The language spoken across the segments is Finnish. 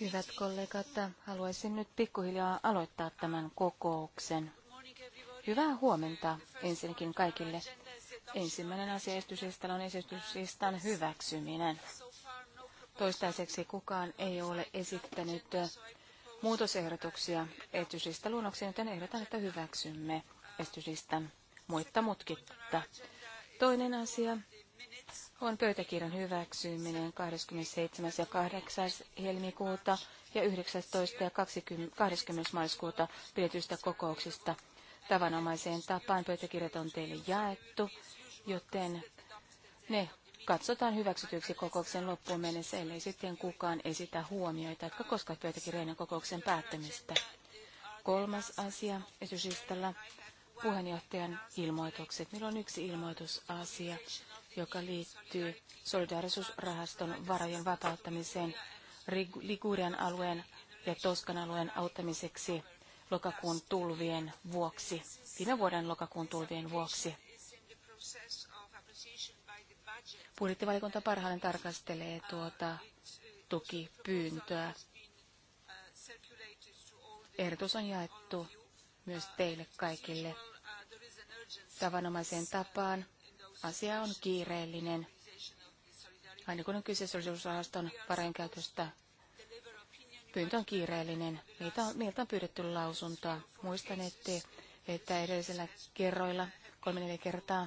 Hyvät kollegat, haluaisin nyt pikkuhiljaa aloittaa tämän kokouksen. Hyvää huomenta ensinnäkin kaikille. Ensimmäinen asia esityslistalla on esityslistan hyväksyminen. Toistaiseksi kukaan ei ole esittänyt muutosehdotuksia esityslistan luonnokseen, joten ehdotan, että hyväksymme esityslistan muitta mutkitta. Toinen asia on pöytäkirjan hyväksyminen 27. ja 8. helmikuuta ja 19. ja 20, 20. maaliskuuta pidetyistä kokouksista. Tavanomaiseen tapaan pöytäkirjat on teille jaettu, joten ne katsotaan hyväksytyksi kokouksen loppuun mennessä, ellei sitten kukaan esitä huomioita, jotka koskevat pöytäkirjojen kokouksen päättämistä. Kolmas asia esityslistalla, puheenjohtajan ilmoitukset. Meillä on yksi ilmoitusasia joka liittyy solidaarisuusrahaston varojen vapauttamiseen Ligurian alueen ja Toskan alueen auttamiseksi lokakuun tulvien vuoksi, viime vuoden lokakuun tulvien vuoksi. Budjettivalikunta parhaillaan tarkastelee tuota tukipyyntöä. Ehdotus on jaettu myös teille kaikille tavanomaiseen tapaan asia on kiireellinen. Aina kun on kyse solidarisuusrahaston käytöstä. pyyntö on kiireellinen. Meiltä on, meiltä on pyydetty lausuntoa. Muistan, että, että edellisellä kerroilla kolme neljä kertaa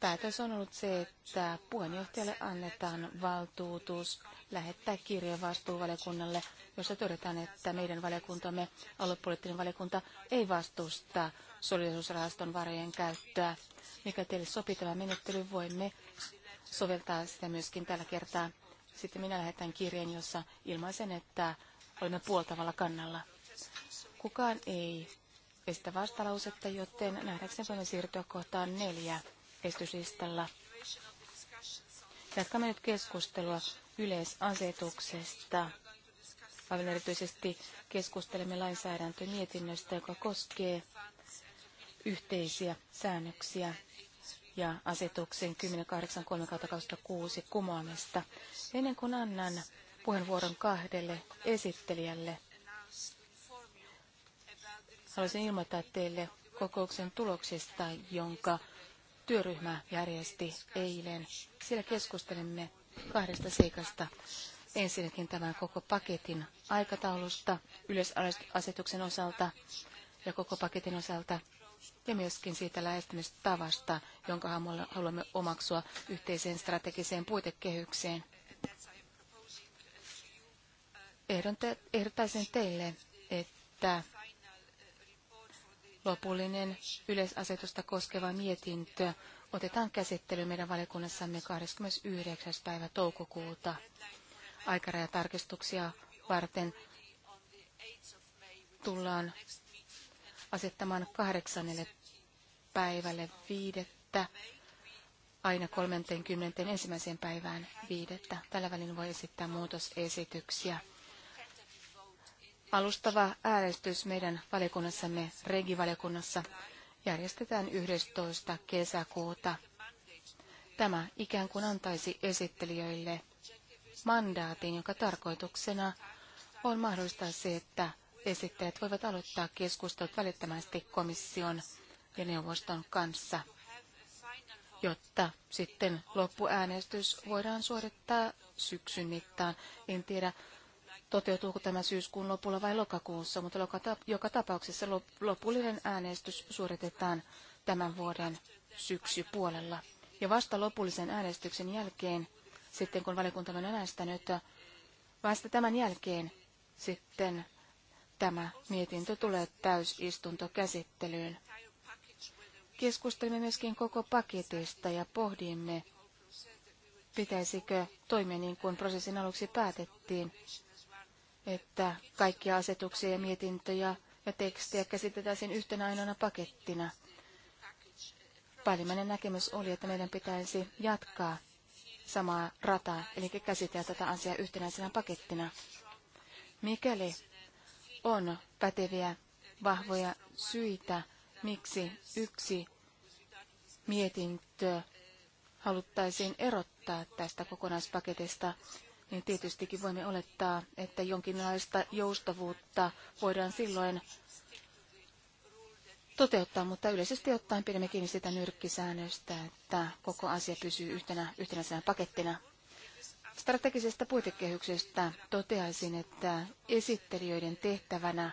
päätös on ollut se, että puheenjohtajalle annetaan valtuutus lähettää kirje vastuuvaliokunnalle, jossa todetaan, että meidän valiokuntamme, aluepoliittinen valiokunta, ei vastusta solidarisuusrahaston varojen käyttöä. Mikä teille sopii tämä menettely, voimme soveltaa sitä myöskin tällä kertaa. Sitten minä lähetän kirjeen, jossa ilmaisen, että olemme puoltavalla kannalla. Kukaan ei esitä vastalausetta, joten nähdäkseni voimme siirtyä kohtaan neljä estyslistalla. Jatkamme nyt keskustelua yleisasetuksesta. Aivan erityisesti keskustelemme lainsäädäntömietinnöstä, joka koskee yhteisiä säännöksiä ja asetuksen 1083-2006 kumoamista. Ennen kuin annan puheenvuoron kahdelle esittelijälle, haluaisin ilmoittaa teille kokouksen tuloksista, jonka työryhmä järjesti eilen. Siellä keskustelimme kahdesta seikasta. Ensinnäkin tämän koko paketin aikataulusta yleisasetuksen osalta ja koko paketin osalta ja myöskin siitä lähestymistavasta, jonka haluamme omaksua yhteiseen strategiseen puitekehykseen. Ehdottaisin teille, että lopullinen yleisasetusta koskeva mietintö otetaan käsittelyyn meidän valiokunnassamme 29. päivä toukokuuta. Aikarajatarkistuksia varten tullaan asettamaan kahdeksannelle päivälle viidettä aina ensimmäiseen päivään viidettä. Tällä välin voi esittää muutosesityksiä. Alustava äänestys meidän valiokunnassamme, regivaliokunnassa, järjestetään 11. kesäkuuta. Tämä ikään kuin antaisi esittelijöille mandaatin, jonka tarkoituksena on mahdollistaa se, että esittäjät voivat aloittaa keskustelut välittömästi komission ja neuvoston kanssa, jotta sitten loppuäänestys voidaan suorittaa syksyn mittaan. En tiedä, toteutuuko tämä syyskuun lopulla vai lokakuussa, mutta joka tapauksessa lopullinen äänestys suoritetaan tämän vuoden syksypuolella. Ja vasta lopullisen äänestyksen jälkeen, sitten kun valiokunta on äänestänyt, vasta tämän jälkeen sitten tämä mietintö tulee täysistuntokäsittelyyn. Keskustelimme myöskin koko paketista ja pohdimme, pitäisikö toimia niin kuin prosessin aluksi päätettiin, että kaikkia asetuksia ja mietintöjä ja tekstejä käsitetään yhtenä ainoana pakettina. Päällimmäinen näkemys oli, että meidän pitäisi jatkaa samaa rataa, eli käsitellä tätä asiaa yhtenäisenä pakettina. Mikäli on päteviä vahvoja syitä, miksi yksi mietintö haluttaisiin erottaa tästä kokonaispaketista, niin tietystikin voimme olettaa, että jonkinlaista joustavuutta voidaan silloin toteuttaa, mutta yleisesti ottaen pidämme kiinni sitä nyrkkisäännöstä, että koko asia pysyy yhtenä, yhtenäisenä pakettina. Strategisesta puitekehyksestä toteaisin, että esittelijöiden tehtävänä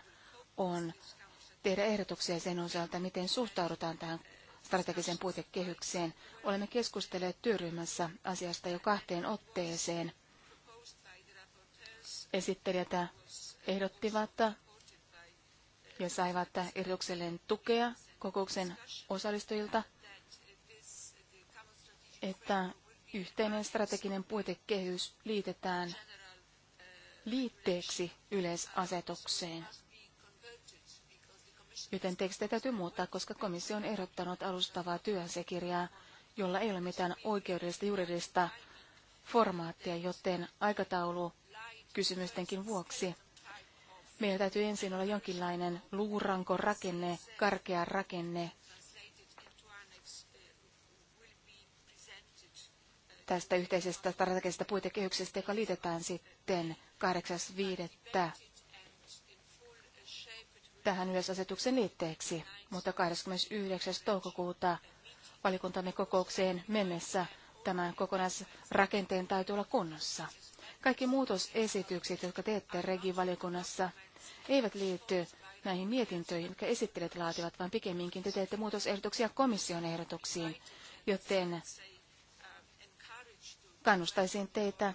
on tehdä ehdotuksia sen osalta, miten suhtaudutaan tähän strategisen puitekehykseen. Olemme keskustelleet työryhmässä asiasta jo kahteen otteeseen. Esittelijät ehdottivat ja saivat ehdotukselleen tukea kokouksen osallistujilta, että yhteinen strateginen puitekehys liitetään liitteeksi yleisasetukseen. Joten tekstejä täytyy muuttaa, koska komissio on ehdottanut alustavaa työasiakirjaa, jolla ei ole mitään oikeudellista juridista formaattia, joten aikataulu kysymystenkin vuoksi meillä täytyy ensin olla jonkinlainen luuranko rakenne, karkea rakenne tästä yhteisestä strategisesta puitekehyksestä, joka liitetään sitten 8.5. tähän yleisasetuksen liitteeksi, mutta 29. toukokuuta valikuntamme kokoukseen mennessä tämän kokonaisrakenteen täytyy olla kunnossa. Kaikki muutosesitykset, jotka teette regivaliokunnassa, eivät liity näihin mietintöihin, jotka esittelijät laativat, vaan pikemminkin te teette muutosehdotuksia komission ehdotuksiin, joten Kannustaisin teitä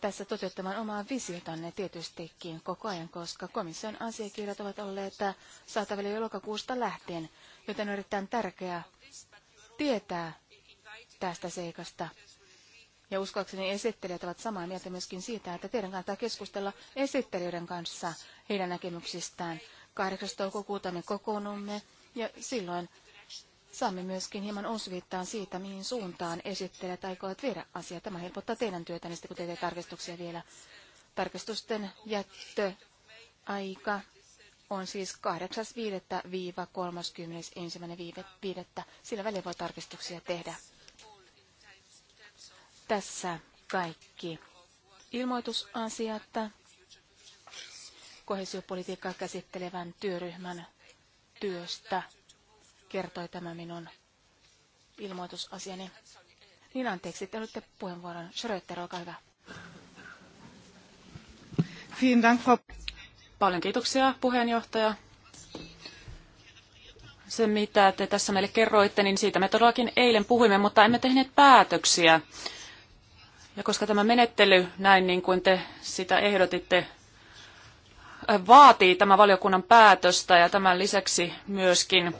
tässä toteuttamaan omaa visiotanne tietystikin koko ajan, koska komission asiakirjat ovat olleet saatavilla jo lokakuusta lähtien, joten on erittäin tärkeää tietää tästä seikasta. Ja uskoakseni esittelijät ovat samaa mieltä myöskin siitä, että teidän kannattaa keskustella esittelijöiden kanssa heidän näkemyksistään. 8. toukokuuta me kokoonnumme ja silloin Saamme myöskin hieman osviittaa siitä, mihin suuntaan esittelijät aikovat viedä asiaa. Tämä helpottaa teidän työtänne, kun teette tarkistuksia vielä. Tarkistusten jättöaika on siis 8.5.-31.5. Sillä välillä voi tarkistuksia tehdä. Tässä kaikki ilmoitusasiat kohesiopolitiikkaa käsittelevän työryhmän työstä kertoi tämä minun ilmoitusasiani. Niin anteeksi, te olette puheenvuoron. Schröter, olkaa hyvä. Paljon kiitoksia puheenjohtaja. Se, mitä te tässä meille kerroitte, niin siitä me todellakin eilen puhuimme, mutta emme tehneet päätöksiä. Ja koska tämä menettely, näin niin kuin te sitä ehdotitte, vaatii tämä valiokunnan päätöstä ja tämän lisäksi myöskin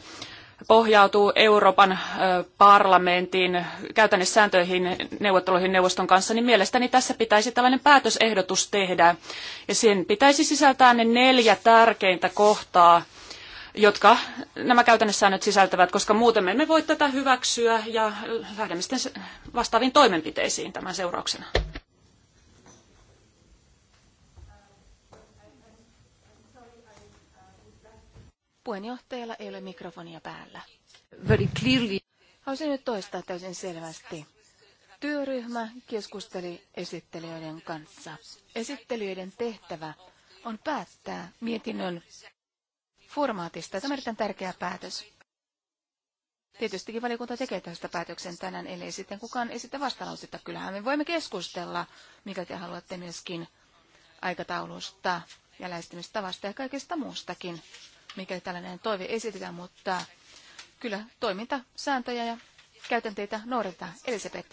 pohjautuu Euroopan parlamentin käytännössä sääntöihin neuvotteluihin neuvoston kanssa, niin mielestäni tässä pitäisi tällainen päätösehdotus tehdä. Ja sen pitäisi sisältää ne neljä tärkeintä kohtaa, jotka nämä käytännössäännöt sisältävät, koska muuten me emme voi tätä hyväksyä ja lähdemme sitten vastaaviin toimenpiteisiin tämän seurauksena. Puheenjohtajalla ei ole mikrofonia päällä. Haluaisin nyt toistaa täysin selvästi. Työryhmä keskusteli esittelijöiden kanssa. Esittelijöiden tehtävä on päättää mietinnön formaatista. Tämä on erittäin tärkeä päätös. Tietystikin valiokunta tekee tästä päätöksen tänään, ellei sitten kukaan esitä vastalausetta. Kyllähän me voimme keskustella, mikä te haluatte myöskin aikataulusta ja lähestymistavasta ja kaikesta muustakin mikäli tällainen toive esitetään, mutta kyllä toimintasääntöjä ja käytänteitä noudatetaan. Elisabeth.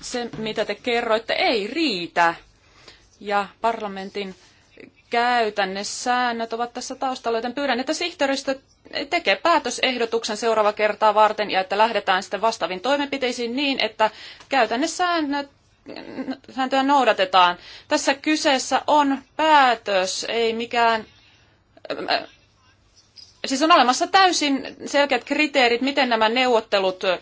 Se, mitä te kerroitte, ei riitä. Ja parlamentin käytännesäännöt ovat tässä taustalla, joten pyydän, että sihteeristö tekee päätösehdotuksen seuraava kertaa varten ja että lähdetään sitten vastaaviin toimenpiteisiin niin, että käytännessäännöt sääntöä noudatetaan. Tässä kyseessä on päätös, ei mikään Äh, äh, siis on olemassa täysin selkeät kriteerit, miten nämä neuvottelut äh,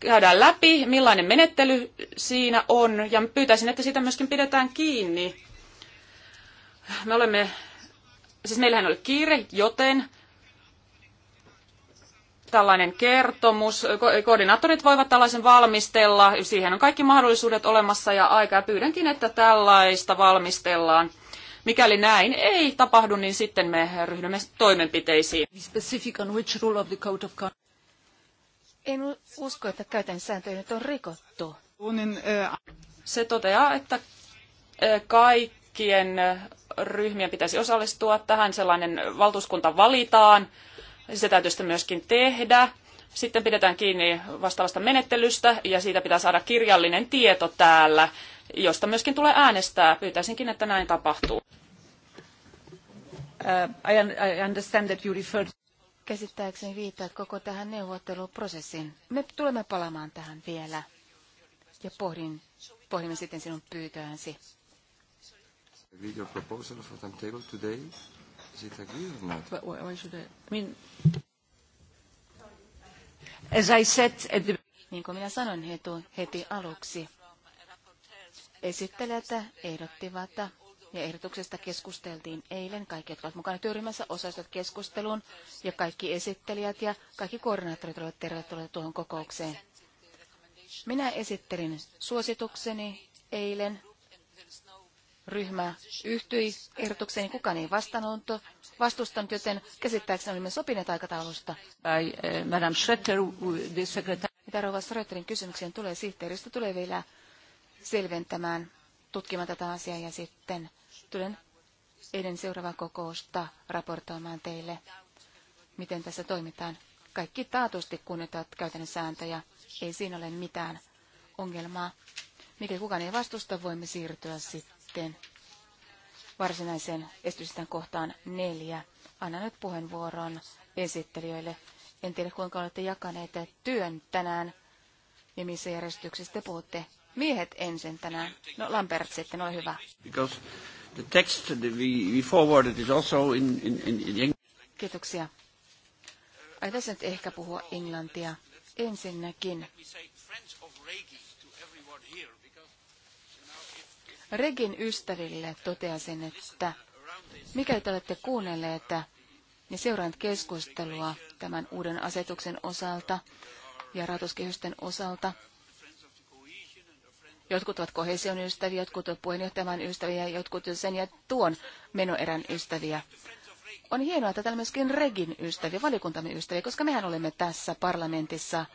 käydään läpi, millainen menettely siinä on, ja pyytäisin, että siitä myöskin pidetään kiinni. Me olemme, siis meillähän oli kiire, joten tällainen kertomus, koordinaattorit voivat tällaisen valmistella, siihen on kaikki mahdollisuudet olemassa ja aikaa. Pyydänkin, että tällaista valmistellaan Mikäli näin ei tapahdu, niin sitten me ryhdymme toimenpiteisiin. En usko, että käytännön sääntöjä nyt on rikottu. Se toteaa, että kaikkien ryhmien pitäisi osallistua tähän. Sellainen valtuuskunta valitaan. Se täytyy sitä myöskin tehdä. Sitten pidetään kiinni vastaavasta menettelystä ja siitä pitää saada kirjallinen tieto täällä, josta myöskin tulee äänestää. Pyytäisinkin, että näin tapahtuu. Uh, I understand that you referred Käsittääkseni viittaat koko tähän neuvotteluprosessiin. Me tulemme palaamaan tähän vielä ja pohdin, pohdimme sitten sinun pyytöäsi. Niin kuin minä sanoin heti, heti aluksi, esittelijät ehdottivat ja ehdotuksesta keskusteltiin eilen. Kaikki, jotka ovat mukana työryhmässä, osallistuvat keskusteluun ja kaikki esittelijät ja kaikki koordinaattorit ovat tervetulleet tuohon kokoukseen. Minä esittelin suositukseni eilen. Ryhmä yhtyi ehdotukseen, kukaan ei vastannut, vastustanut, joten käsittääkseni olimme sopineet aikataulusta. By, uh, eh, Madame Schretter, the secretary... Mitä Rova Schröterin kysymykseen tulee, sihteeristö tulee vielä selventämään tutkimaan tätä asiaa ja sitten Tulen eilen seuraava kokousta raportoimaan teille, miten tässä toimitaan. Kaikki taatusti kunnioittavat käytännön sääntöjä. Ei siinä ole mitään ongelmaa. Mikä kukaan ei vastusta, voimme siirtyä sitten varsinaiseen esitysten kohtaan neljä. Annan nyt puheenvuoron esittelijöille. En tiedä, kuinka olette jakaneet työn tänään ja missä järjestyksessä te puhutte. Miehet ensin tänään. No Lambert sitten, ole hyvä. Because The text that we, we forwarded is also in, in, in, English. Kiitoksia. Ai tässä nyt ehkä puhua englantia. Ensinnäkin. Regin ystäville sen, että mikäli te olette kuunnelleet ja seurannut keskustelua tämän uuden asetuksen osalta ja ratuskehysten osalta, Jotkut ovat kohesion ystäviä, jotkut ovat puheenjohtajan ystäviä, jotkut sen ja tuon menoerän ystäviä. On hienoa, että täällä myöskin Regin ystäviä, valikuntamme ystäviä, koska mehän olemme tässä parlamentissa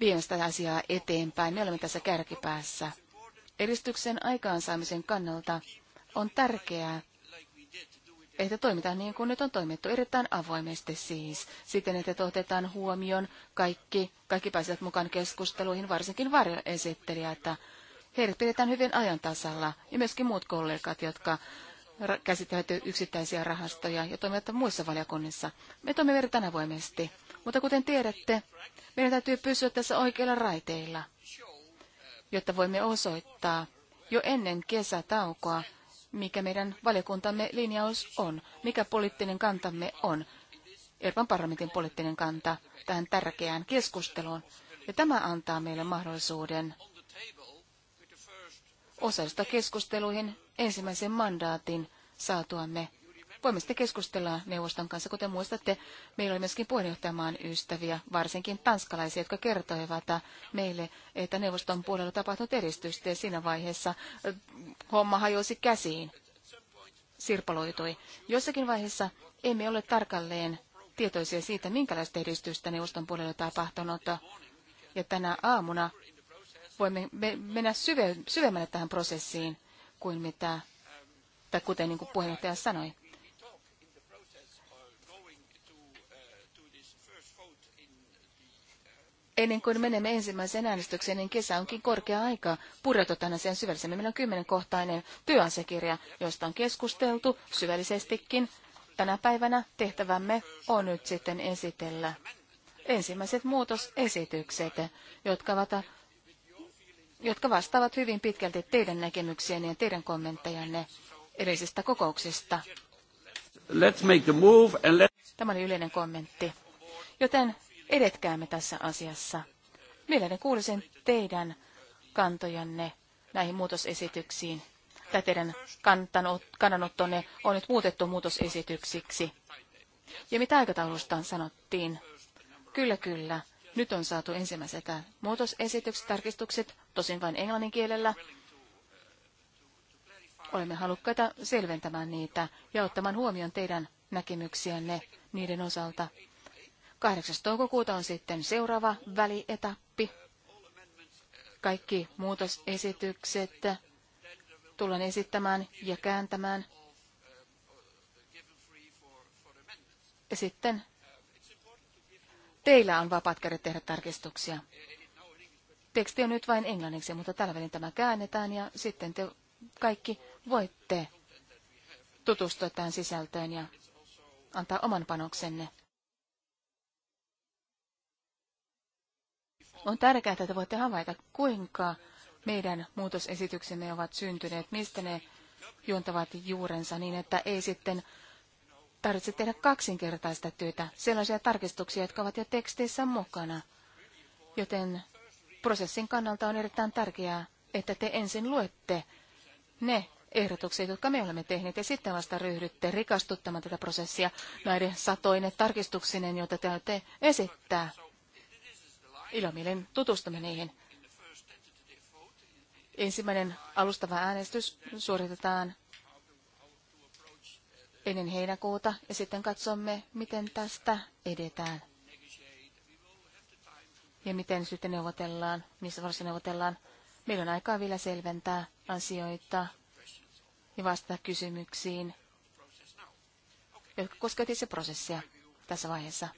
viemässä tätä asiaa eteenpäin. Me olemme tässä kärkipäässä. Edistyksen aikaansaamisen kannalta on tärkeää, että toimitaan niin kuin nyt on toimittu, erittäin avoimesti siis, siten että otetaan huomioon kaikki, kaikki pääsevät mukaan keskusteluihin, varsinkin varjoesittelijät, Heidät pidetään hyvin ajan tasalla ja myöskin muut kollegat, jotka käsittelevät yksittäisiä rahastoja ja toimivat muissa valiokunnissa. Me toimimme erittäin avoimesti, mutta kuten tiedätte, meidän täytyy pysyä tässä oikeilla raiteilla, jotta voimme osoittaa jo ennen kesätaukoa, mikä meidän valiokuntamme linjaus on, mikä poliittinen kantamme on, Euroopan parlamentin poliittinen kanta tähän tärkeään keskusteluun. Ja tämä antaa meille mahdollisuuden osallistua keskusteluihin ensimmäisen mandaatin saatuamme. Voimme sitten keskustella neuvoston kanssa. Kuten muistatte, meillä oli myöskin puheenjohtajamaan ystäviä, varsinkin tanskalaisia, jotka kertoivat meille, että neuvoston puolella tapahtunut eristystä ja siinä vaiheessa äh, homma hajosi käsiin, sirpaloitui. Jossakin vaiheessa emme ole tarkalleen tietoisia siitä, minkälaista eristystä neuvoston puolella tapahtunut. Ja tänä aamuna voimme mennä syve, syvemmälle tähän prosessiin kuin mitä, tai kuten niin kuin puheenjohtaja sanoi. Ennen kuin menemme ensimmäiseen äänestykseen, niin kesä onkin korkea aika pureutua tähän asiaan syvällisemmin. Meillä on kymmenenkohtainen työasiakirja, josta on keskusteltu syvällisestikin. Tänä päivänä tehtävämme on nyt sitten esitellä ensimmäiset muutosesitykset, jotka ovat jotka vastaavat hyvin pitkälti teidän näkemyksiänne ja teidän kommenttejanne edellisestä kokouksesta. Tämä oli yleinen kommentti. Joten edetkäämme tässä asiassa. Mielelläni kuulisin teidän kantojanne näihin muutosesityksiin. Tai teidän kannanottonne on nyt muutettu muutosesityksiksi. Ja mitä aikataulusta sanottiin? Kyllä, kyllä. Nyt on saatu ensimmäiset muutosesitykset, tarkistukset, tosin vain englannin kielellä. Olemme halukkaita selventämään niitä ja ottamaan huomioon teidän näkemyksiänne niiden osalta. 8. toukokuuta on sitten seuraava välietappi. Kaikki muutosesitykset tullaan esittämään ja kääntämään. Ja sitten Teillä on vapaat kädet tehdä tarkistuksia. Teksti on nyt vain englanniksi, mutta tällä välin tämä käännetään ja sitten te kaikki voitte tutustua tähän sisältöön ja antaa oman panoksenne. On tärkeää, että voitte havaita, kuinka meidän muutosesityksemme ovat syntyneet, mistä ne juontavat juurensa niin, että ei sitten tarvitse tehdä kaksinkertaista työtä, sellaisia tarkistuksia, jotka ovat jo teksteissä mukana. Joten prosessin kannalta on erittäin tärkeää, että te ensin luette ne ehdotukset, jotka me olemme tehneet, ja sitten vasta ryhdytte rikastuttamaan tätä prosessia näiden satoinen tarkistuksinen, joita te olette esittää. Ilomielin tutustumme niihin. Ensimmäinen alustava äänestys suoritetaan ennen heinäkuuta ja sitten katsomme, miten tästä edetään. Ja miten sitten neuvotellaan, missä varsin neuvotellaan. Meillä on aikaa vielä selventää asioita ja vastata kysymyksiin, jotka koskevat itse prosessia tässä vaiheessa.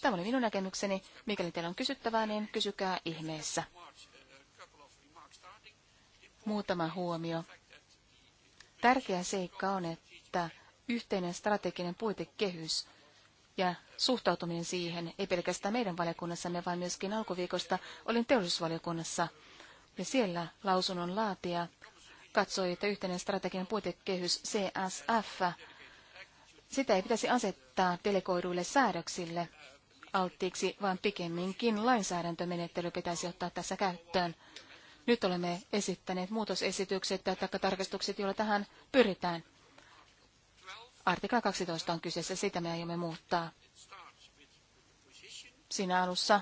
Tämä oli minun näkemykseni. Mikäli teillä on kysyttävää, niin kysykää ihmeessä. Muutama huomio. Tärkeä seikka on, että yhteinen strateginen puitekehys ja suhtautuminen siihen, ei pelkästään meidän valiokunnassamme, vaan myöskin alkuviikosta olin teollisuusvaliokunnassa. Ja siellä lausunnon laatija katsoi, että yhteinen strateginen puitekehys CSF, sitä ei pitäisi asettaa delegoiduille säädöksille alttiiksi, vaan pikemminkin lainsäädäntömenettely pitäisi ottaa tässä käyttöön. Nyt olemme esittäneet muutosesitykset tai tarkastukset, joilla tähän pyritään. Artikla 12 on kyseessä, sitä me aiomme muuttaa. Siinä alussa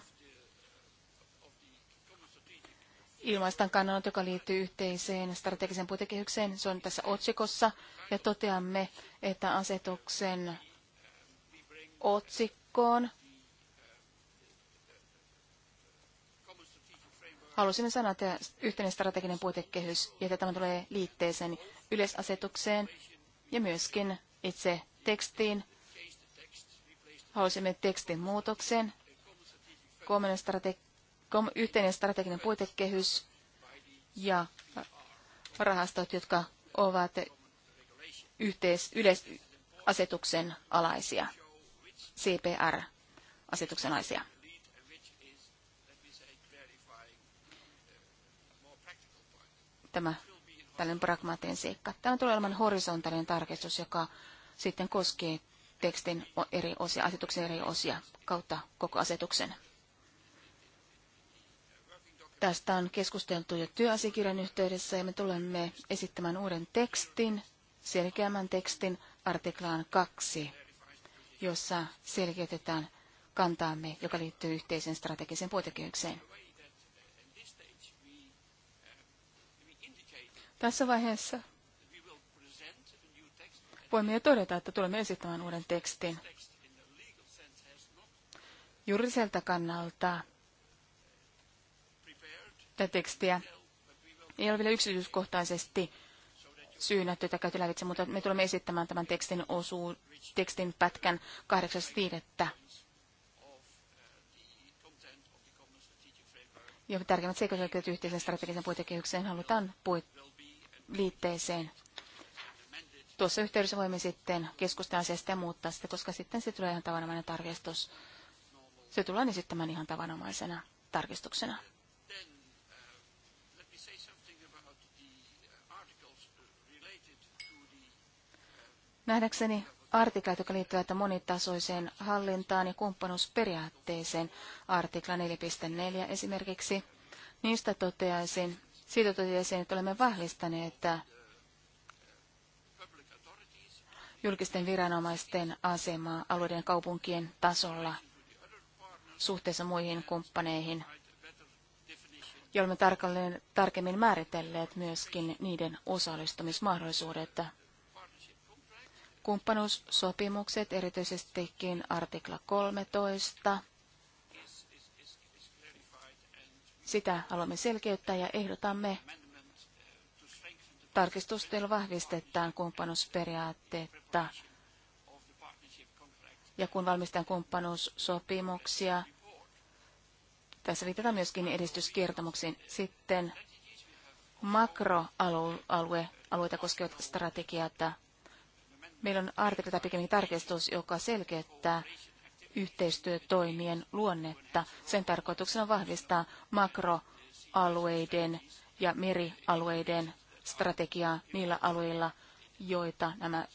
ilmaistaan kannanot, joka liittyy yhteiseen strategisen puitekehykseen. Se on tässä otsikossa ja toteamme, että asetuksen otsikkoon halusimme sanoa, että yhteinen strateginen puitekehys ja että tämä tulee liitteeseen yleisasetukseen ja myöskin itse tekstiin. Haluaisimme tekstin muutoksen, strate- kom- yhteinen strateginen puitekehys ja rahastot, jotka ovat yhteis- yleisasetuksen alaisia, CPR-asetuksen alaisia. Tämä tällainen pragmaattinen seikka. Tämä tulee olemaan horisontaalinen tarkistus, joka sitten koskee tekstin eri osia, asetuksen eri osia kautta koko asetuksen. Tästä on keskusteltu jo työasiakirjan yhteydessä ja me tulemme esittämään uuden tekstin, selkeämmän tekstin artiklaan 2, jossa selkeytetään kantaamme, joka liittyy yhteisen strategisen puitekehykseen. Tässä vaiheessa voimme jo todeta, että tulemme esittämään uuden tekstin. Juridiselta kannalta tätä tekstiä ei ole vielä yksityiskohtaisesti syynätty tai käyty lävitse, mutta me tulemme esittämään tämän tekstin, osu, tekstin pätkän 8.5. Ja tärkeimmät seikat yhteisen strategisen puitekehykseen halutaan puit liitteeseen tuossa yhteydessä voimme sitten keskustella asiasta ja muuttaa sitä, koska sitten se tulee ihan tavanomainen tarkistus. Se tullaan esittämään ihan tavanomaisena tarkistuksena. Nähdäkseni artiklat, jotka liittyvät monitasoiseen hallintaan ja kumppanuusperiaatteeseen, artikla 4.4 esimerkiksi, niistä toteaisin, siitä toteaisin, että olemme vahvistaneet että julkisten viranomaisten asemaa alueiden kaupunkien tasolla suhteessa muihin kumppaneihin. Ja olemme tarkalleen, tarkemmin määritelleet myöskin niiden osallistumismahdollisuudet. Kumppanuussopimukset, erityisestikin artikla 13, sitä haluamme selkeyttää ja ehdotamme, Tarkistustyöllä vahvistetaan kumppanuusperiaatteetta ja kun valmistetaan kumppanuussopimuksia, tässä viitataan myöskin edistyskertomuksiin. Sitten makroalue, alueita koskevat strategiat. Meillä on artikla tai pikemminkin tarkistus, joka selkeyttää yhteistyötoimien luonnetta. Sen tarkoituksena on vahvistaa makroalueiden ja merialueiden strategiaa niillä alueilla, joita nämä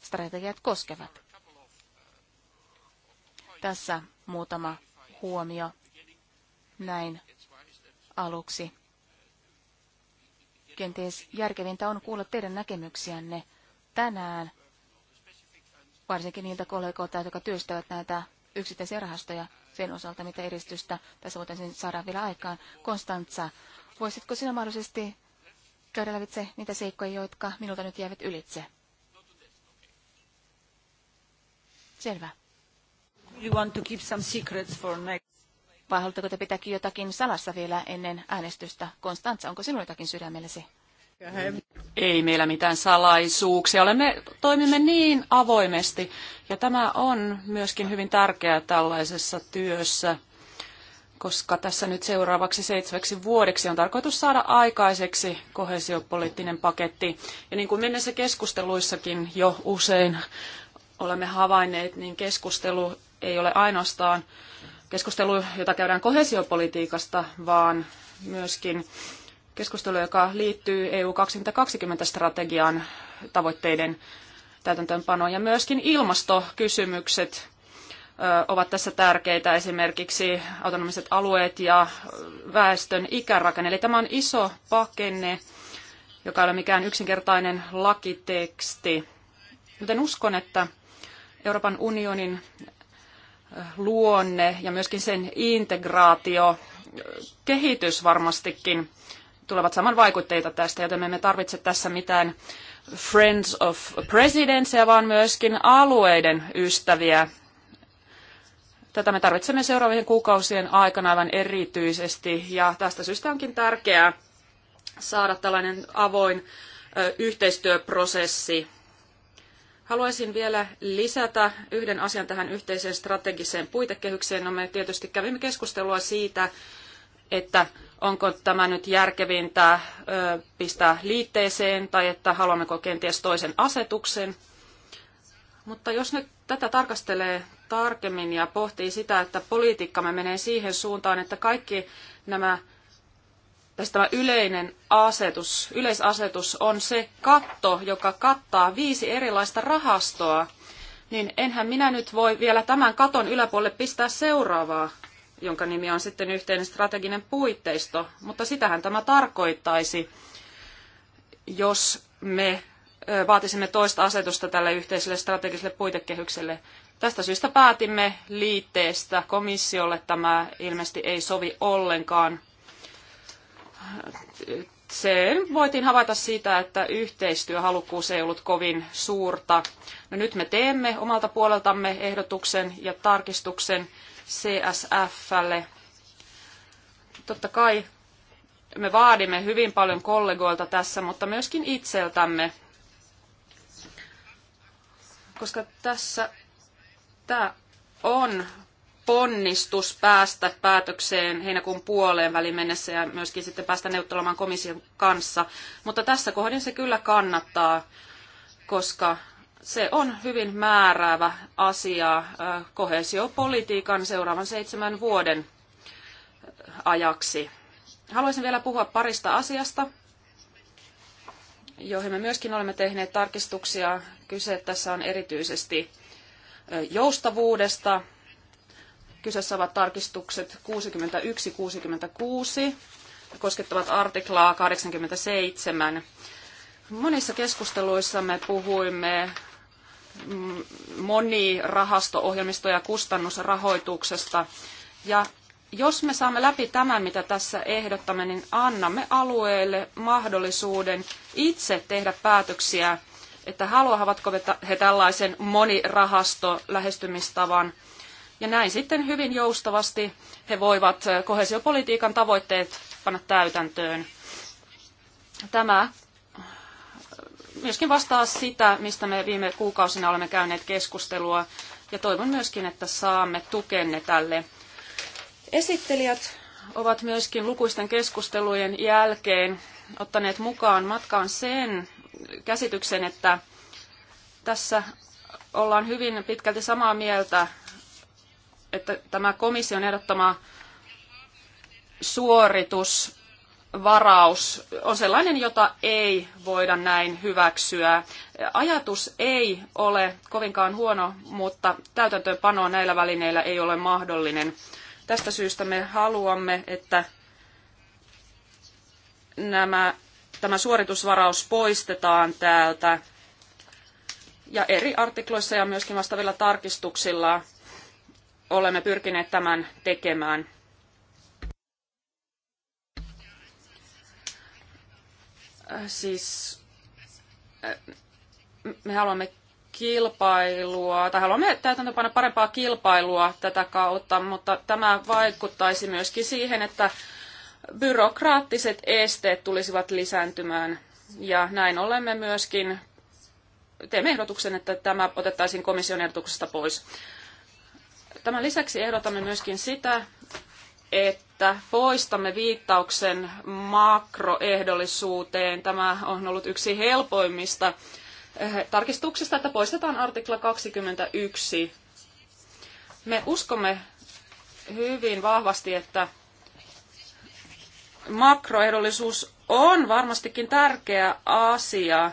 strategiat koskevat. Tässä muutama huomio näin aluksi. Kenties järkevintä on kuulla teidän näkemyksiänne tänään, varsinkin niiltä kollegoilta, jotka työstävät näitä yksittäisiä rahastoja sen osalta, mitä eristystä tässä voitaisiin saada vielä aikaan. Konstantsa, voisitko sinä mahdollisesti käydä lävitse niitä seikkoja, jotka minulta nyt jäävät ylitse. Selvä. You want to keep some secrets for next... Vai haluatteko te pitääkin jotakin salassa vielä ennen äänestystä? Konstantsa, onko sinulla jotakin sydämellesi? Ei meillä mitään salaisuuksia. Olemme, toimimme niin avoimesti ja tämä on myöskin hyvin tärkeää tällaisessa työssä koska tässä nyt seuraavaksi seitsemäksi vuodeksi on tarkoitus saada aikaiseksi kohesiopoliittinen paketti. Ja niin kuin mennessä keskusteluissakin jo usein olemme havainneet, niin keskustelu ei ole ainoastaan keskustelu, jota käydään kohesiopolitiikasta, vaan myöskin keskustelu, joka liittyy EU 2020-strategian tavoitteiden täytäntöönpanoon ja myöskin ilmastokysymykset ovat tässä tärkeitä, esimerkiksi autonomiset alueet ja väestön ikärakenne. Eli tämä on iso pakenne, joka ei ole mikään yksinkertainen lakiteksti. Joten uskon, että Euroopan unionin luonne ja myöskin sen integraatio, kehitys varmastikin tulevat saman vaikutteita tästä, joten me emme tarvitse tässä mitään Friends of Presidents, vaan myöskin alueiden ystäviä, Tätä me tarvitsemme seuraavien kuukausien aikana aivan erityisesti ja tästä syystä onkin tärkeää saada tällainen avoin yhteistyöprosessi. Haluaisin vielä lisätä yhden asian tähän yhteiseen strategiseen puitekehykseen. No me tietysti kävimme keskustelua siitä, että onko tämä nyt järkevintä pistää liitteeseen tai että haluammeko kenties toisen asetuksen. Mutta jos nyt tätä tarkastelee tarkemmin ja pohtii sitä, että politiikkamme menee siihen suuntaan, että kaikki nämä tässä tämä yleinen asetus, yleisasetus on se katto, joka kattaa viisi erilaista rahastoa, niin enhän minä nyt voi vielä tämän katon yläpuolelle pistää seuraavaa, jonka nimi on sitten yhteinen strateginen puitteisto, mutta sitähän tämä tarkoittaisi, jos me vaatisimme toista asetusta tälle yhteiselle strategiselle puitekehykselle. Tästä syystä päätimme liitteestä komissiolle. Tämä ilmeisesti ei sovi ollenkaan. Se voitiin havaita siitä, että yhteistyöhalukkuus ei ollut kovin suurta. No nyt me teemme omalta puoleltamme ehdotuksen ja tarkistuksen CSFlle. Totta kai me vaadimme hyvin paljon kollegoilta tässä, mutta myöskin itseltämme, koska tässä Tämä on ponnistus päästä päätökseen heinäkuun puoleen välin mennessä ja myöskin sitten päästä neuvottelemaan komission kanssa. Mutta tässä kohdin se kyllä kannattaa, koska se on hyvin määräävä asia kohesiopolitiikan seuraavan seitsemän vuoden ajaksi. Haluaisin vielä puhua parista asiasta, joihin me myöskin olemme tehneet tarkistuksia. Kyse tässä on erityisesti joustavuudesta. Kyseessä ovat tarkistukset 61-66, koskettavat artiklaa 87. Monissa keskusteluissa me puhuimme monirahasto-ohjelmisto- ja kustannusrahoituksesta. Ja jos me saamme läpi tämän, mitä tässä ehdottamme, niin annamme alueelle mahdollisuuden itse tehdä päätöksiä että haluavatko he tällaisen monirahasto lähestymistavan. Ja näin sitten hyvin joustavasti he voivat eh, kohesiopolitiikan tavoitteet panna täytäntöön. Tämä eh, myöskin vastaa sitä, mistä me viime kuukausina olemme käyneet keskustelua, ja toivon myöskin, että saamme tukenne tälle. Esittelijät ovat myöskin lukuisten keskustelujen jälkeen ottaneet mukaan matkaan sen, käsityksen, että tässä ollaan hyvin pitkälti samaa mieltä, että tämä komission ehdottama suoritusvaraus on sellainen, jota ei voida näin hyväksyä. Ajatus ei ole kovinkaan huono, mutta täytäntöönpano näillä välineillä ei ole mahdollinen. Tästä syystä me haluamme, että nämä tämä suoritusvaraus poistetaan täältä ja eri artikloissa ja myöskin vastaavilla tarkistuksilla olemme pyrkineet tämän tekemään. Siis me haluamme kilpailua, tai haluamme täytäntöpana parempaa kilpailua tätä kautta, mutta tämä vaikuttaisi myöskin siihen, että byrokraattiset esteet tulisivat lisääntymään. Ja näin olemme myöskin, teemme ehdotuksen, että tämä otettaisiin komission ehdotuksesta pois. Tämän lisäksi ehdotamme myöskin sitä, että poistamme viittauksen makroehdollisuuteen. Tämä on ollut yksi helpoimmista eh, tarkistuksista, että poistetaan artikla 21. Me uskomme hyvin vahvasti, että makroehdollisuus on varmastikin tärkeä asia.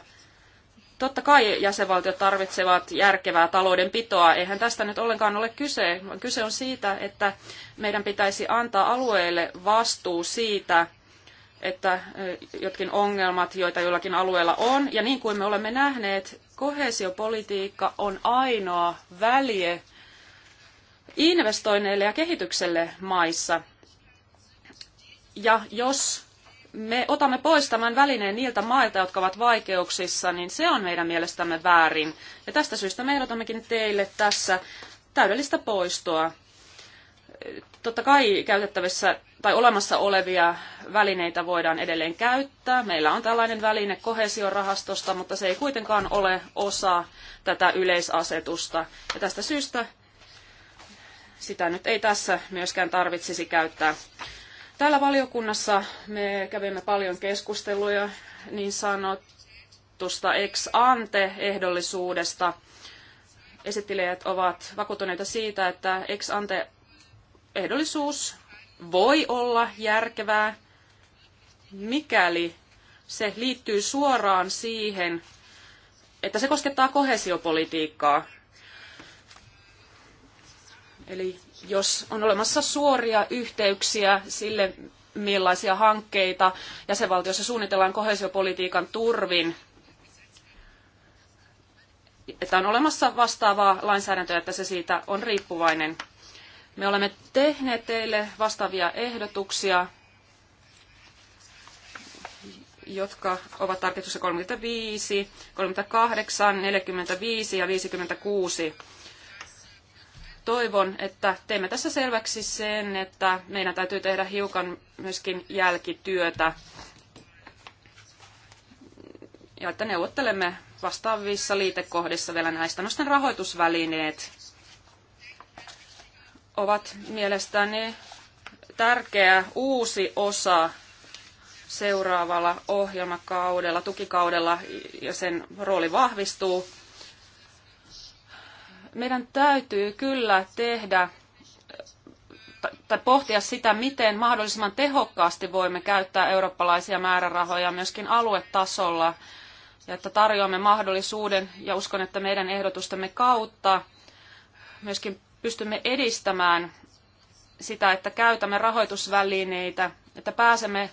Totta kai jäsenvaltiot tarvitsevat järkevää taloudenpitoa. Eihän tästä nyt ollenkaan ole kyse, vaan kyse on siitä, että meidän pitäisi antaa alueille vastuu siitä, että jotkin ongelmat, joita jollakin alueella on, ja niin kuin me olemme nähneet, kohesiopolitiikka on ainoa välje investoinneille ja kehitykselle maissa – ja jos me otamme pois tämän välineen niiltä mailta, jotka ovat vaikeuksissa, niin se on meidän mielestämme väärin. Ja tästä syystä me ehdotammekin teille tässä täydellistä poistoa. Totta kai käytettävissä tai olemassa olevia välineitä voidaan edelleen käyttää. Meillä on tällainen väline kohesiorahastosta, mutta se ei kuitenkaan ole osa tätä yleisasetusta. Ja tästä syystä sitä nyt ei tässä myöskään tarvitsisi käyttää. Täällä valiokunnassa me kävimme paljon keskusteluja niin sanotusta ex ante-ehdollisuudesta. Esittelijät ovat vakuuttuneita siitä, että ex ante-ehdollisuus voi olla järkevää, mikäli se liittyy suoraan siihen, että se koskettaa kohesiopolitiikkaa. Eli jos on olemassa suoria yhteyksiä sille, millaisia hankkeita jäsenvaltiossa suunnitellaan kohesiopolitiikan turvin, että on olemassa vastaavaa lainsäädäntöä, että se siitä on riippuvainen. Me olemme tehneet teille vastaavia ehdotuksia, jotka ovat tarkistuksessa 35, 38, 45 ja 56 toivon, että teemme tässä selväksi sen, että meidän täytyy tehdä hiukan myöskin jälkityötä ja että neuvottelemme vastaavissa liitekohdissa vielä näistä. No rahoitusvälineet ovat mielestäni tärkeä uusi osa seuraavalla ohjelmakaudella, tukikaudella, ja sen rooli vahvistuu meidän täytyy kyllä tehdä tai pohtia sitä, miten mahdollisimman tehokkaasti voimme käyttää eurooppalaisia määrärahoja myöskin aluetasolla, ja että tarjoamme mahdollisuuden, ja uskon, että meidän ehdotustamme kautta myöskin pystymme edistämään sitä, että käytämme rahoitusvälineitä, että pääsemme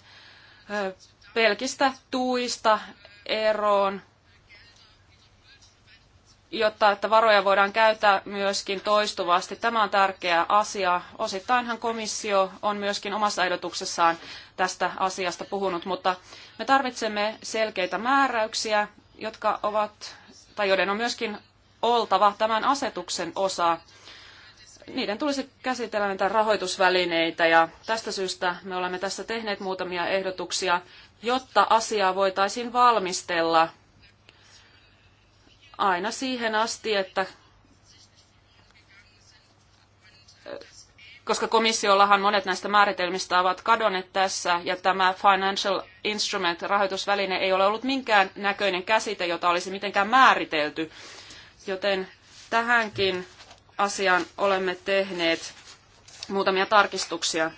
pelkistä tuista eroon jotta että varoja voidaan käyttää myöskin toistuvasti. Tämä on tärkeä asia. Osittainhan komissio on myöskin omassa ehdotuksessaan tästä asiasta puhunut, mutta me tarvitsemme selkeitä määräyksiä, jotka ovat, tai joiden on myöskin oltava tämän asetuksen osa. Niiden tulisi käsitellä näitä rahoitusvälineitä ja tästä syystä me olemme tässä tehneet muutamia ehdotuksia, jotta asiaa voitaisiin valmistella – aina siihen asti, että koska komissiollahan monet näistä määritelmistä ovat kadonneet tässä, ja tämä financial instrument, rahoitusväline, ei ole ollut minkään näköinen käsite, jota olisi mitenkään määritelty. Joten tähänkin asiaan olemme tehneet muutamia tarkistuksia.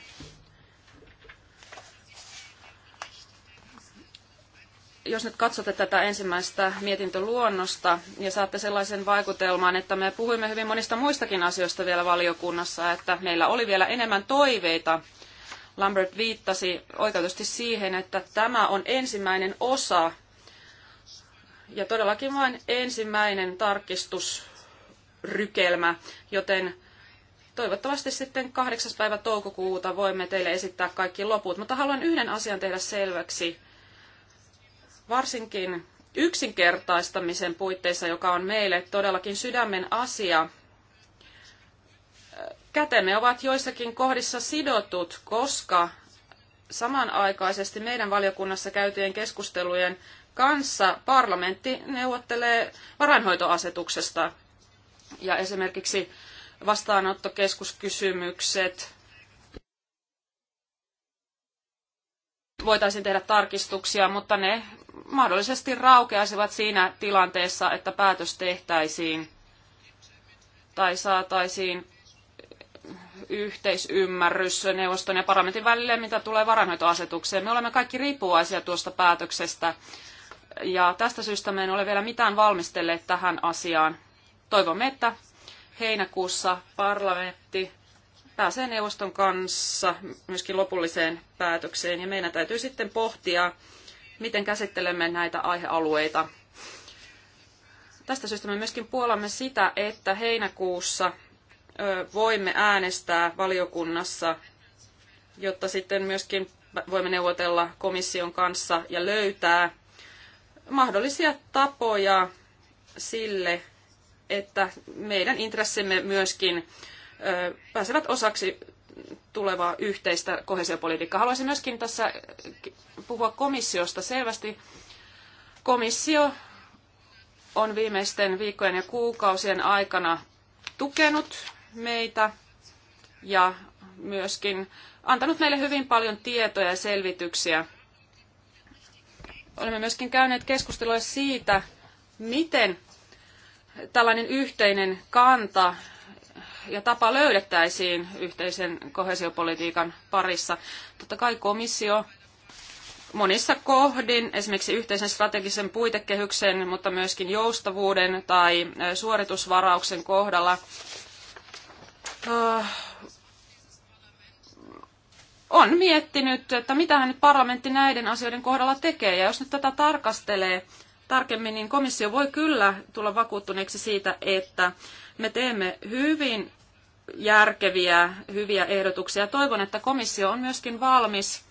jos nyt katsotte tätä ensimmäistä mietintöluonnosta ja saatte sellaisen vaikutelman, että me puhuimme hyvin monista muistakin asioista vielä valiokunnassa, että meillä oli vielä enemmän toiveita. Lambert viittasi oikeutusti siihen, että tämä on ensimmäinen osa ja todellakin vain ensimmäinen tarkistusrykelmä, joten toivottavasti sitten 8. päivä toukokuuta voimme teille esittää kaikki loput. Mutta haluan yhden asian tehdä selväksi varsinkin yksinkertaistamisen puitteissa, joka on meille todellakin sydämen asia. Kätemme ovat joissakin kohdissa sidotut, koska samanaikaisesti meidän valiokunnassa käytyjen keskustelujen kanssa parlamentti neuvottelee varainhoitoasetuksesta ja esimerkiksi vastaanottokeskuskysymykset. Voitaisiin tehdä tarkistuksia, mutta ne mahdollisesti raukeaisivat siinä tilanteessa, että päätös tehtäisiin tai saataisiin yhteisymmärrys neuvoston ja parlamentin välille, mitä tulee varainhoitoasetukseen. Me olemme kaikki riippuvaisia tuosta päätöksestä ja tästä syystä me en ole vielä mitään valmistelleet tähän asiaan. Toivomme, että heinäkuussa parlamentti pääsee neuvoston kanssa myöskin lopulliseen päätökseen ja meidän täytyy sitten pohtia, miten käsittelemme näitä aihealueita. Tästä syystä me myöskin puolamme sitä, että heinäkuussa voimme äänestää valiokunnassa, jotta sitten myöskin voimme neuvotella komission kanssa ja löytää mahdollisia tapoja sille, että meidän intressimme myöskin pääsevät osaksi tulevaa yhteistä kohesiopolitiikkaa. Haluaisin myöskin tässä eh, puhua komissiosta selvästi. Komissio on viimeisten viikkojen ja kuukausien aikana tukenut meitä ja myöskin antanut meille hyvin paljon tietoja ja selvityksiä. Olemme myöskin käyneet keskustelua siitä, miten tällainen yhteinen kanta ja tapa löydettäisiin yhteisen kohesiopolitiikan parissa. Totta kai komissio monissa kohdin, esimerkiksi yhteisen strategisen puitekehyksen, mutta myöskin joustavuuden tai suoritusvarauksen kohdalla, on miettinyt, että mitä nyt parlamentti näiden asioiden kohdalla tekee. Ja jos nyt tätä tarkastelee tarkemmin, niin komissio voi kyllä tulla vakuuttuneeksi siitä, että me teemme hyvin järkeviä, hyviä ehdotuksia. Toivon, että komissio on myöskin valmis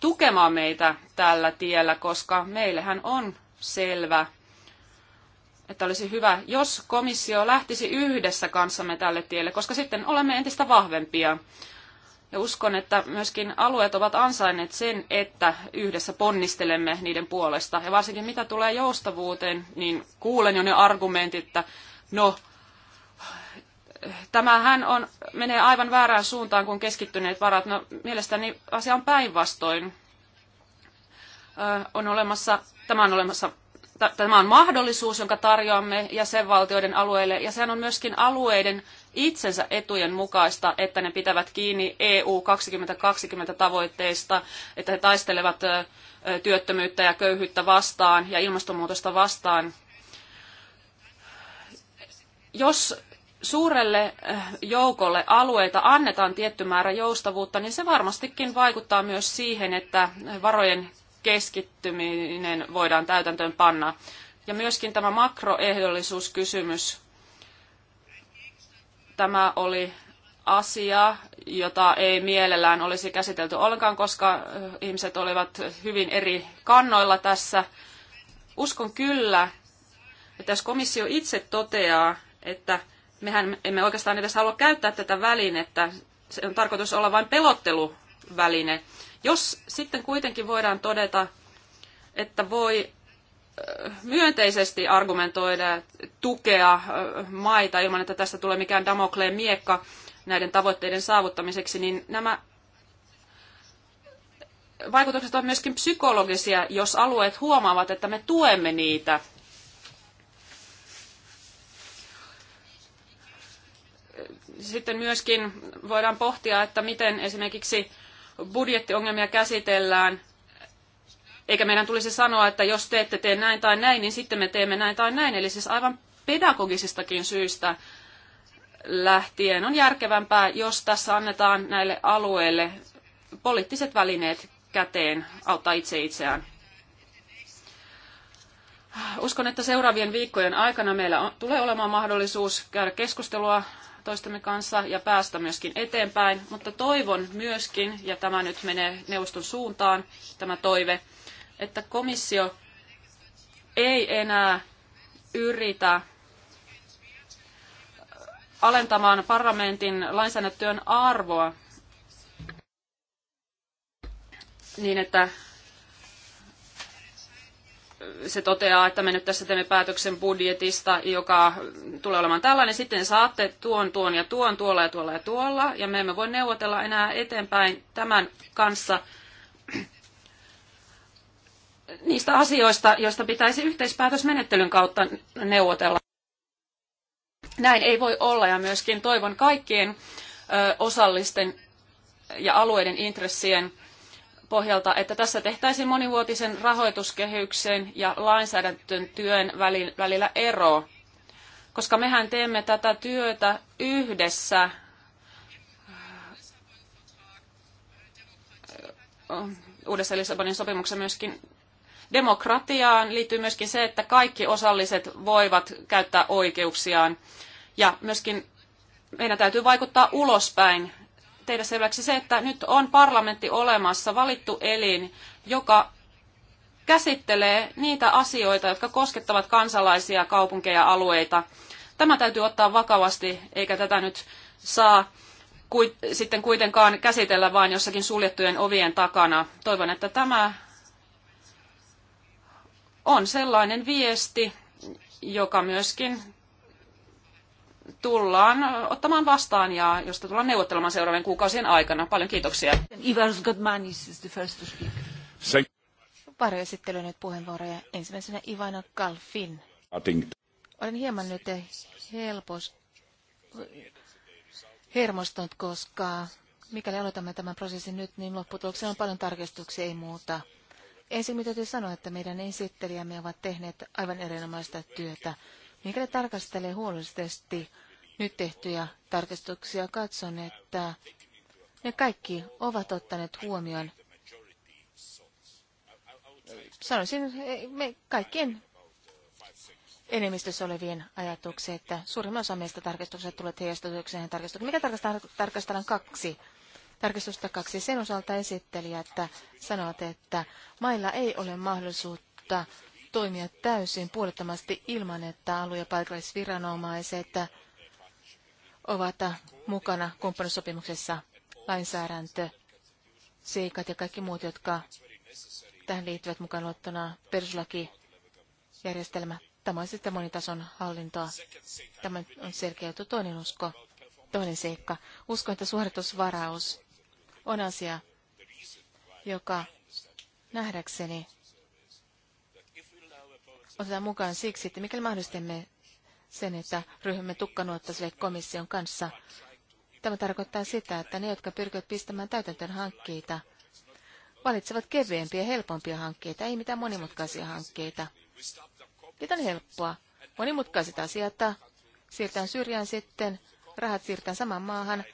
tukemaan meitä tällä tiellä, koska meillähän on selvä, että olisi hyvä, jos komissio lähtisi yhdessä kanssamme tälle tielle, koska sitten olemme entistä vahvempia. Ja uskon, että myöskin alueet ovat ansainneet sen, että yhdessä ponnistelemme niiden puolesta. Ja varsinkin mitä tulee joustavuuteen, niin kuulen jo ne argumentit, että no, tämähän on, menee aivan väärään suuntaan kuin keskittyneet varat. No, mielestäni asia on päinvastoin. On olemassa, tämä on olemassa Tämä on mahdollisuus, jonka tarjoamme jäsenvaltioiden alueille, ja sehän on myöskin alueiden itsensä etujen mukaista, että ne pitävät kiinni EU 2020 tavoitteista, että he taistelevat työttömyyttä ja köyhyyttä vastaan ja ilmastonmuutosta vastaan. Jos suurelle eh, joukolle alueita annetaan tietty määrä joustavuutta, niin se varmastikin vaikuttaa myös siihen, että varojen keskittyminen voidaan täytäntöön panna. Ja myöskin tämä makroehdollisuuskysymys, tämä oli asia, jota ei mielellään olisi käsitelty ollenkaan, koska eh, ihmiset olivat hyvin eri kannoilla tässä. Uskon kyllä, että jos komissio itse toteaa, että mehän emme oikeastaan edes halua käyttää tätä välinettä. Se on tarkoitus olla vain pelotteluväline. Jos sitten kuitenkin voidaan todeta, että voi äh, myönteisesti argumentoida, tukea äh, maita ilman, että tästä tulee mikään Damokleen miekka näiden tavoitteiden saavuttamiseksi, niin nämä vaikutukset ovat myöskin psykologisia, jos alueet huomaavat, että me tuemme niitä – Sitten myöskin voidaan pohtia, että miten esimerkiksi budjettiongelmia käsitellään, eikä meidän tulisi sanoa, että jos te ette tee näin tai näin, niin sitten me teemme näin tai näin. Eli siis aivan pedagogisistakin syistä lähtien on järkevämpää, jos tässä annetaan näille alueille poliittiset välineet käteen auttaa itse itseään. Uskon, että seuraavien viikkojen aikana meillä on, tulee olemaan mahdollisuus käydä keskustelua toistemme kanssa ja päästä myöskin eteenpäin, mutta toivon myöskin, ja tämä nyt menee neuvoston suuntaan, tämä toive, että komissio ei enää yritä alentamaan parlamentin lainsäädäntötyön arvoa niin, että se toteaa, että me nyt tässä teemme päätöksen budjetista, joka tulee olemaan tällainen, sitten saatte tuon, tuon ja tuon, tuolla ja tuolla ja tuolla, ja me emme voi neuvotella enää eteenpäin tämän kanssa niistä asioista, joista pitäisi yhteispäätösmenettelyn kautta neuvotella. Näin ei voi olla, ja myöskin toivon kaikkien osallisten ja alueiden intressien pohjalta, että tässä tehtäisiin monivuotisen rahoituskehyksen ja lainsäädäntön työn välillä ero, koska mehän teemme tätä työtä yhdessä äh, uudessa Lissabonin sopimuksessa myöskin demokratiaan liittyy myöskin se, että kaikki osalliset voivat käyttää oikeuksiaan. Ja myöskin meidän täytyy vaikuttaa ulospäin tehdä selväksi se, että nyt on parlamentti olemassa, valittu elin, joka käsittelee niitä asioita, jotka koskettavat kansalaisia, kaupunkeja ja alueita. Tämä täytyy ottaa vakavasti, eikä tätä nyt saa kuit, sitten kuitenkaan käsitellä vain jossakin suljettujen ovien takana. Toivon, että tämä on sellainen viesti, joka myöskin tullaan ottamaan vastaan ja josta tullaan neuvottelemaan seuraavien kuukausien aikana. Paljon kiitoksia. Ivars Godmanis is the first to speak. Pari esittelyä nyt puheenvuoroja. Ensimmäisenä Ivana Kalfin. Olen hieman nyt helpos, hermostunut, koska mikäli aloitamme tämän prosessin nyt, niin lopputuloksena on paljon tarkistuksia, ei muuta. Ensin mitä täytyy sanoa, että meidän esittelijämme ovat tehneet aivan erinomaista työtä. Mikäli tarkastelee huolellisesti nyt tehtyjä tarkistuksia, katson, että ne kaikki ovat ottaneet huomioon. Sanoisin eh, me kaikkien enemmistössä olevien ajatuksia, että suurimman osa meistä tarkistukset tulee heijastutukseen tarkistukseen. Mikä tarkastetaan? tarkastellaan kaksi? Tarkistusta kaksi. Sen osalta esittelijät sanovat, että mailla ei ole mahdollisuutta toimia täysin puolettomasti ilman, että alue- ja paikallisviranomaiset ovat mukana kumppanisopimuksessa lainsäädäntö, seikat ja kaikki muut, jotka tähän liittyvät mukaan luottuna peruslakijärjestelmä. Tämä on sitten monitason hallintoa. Tämä on selkeä juttu. Toinen usko, toinen seikka. Uskon, että suoritusvaraus on asia, joka nähdäkseni otetaan mukaan siksi, että mikäli mahdollistamme sen, että ryhmämme tukkanuottaiselle komission kanssa, tämä tarkoittaa sitä, että ne, jotka pyrkivät pistämään täytäntöön hankkeita, valitsevat kevyempiä, helpompia hankkeita, ei mitään monimutkaisia hankkeita. Niitä on helppoa. Monimutkaiset asiat siirretään syrjään sitten, rahat siirretään samaan maahan,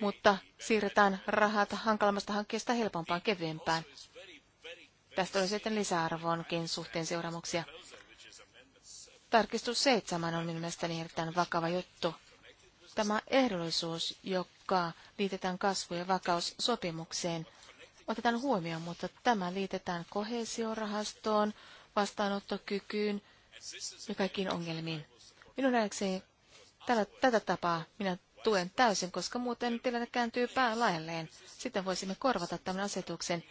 mutta siirretään rahat hankalammasta hankkeesta helpompaan, kevyempään. Tästä on sitten lisäarvoonkin suhteen seuraamuksia. Tarkistus seitsemän on minun mielestäni erittäin vakava juttu. Tämä ehdollisuus, joka liitetään kasvu- ja vakaussopimukseen, otetaan huomioon, mutta tämä liitetään kohesiorahastoon, vastaanottokykyyn ja kaikkiin ongelmiin. Minun nähdäkseni tällä, tätä tapaa minä tuen täysin, koska muuten tilanne kääntyy päälaelleen. Sitten voisimme korvata tämän asetuksen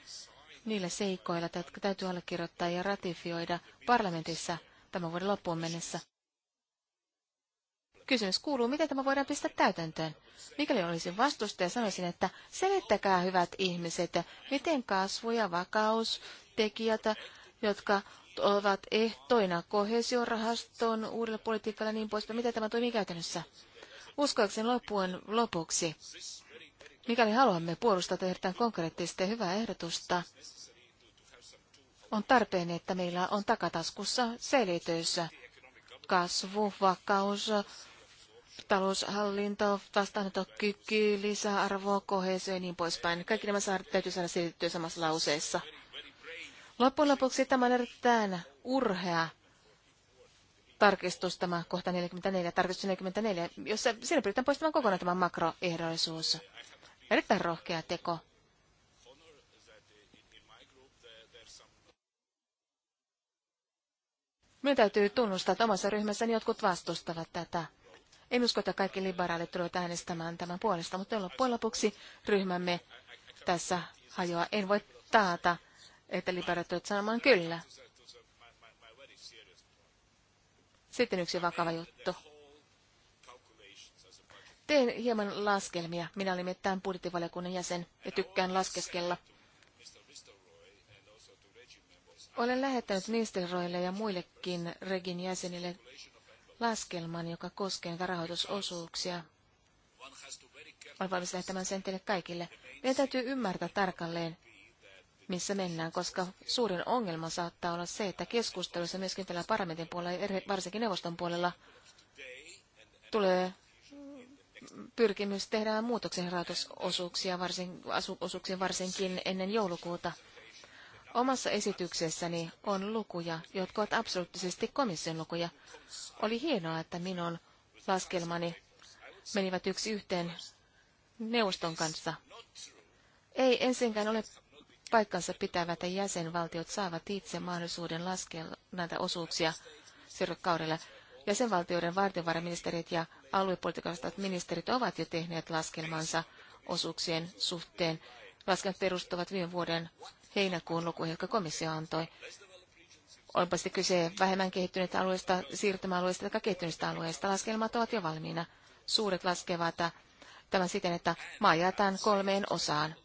niillä seikoilla, jotka täytyy allekirjoittaa ja ratifioida parlamentissa tämän vuoden loppuun mennessä. Kysymys kuuluu, miten tämä voidaan pistää täytäntöön? Mikäli olisin vastustaja, sanoisin, että selittäkää hyvät ihmiset, miten kasvu ja vakaustekijät, jotka ovat ehtoina kohesiorahaston uudelle politiikalle ja niin poispäin, miten tämä toimii käytännössä? Uskoakseni loppuun lopuksi Mikäli haluamme puolustaa tehdään konkreettista ja hyvää ehdotusta, on tarpeen, että meillä on takataskussa selitys, kasvu, vakaus, taloushallinto, vastaanottokyky, lisäarvo, kohesio ja niin poispäin. Kaikki nämä saada, täytyy saada selitettyä samassa lauseessa. Loppujen lopuksi tämä on erittäin urhea tarkistus, tämä kohta 44, tarkistus 44, jossa siinä pyritään poistamaan kokonaan tämä makroehdollisuus. Erittäin rohkea teko. Minun täytyy tunnustaa, että omassa ryhmässäni jotkut vastustavat tätä. En usko, että kaikki liberaalit tulevat äänestämään tämän puolesta, mutta loppujen lopuksi ryhmämme tässä hajoaa. En voi taata, että liberaalit tulevat sanomaan kyllä. Sitten yksi vakava juttu. Teen hieman laskelmia. Minä olin tämän budjettivaliokunnan jäsen ja tykkään laskeskella. Olen lähettänyt ministeriroille ja muillekin Regin jäsenille laskelman, joka koskee näitä rahoitusosuuksia. Olen valmis lähettämään sen teille kaikille. Meidän täytyy ymmärtää tarkalleen, missä mennään, koska suurin ongelma saattaa olla se, että keskustelussa myöskin tällä parlamentin puolella, varsinkin neuvoston puolella, tulee pyrkimys tehdä muutoksen rahoitusosuuksia, varsin, osuuksia varsinkin ennen joulukuuta. Omassa esityksessäni on lukuja, jotka ovat absoluuttisesti komission lukuja. Oli hienoa, että minun laskelmani menivät yksi yhteen neuvoston kanssa. Ei ensinkään ole paikkansa pitävät jäsenvaltiot saavat itse mahdollisuuden laskea näitä osuuksia sirkkaudelle. Jäsenvaltioiden valtiovarainministerit ja aluepolitiikan ministerit ovat jo tehneet laskelmansa osuuksien suhteen. Laskelmat perustuvat viime vuoden heinäkuun lukuihin, jotka komissio antoi. Onpa sitten kyse vähemmän kehittyneistä alueista, siirtymäalueista tai kehittyneistä alueista. Laskelmat ovat jo valmiina. Suuret laskevat tämän siten, että maa jaetaan kolmeen osaan.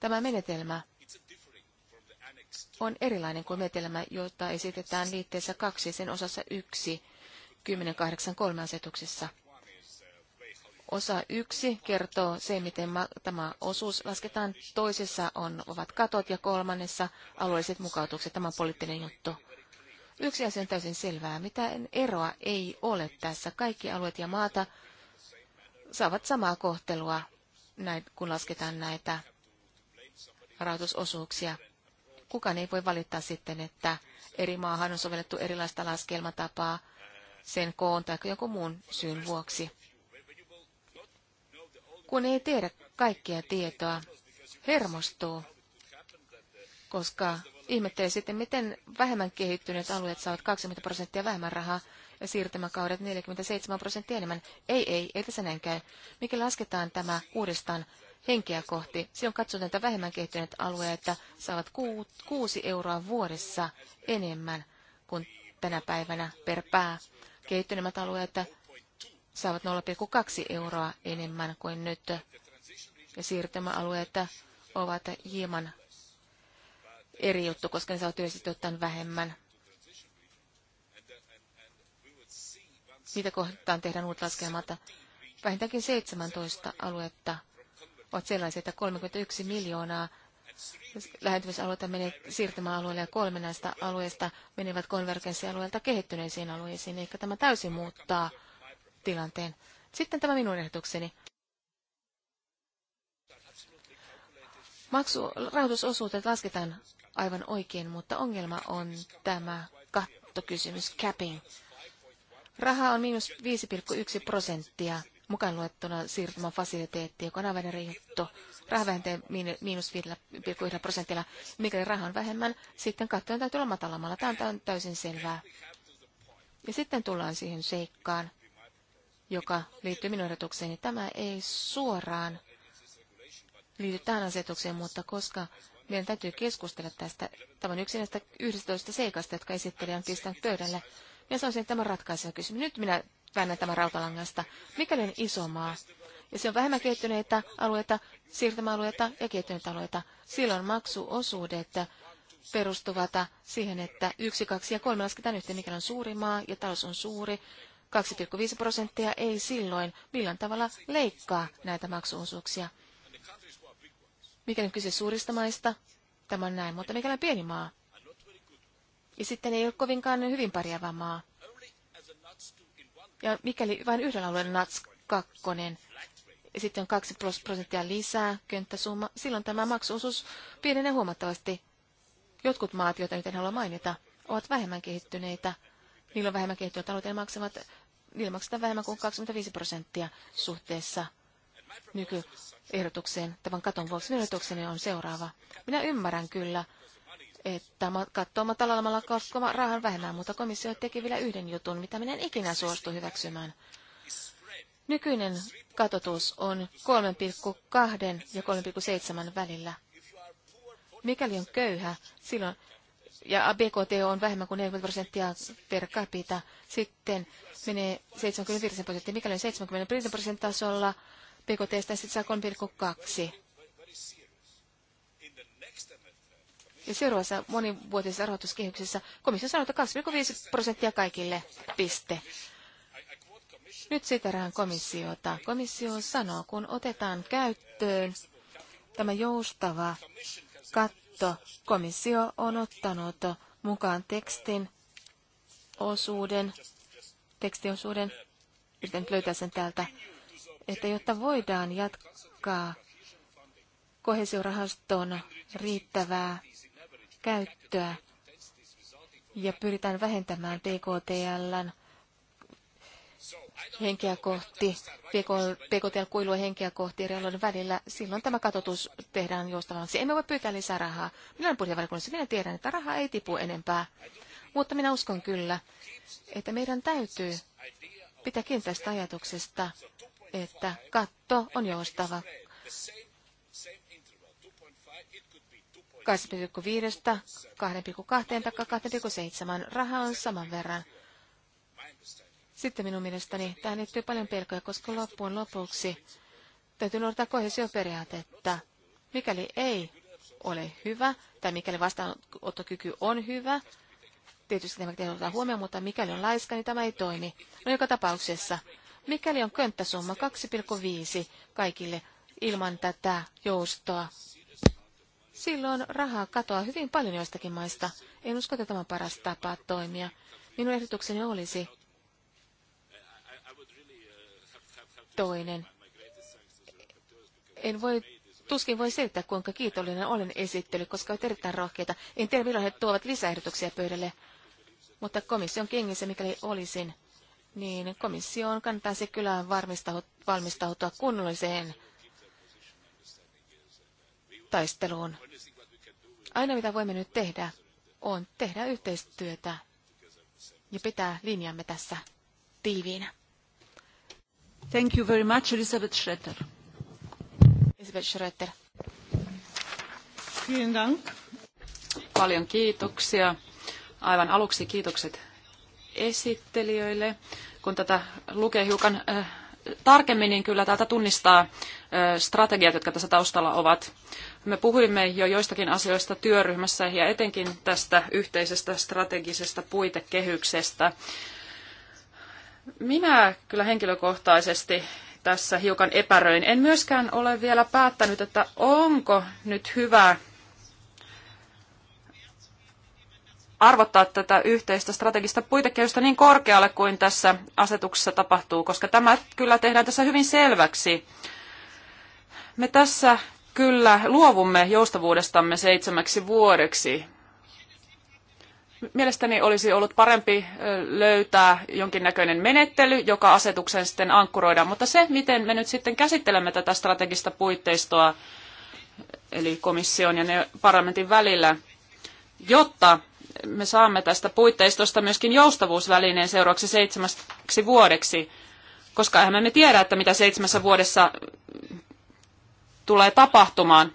Tämä menetelmä on erilainen kuin metelmä, jota esitetään liitteessä kaksi sen osassa yksi 10.8.3 asetuksessa. Osa yksi kertoo se, miten tämä osuus lasketaan. Toisessa on, ovat katot ja kolmannessa alueelliset mukautukset. Tämä on poliittinen juttu. Yksi asia on täysin selvää. Mitään eroa ei ole tässä. Kaikki alueet ja maata saavat samaa kohtelua, näin, kun lasketaan näitä rahoitusosuuksia. Kukaan ei voi valittaa sitten, että eri maahan on sovellettu erilaista laskelmatapaa sen koon tai jonkun muun syyn vuoksi. Kun ei tiedä kaikkia tietoa, hermostuu, koska ihmettelee sitten, miten vähemmän kehittyneet alueet saavat 20 prosenttia vähemmän rahaa ja siirtymäkaudet 47 prosenttia enemmän. Ei, ei, ei tässä näin käy. Mikä lasketaan tämä uudestaan henkeä kohti. Silloin katsotaan, että vähemmän kehittyneet alueet saavat ku, kuusi euroa vuodessa enemmän kuin tänä päivänä per pää. Kehittyneimmät alueet saavat 0,2 euroa enemmän kuin nyt. Ja siirtymäalueet ovat hieman eri juttu, koska ne saavat yleisesti ottaen vähemmän. Niitä kohtaan tehdään uutta laskelmaa, vähintäänkin 17 aluetta ovat sellaisia, että 31 miljoonaa lähentymisalueita menee siirtymäalueelle ja kolme näistä alueista menevät konvergenssialueelta kehittyneisiin alueisiin, eikä tämä täysin muuttaa tilanteen. Sitten tämä minun ehdotukseni. Maksu, rahoitusosuudet lasketaan aivan oikein, mutta ongelma on tämä kattokysymys, capping. Raha on miinus 5,1 prosenttia mukaan luettuna siirtymän fasiliteetti, joka on riitto. rahavähenteen miinus 5,1 prosentilla. Mikäli raha on vähemmän, sitten kattojen täytyy olla matalammalla. Tämä on täysin selvää. Ja sitten tullaan siihen seikkaan, joka liittyy minun ehdotukseeni. Niin tämä ei suoraan liity tähän asetukseen, mutta koska meidän täytyy keskustella tästä, tämän yksi näistä 11 seikasta, jotka esittelijä on pistänyt pöydälle, ja sanoisin, että tämä on ratkaiseva kysymys. Nyt minä väännän tämän rautalangasta. Mikäli on iso maa, ja se on vähemmän kehittyneitä alueita, siirtymäalueita ja kehittyneitä alueita, silloin maksuosuudet perustuvat siihen, että yksi, kaksi ja kolme lasketaan yhteen, mikä on suuri maa ja talous on suuri. 2,5 prosenttia ei silloin millään tavalla leikkaa näitä maksuosuuksia. Mikäli on kyse suurista maista, tämä on näin, mutta mikäli on pieni maa. Ja sitten ei ole kovinkaan hyvin pärjäävä maa. Ja mikäli vain yhdellä alueella NATS 2, ja sitten on 2 prosenttia lisää könttäsumma, silloin tämä maksuosuus pienenee huomattavasti. Jotkut maat, joita nyt en halua mainita, ovat vähemmän kehittyneitä. Niillä on vähemmän kehittyneitä taloutta, maksavat, niillä maksetaan vähemmän kuin 25 prosenttia suhteessa nykyehdotukseen. Tämän katon vuoksi ehdotukseni on seuraava. Minä ymmärrän kyllä että kattoa matalammalla koskoma rahan vähemmän, mutta komissio teki vielä yhden jutun, mitä minä en ikinä suostu hyväksymään. Nykyinen katotus on 3,2 ja 3,7 välillä. Mikäli on köyhä, silloin ja BKT on vähemmän kuin 40 prosenttia per capita, sitten menee 75 prosenttia. Mikäli on 75 prosenttia tasolla, BKT sitten saa Ja seuraavassa monivuotisessa rahoituskehyksessä komissio sanoo, että 2,5 prosenttia kaikille piste. Nyt siterään komissiota. Komissio sanoo, kun otetaan käyttöön tämä joustava katto, komissio on ottanut mukaan tekstin osuuden, tekstiosuuden, yritän nyt löytää sen täältä, että jotta voidaan jatkaa kohesiorahaston riittävää käyttöä ja pyritään vähentämään PKTL henkeä kohti, PKTL-kuilua henkeä kohti eri alueiden välillä, silloin tämä katotus tehdään joustavaksi. Emme voi pyytää lisää rahaa. Minä olen budjettivaliokunnassa, minä tiedän, että rahaa ei tipu enempää. Mutta minä uskon kyllä, että meidän täytyy pitää kiinni tästä ajatuksesta, että katto on joustava. 2,5, 2,2 tai 2,7. Raha on saman verran. Sitten minun mielestäni tähän liittyy paljon pelkoja, koska loppuun lopuksi täytyy noudattaa kohesioperiaatetta. Mikäli ei ole hyvä, tai mikäli vastaanottokyky on hyvä, tietysti tämä pitää ottaa huomioon, mutta mikäli on laiska, niin tämä ei toimi. No joka tapauksessa, mikäli on könttäsumma 2,5 kaikille ilman tätä joustoa silloin rahaa katoaa hyvin paljon joistakin maista. En usko, että tämä on paras tapa toimia. Minun ehdotukseni olisi toinen. En voi, tuskin voi selittää, kuinka kiitollinen olen esittely, koska olet erittäin rohkeita. En tiedä, milloin he tuovat lisäehdotuksia pöydälle, mutta komission kengissä, mikäli olisin, niin komission kannattaisi kyllä valmistautua kunnolliseen taisteluun. Aina mitä voimme nyt tehdä, on tehdä yhteistyötä ja pitää linjamme tässä tiiviinä. Thank you very much, Elisabeth Schroeter. Elisabeth Schroeter. Paljon kiitoksia. Aivan aluksi kiitokset esittelijöille. Kun tätä lukee hiukan äh, tarkemmin, niin kyllä täältä tunnistaa äh, strategiat, jotka tässä taustalla ovat. Me puhuimme jo joistakin asioista työryhmässä ja etenkin tästä yhteisestä strategisesta puitekehyksestä. Minä kyllä henkilökohtaisesti tässä hiukan epäröin. En myöskään ole vielä päättänyt, että onko nyt hyvä arvottaa tätä yhteistä strategista puitekehystä niin korkealle kuin tässä asetuksessa tapahtuu, koska tämä kyllä tehdään tässä hyvin selväksi. Me tässä kyllä luovumme joustavuudestamme seitsemäksi vuodeksi. Mielestäni olisi ollut parempi löytää jonkinnäköinen menettely, joka asetuksen sitten ankkuroidaan, mutta se, miten me nyt sitten käsittelemme tätä strategista puitteistoa, eli komission ja parlamentin välillä, jotta me saamme tästä puitteistosta myöskin joustavuusvälineen seuraavaksi seitsemäksi vuodeksi, koska eihän me tiedä, että mitä seitsemässä vuodessa tulee tapahtumaan.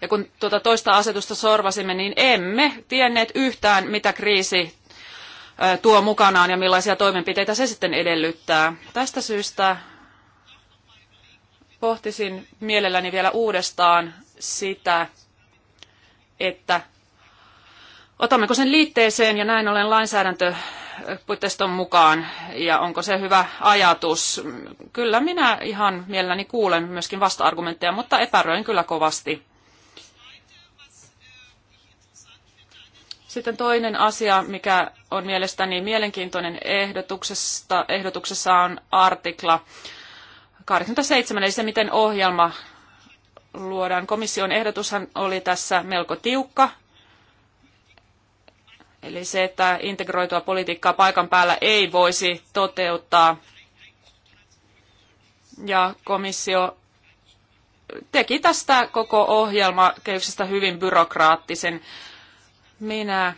Ja kun tuota toista asetusta sorvasimme, niin emme tienneet yhtään, mitä kriisi tuo mukanaan ja millaisia toimenpiteitä se sitten edellyttää. Tästä syystä pohtisin mielelläni vielä uudestaan sitä, että otammeko sen liitteeseen ja näin ollen lainsäädäntö puitteiston mukaan ja onko se hyvä ajatus. Kyllä minä ihan mielelläni kuulen myöskin vasta-argumentteja, mutta epäröin kyllä kovasti. Sitten toinen asia, mikä on mielestäni mielenkiintoinen ehdotuksesta, ehdotuksessa on artikla 87, eli se miten ohjelma luodaan. Komission ehdotushan oli tässä melko tiukka, Eli se, että integroitua politiikkaa paikan päällä ei voisi toteuttaa. Ja komissio teki tästä koko ohjelmakehyksestä hyvin byrokraattisen. Minä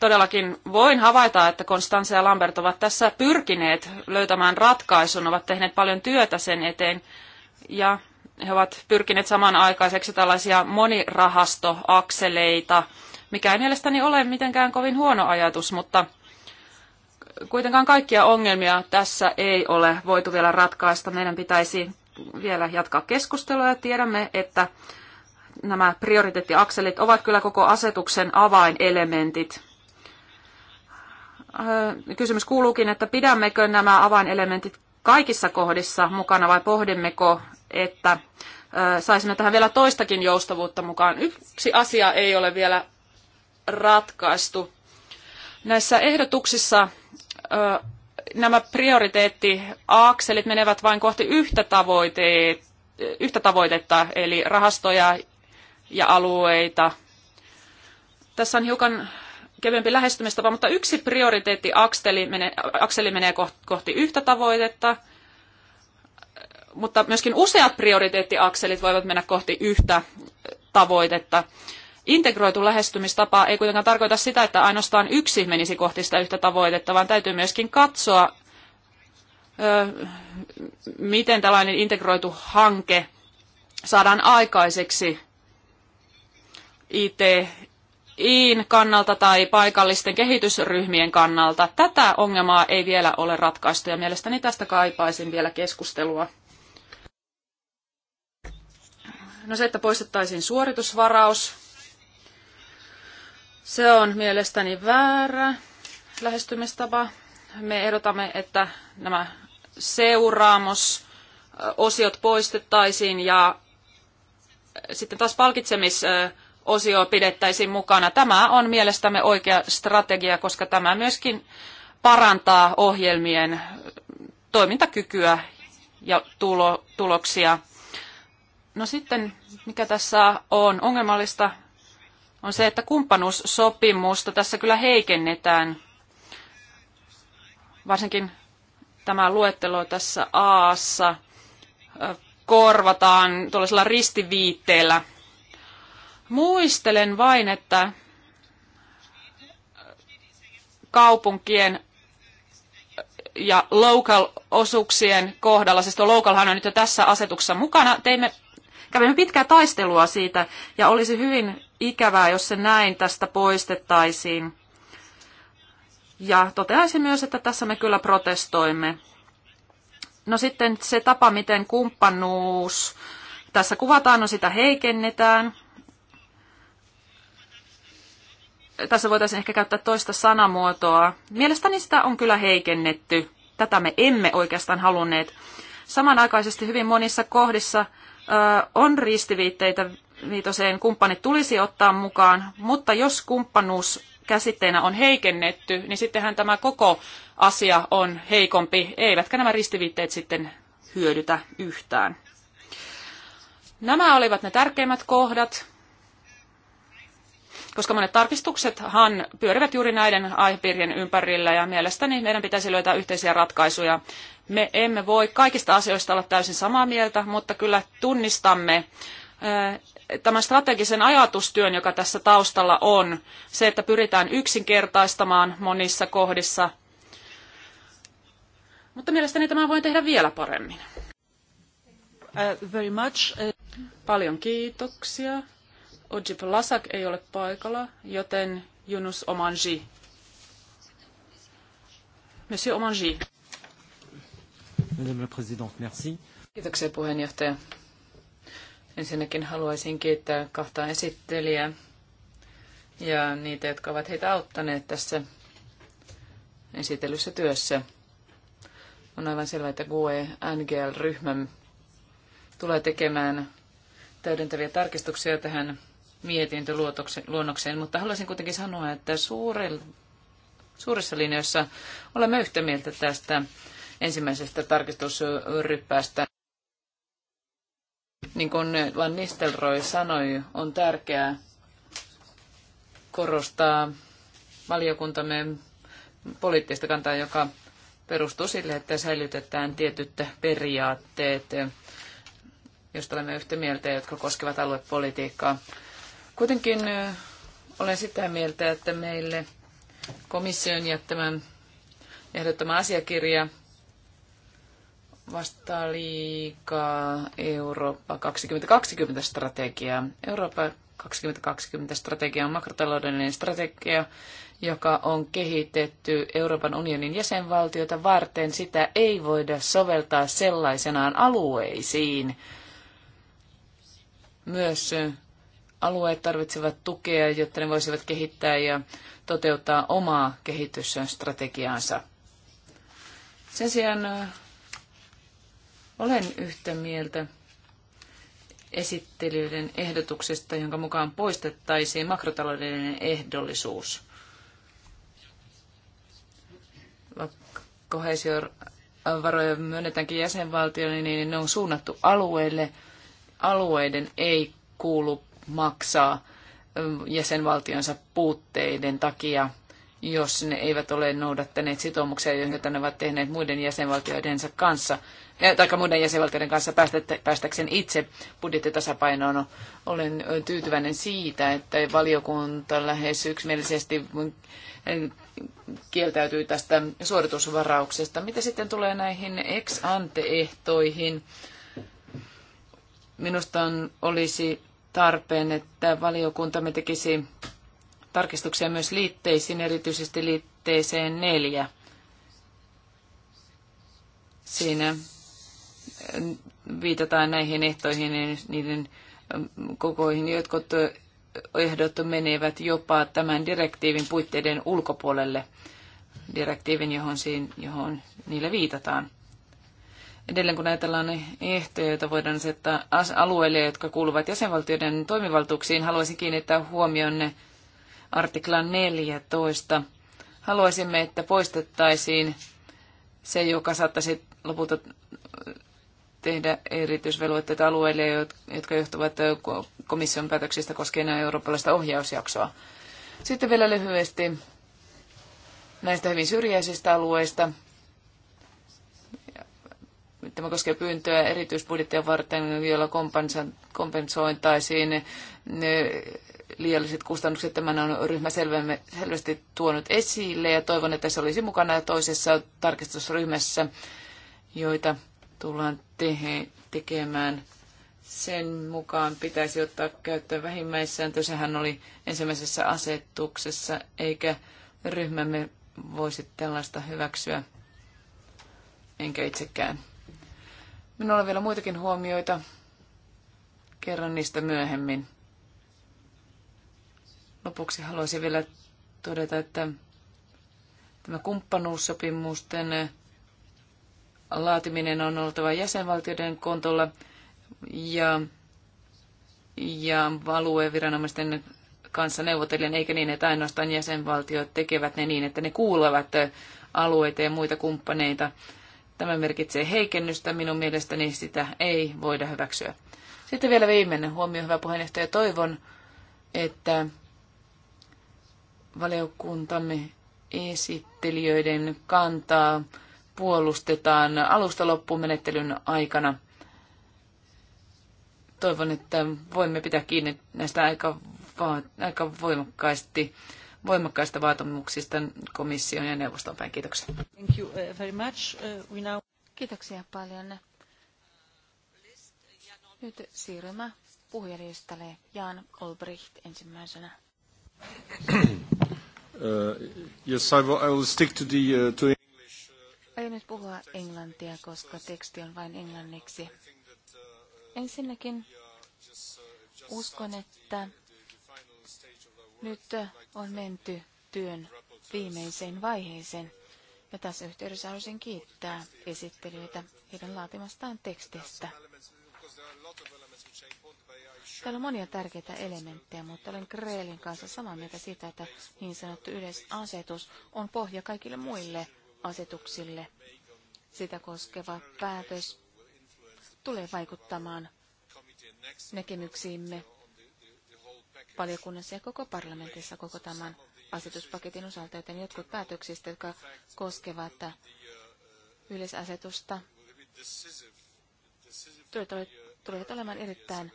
todellakin voin havaita, että Konstanze ja Lambert ovat tässä pyrkineet löytämään ratkaisun, ovat tehneet paljon työtä sen eteen ja he ovat pyrkineet samanaikaiseksi tällaisia monirahastoakseleita, mikä ei mielestäni ole mitenkään kovin huono ajatus, mutta kuitenkaan kaikkia ongelmia tässä ei ole voitu vielä ratkaista. Meidän pitäisi vielä jatkaa keskustelua ja tiedämme, että nämä prioriteettiakselit ovat kyllä koko asetuksen avainelementit. Äh, kysymys kuuluukin, että pidämmekö nämä avainelementit kaikissa kohdissa mukana vai pohdimmeko, että äh, saisimme tähän vielä toistakin joustavuutta mukaan. Yksi asia ei ole vielä ratkaistu. Näissä ehdotuksissa nämä prioriteettiakselit menevät vain kohti yhtä, yhtä tavoitetta, eli rahastoja ja alueita. Tässä on hiukan kevyempi lähestymistapa, mutta yksi prioriteettiakseli menee, akseli menee kohti yhtä tavoitetta, mutta myöskin useat prioriteettiakselit voivat mennä kohti yhtä tavoitetta integroitu lähestymistapa ei kuitenkaan tarkoita sitä, että ainoastaan yksi menisi kohti sitä yhtä tavoitetta, vaan täytyy myöskin katsoa, miten tällainen integroitu hanke saadaan aikaiseksi ITIin kannalta tai paikallisten kehitysryhmien kannalta. Tätä ongelmaa ei vielä ole ratkaistu ja mielestäni tästä kaipaisin vielä keskustelua. No se, että poistettaisiin suoritusvaraus, se on mielestäni väärä lähestymistapa. Me ehdotamme, että nämä seuraamososiot poistettaisiin ja sitten taas palkitsemisosio pidettäisiin mukana. Tämä on mielestämme oikea strategia, koska tämä myöskin parantaa ohjelmien toimintakykyä ja tulo, tuloksia. No sitten, mikä tässä on ongelmallista, on se, että kumppanuussopimusta tässä kyllä heikennetään. Varsinkin tämä luettelo tässä Aassa korvataan tuollaisella ristiviitteellä. Muistelen vain, että kaupunkien ja local-osuuksien kohdalla, siis tuo localhan on nyt jo tässä asetuksessa mukana, teimme Kävimme pitkää taistelua siitä ja olisi hyvin ikävää, jos se näin tästä poistettaisiin. Ja toteaisin myös, että tässä me kyllä protestoimme. No sitten se tapa, miten kumppanuus tässä kuvataan, no sitä heikennetään. Tässä voitaisiin ehkä käyttää toista sanamuotoa. Mielestäni sitä on kyllä heikennetty. Tätä me emme oikeastaan halunneet. Samanaikaisesti hyvin monissa kohdissa – on ristiviitteitä viitoseen kumppanit tulisi ottaa mukaan, mutta jos kumppanuus käsitteenä on heikennetty, niin sittenhän tämä koko asia on heikompi, eivätkä nämä ristiviitteet sitten hyödytä yhtään. Nämä olivat ne tärkeimmät kohdat koska monet tarkistuksethan pyörivät juuri näiden aihepiirien ympärillä ja mielestäni meidän pitäisi löytää yhteisiä ratkaisuja. Me emme voi kaikista asioista olla täysin samaa mieltä, mutta kyllä tunnistamme eh, tämän strategisen ajatustyön, joka tässä taustalla on, se, että pyritään yksinkertaistamaan monissa kohdissa. Mutta mielestäni tämä voi tehdä vielä paremmin. Uh, uh, Paljon kiitoksia. Ojib Lasak ei ole paikalla, joten Yunus Omanji. Monsieur Omanji. Madame la Présidente, merci. Kiitoksia puheenjohtaja. Ensinnäkin haluaisin kiittää kahta esittelijää ja niitä, jotka ovat heitä auttaneet tässä esitellyssä työssä. On aivan selvää, että GUE NGL-ryhmä tulee tekemään täydentäviä tarkistuksia tähän luonnokseen, mutta haluaisin kuitenkin sanoa, että suurel, suurissa linjassa olemme yhtä mieltä tästä ensimmäisestä tarkistusryppäästä. Niin kuin Van Nistelrooy sanoi, on tärkeää korostaa valiokuntamme poliittista kantaa, joka perustuu sille, että säilytetään tietyt periaatteet, joista olemme yhtä mieltä, jotka koskevat aluepolitiikkaa. Kuitenkin olen sitä mieltä, että meille komission jättämä ehdottama asiakirja vastaa liikaa Eurooppa 2020 strategiaa. Eurooppa 2020 strategia on makrotaloudellinen strategia, joka on kehitetty Euroopan unionin jäsenvaltiota varten. Sitä ei voida soveltaa sellaisenaan alueisiin. Myös alueet tarvitsevat tukea, jotta ne voisivat kehittää ja toteuttaa omaa kehitysstrategiaansa. Sen sijaan äh, olen yhtä mieltä esittelijöiden ehdotuksesta, jonka mukaan poistettaisiin makrotaloudellinen ehdollisuus. Kohesiovaroja myönnetäänkin jäsenvaltioille, niin ne on suunnattu alueille. Alueiden ei kuulu maksaa jäsenvaltionsa puutteiden takia, jos ne eivät ole noudattaneet sitoumuksia, joita ne ovat tehneet muiden jäsenvaltioidensa kanssa, tai muiden jäsenvaltioiden kanssa päästäkseen itse budjettitasapainoon. Olen tyytyväinen siitä, että valiokunta lähes yksimielisesti kieltäytyi tästä suoritusvarauksesta. Mitä sitten tulee näihin ex-ante-ehtoihin? Minusta on, olisi tarpeen, että valiokuntamme tekisi tarkistuksia myös liitteisiin, erityisesti liitteeseen neljä. Siinä äh, viitataan näihin ehtoihin ja niiden ähm, kokoihin. Jotkut äh, ehdot menevät jopa tämän direktiivin puitteiden ulkopuolelle, direktiivin, johon, siinä, johon niillä viitataan. Edelleen kun ajatellaan ehtoja, joita voidaan asettaa alueille, jotka kuuluvat jäsenvaltioiden toimivaltuuksiin, haluaisin kiinnittää huomionne artiklan 14. Haluaisimme, että poistettaisiin se, joka saattaisi lopulta tehdä erityisvelvoitteita alueille, jotka johtuvat komission päätöksistä koskien eurooppalaista ohjausjaksoa. Sitten vielä lyhyesti näistä hyvin syrjäisistä alueista. Tämä koskee pyyntöä erityisbudjettia varten, jolla kompensointaisiin liialliset kustannukset. Tämän on ryhmä selvästi tuonut esille ja toivon, että se olisi mukana toisessa tarkistusryhmässä, joita tullaan te- tekemään. Sen mukaan pitäisi ottaa käyttöön vähimmäissääntö. Sehän oli ensimmäisessä asetuksessa, eikä ryhmämme voisi tällaista hyväksyä, enkä itsekään. Minulla on vielä muitakin huomioita. Kerron niistä myöhemmin. Lopuksi haluaisin vielä todeta, että tämä kumppanuussopimusten laatiminen on oltava jäsenvaltioiden kontolla ja, ja alueviranomaisten kanssa neuvotellen, eikä niin, että ainoastaan jäsenvaltiot tekevät ne niin, että ne kuulevat alueita ja muita kumppaneita Tämä merkitsee heikennystä. Minun mielestäni sitä ei voida hyväksyä. Sitten vielä viimeinen huomio, hyvä puheenjohtaja. Toivon, että valiokuntamme esittelijöiden kantaa puolustetaan alusta loppumenettelyn aikana. Toivon, että voimme pitää kiinni näistä aika, aika voimakkaasti voimakkaista vaatimuksista komission ja neuvoston päin. Kiitoksia. Thank you uh, very much. Uh, we now... Kiitoksia paljon. Nyt siirrymme puhujalistalle. Jan Olbricht ensimmäisenä. Uh, yes, I will, I will stick to the, uh, to English. Uh, Aion nyt puhua englantia, koska teksti on vain englanniksi. Ensinnäkin uskon, että nyt äh, on menty työn viimeiseen vaiheeseen. Ja tässä yhteydessä haluaisin kiittää esittelijöitä heidän laatimastaan tekstistä. Täällä on monia tärkeitä elementtejä, mutta olen Kreelin kanssa samaa mieltä siitä, että niin sanottu yleisasetus on pohja kaikille muille asetuksille. Sitä koskeva päätös tulee vaikuttamaan näkemyksiimme valiokunnassa ja koko parlamentissa koko tämän asetuspaketin osalta, joten jotkut päätöksistä, jotka koskevat yleisasetusta, tulevat olemaan erittäin,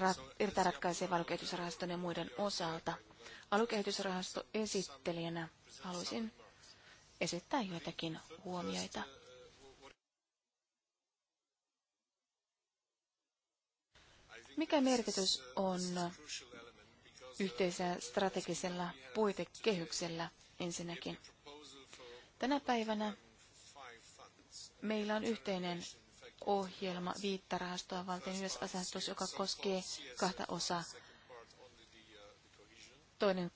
rat, erittäin ja muiden osalta. Alukehitysrahasto esittelijänä haluaisin esittää joitakin huomioita. Mikä merkitys on yhteisellä strategisella puitekehyksellä ensinnäkin. Tänä päivänä meillä on yhteinen ohjelma viittä rahastoa valtion yleisasetus, joka koskee kahta osaa. Toinen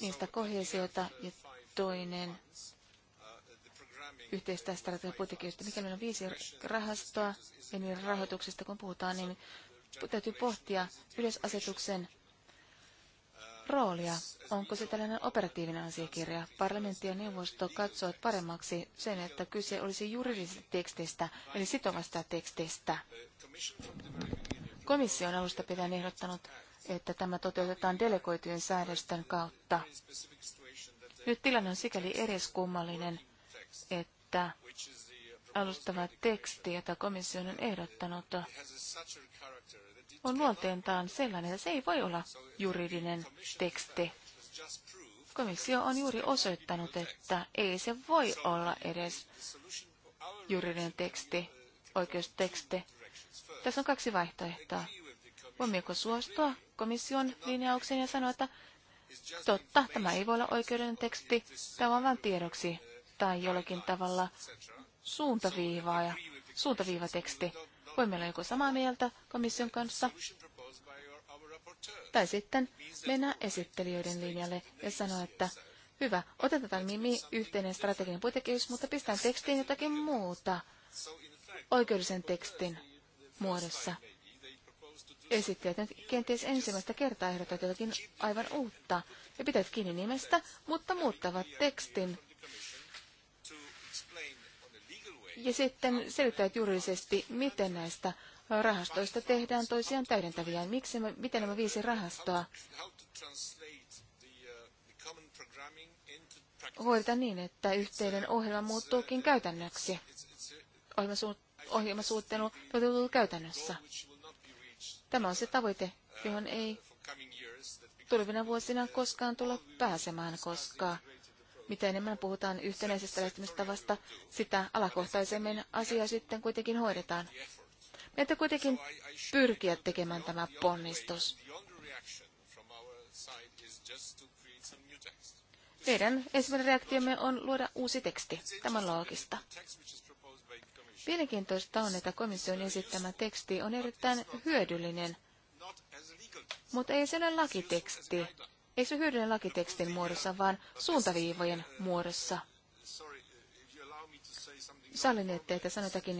niistä kohesiota ja toinen yhteistä strategiapuitekijöistä. Mikäli meillä on viisi rahastoa ja niiden rahoituksesta, kun puhutaan, niin täytyy pohtia yleisasetuksen roolia? Onko se tällainen operatiivinen asiakirja? Parlamentti ja neuvosto katsovat paremmaksi sen, että kyse olisi juridisesta tekstistä, eli sitovasta tekstistä. Komissio on alusta pitäen ehdottanut, että tämä toteutetaan delegoitujen säädösten kautta. Nyt tilanne on sikäli eriskummallinen, että alustava teksti, jota komissio on ehdottanut, on luonteeltaan sellainen, että se ei voi olla juridinen teksti. Komissio on juuri osoittanut, että ei se voi olla edes juridinen teksti, oikeusteksti. Tässä on kaksi vaihtoehtoa. Voimmeko suostua komission linjaukseen ja sanoa, että totta, tämä ei voi olla oikeudellinen teksti, tämä on vain tiedoksi tai jollakin tavalla suuntaviivaa ja suuntaviivateksti. Voimme olla joko samaa mieltä komission kanssa, tai sitten mennä esittelijöiden linjalle ja sanoa, että hyvä, otetaan mimi yhteinen strateginen puitekehys, mutta pistetään tekstiin jotakin muuta oikeudellisen tekstin muodossa. Esittäjät nyt kenties ensimmäistä kertaa ehdottavat jotakin aivan uutta ja pitävät kiinni nimestä, mutta muuttavat tekstin ja sitten selittävät juridisesti, miten näistä rahastoista tehdään toisiaan täydentäviä. Miksi, me, miten nämä viisi rahastoa hoidetaan niin, että yhteinen ohjelma muuttuukin käytännöksi. Ohjelmasuunnittelu toteutuu käytännössä. Tämä on se tavoite, johon ei tulevina vuosina koskaan tulla pääsemään, koska mitä enemmän puhutaan yhtenäisestä lähestymistavasta, sitä alakohtaisemmin asia sitten kuitenkin hoidetaan. Meitä kuitenkin pyrkiä tekemään tämä ponnistus. Meidän ensimmäinen reaktiomme on luoda uusi teksti. Tämä on loogista. Mielenkiintoista on, että komission esittämä teksti on erittäin hyödyllinen, mutta ei se ole lakiteksti, ei se hyödynnä lakitekstin muodossa, vaan suuntaviivojen muodossa. Sallin, ettei että sanotakin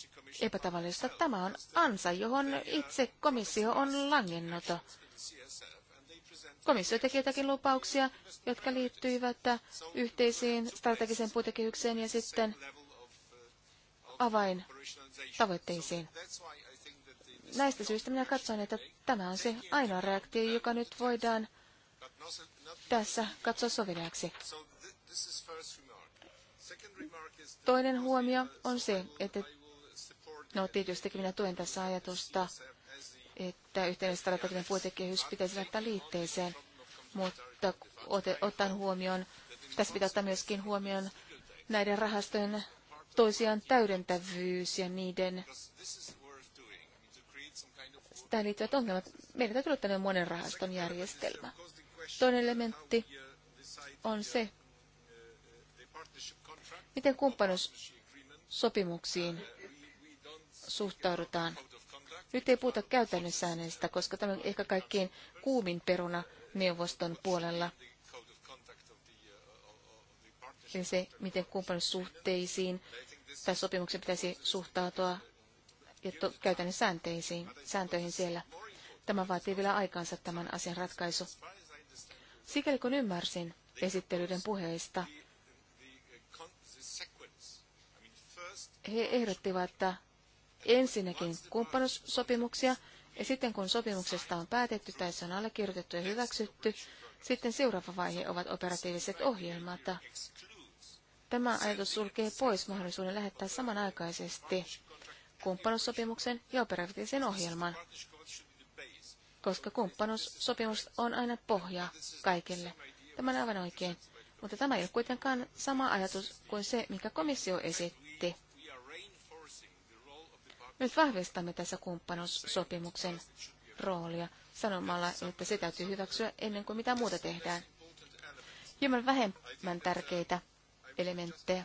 jotakin epätavallista. Tämä on ansa, johon itse komissio on langennut. Komissio teki jotakin lupauksia, jotka liittyivät yhteisiin strategiseen puitekehykseen ja sitten avaintavoitteisiin näistä syistä minä katson, että tämä on se ainoa reaktio, joka nyt voidaan tässä katsoa sovineeksi. Toinen huomio on se, että no tietysti minä tuen tässä ajatusta, että yhteinen strateginen puitekehys pitäisi laittaa liitteeseen, mutta otan huomioon, tässä pitää ottaa myöskin huomioon näiden rahastojen toisiaan täydentävyys ja niiden tähän liittyvät ongelmat. Meidän täytyy olla tällainen monen rahaston järjestelmä. Toinen elementti on se, miten kumppanuussopimuksiin suhtaudutaan. Nyt ei puhuta käytännössä säännöistä, koska tämä on ehkä kaikkein kuumin peruna neuvoston puolella. Eli se, miten kumppanuussuhteisiin tai sopimuksiin pitäisi suhtautua ja to, käytännön sääntöihin, sääntöihin siellä. Tämä vaatii vielä aikaansa tämän asian ratkaisu. Sikäli kun ymmärsin esittelyiden puheista, he ehdottivat, että ensinnäkin kumppanussopimuksia, ja sitten kun sopimuksesta on päätetty tai se on allekirjoitettu ja hyväksytty, sitten seuraava vaihe ovat operatiiviset ohjelmat. Tämä ajatus sulkee pois mahdollisuuden lähettää samanaikaisesti kumppanussopimuksen ja operatiivisen ohjelman, koska kumppanussopimus on aina pohja kaikille. Tämä on aivan oikein. Mutta tämä ei ole kuitenkaan sama ajatus kuin se, mikä komissio esitti. Nyt vahvistamme tässä kumppanussopimuksen roolia sanomalla, että se täytyy hyväksyä ennen kuin mitä muuta tehdään. Hieman vähemmän tärkeitä elementtejä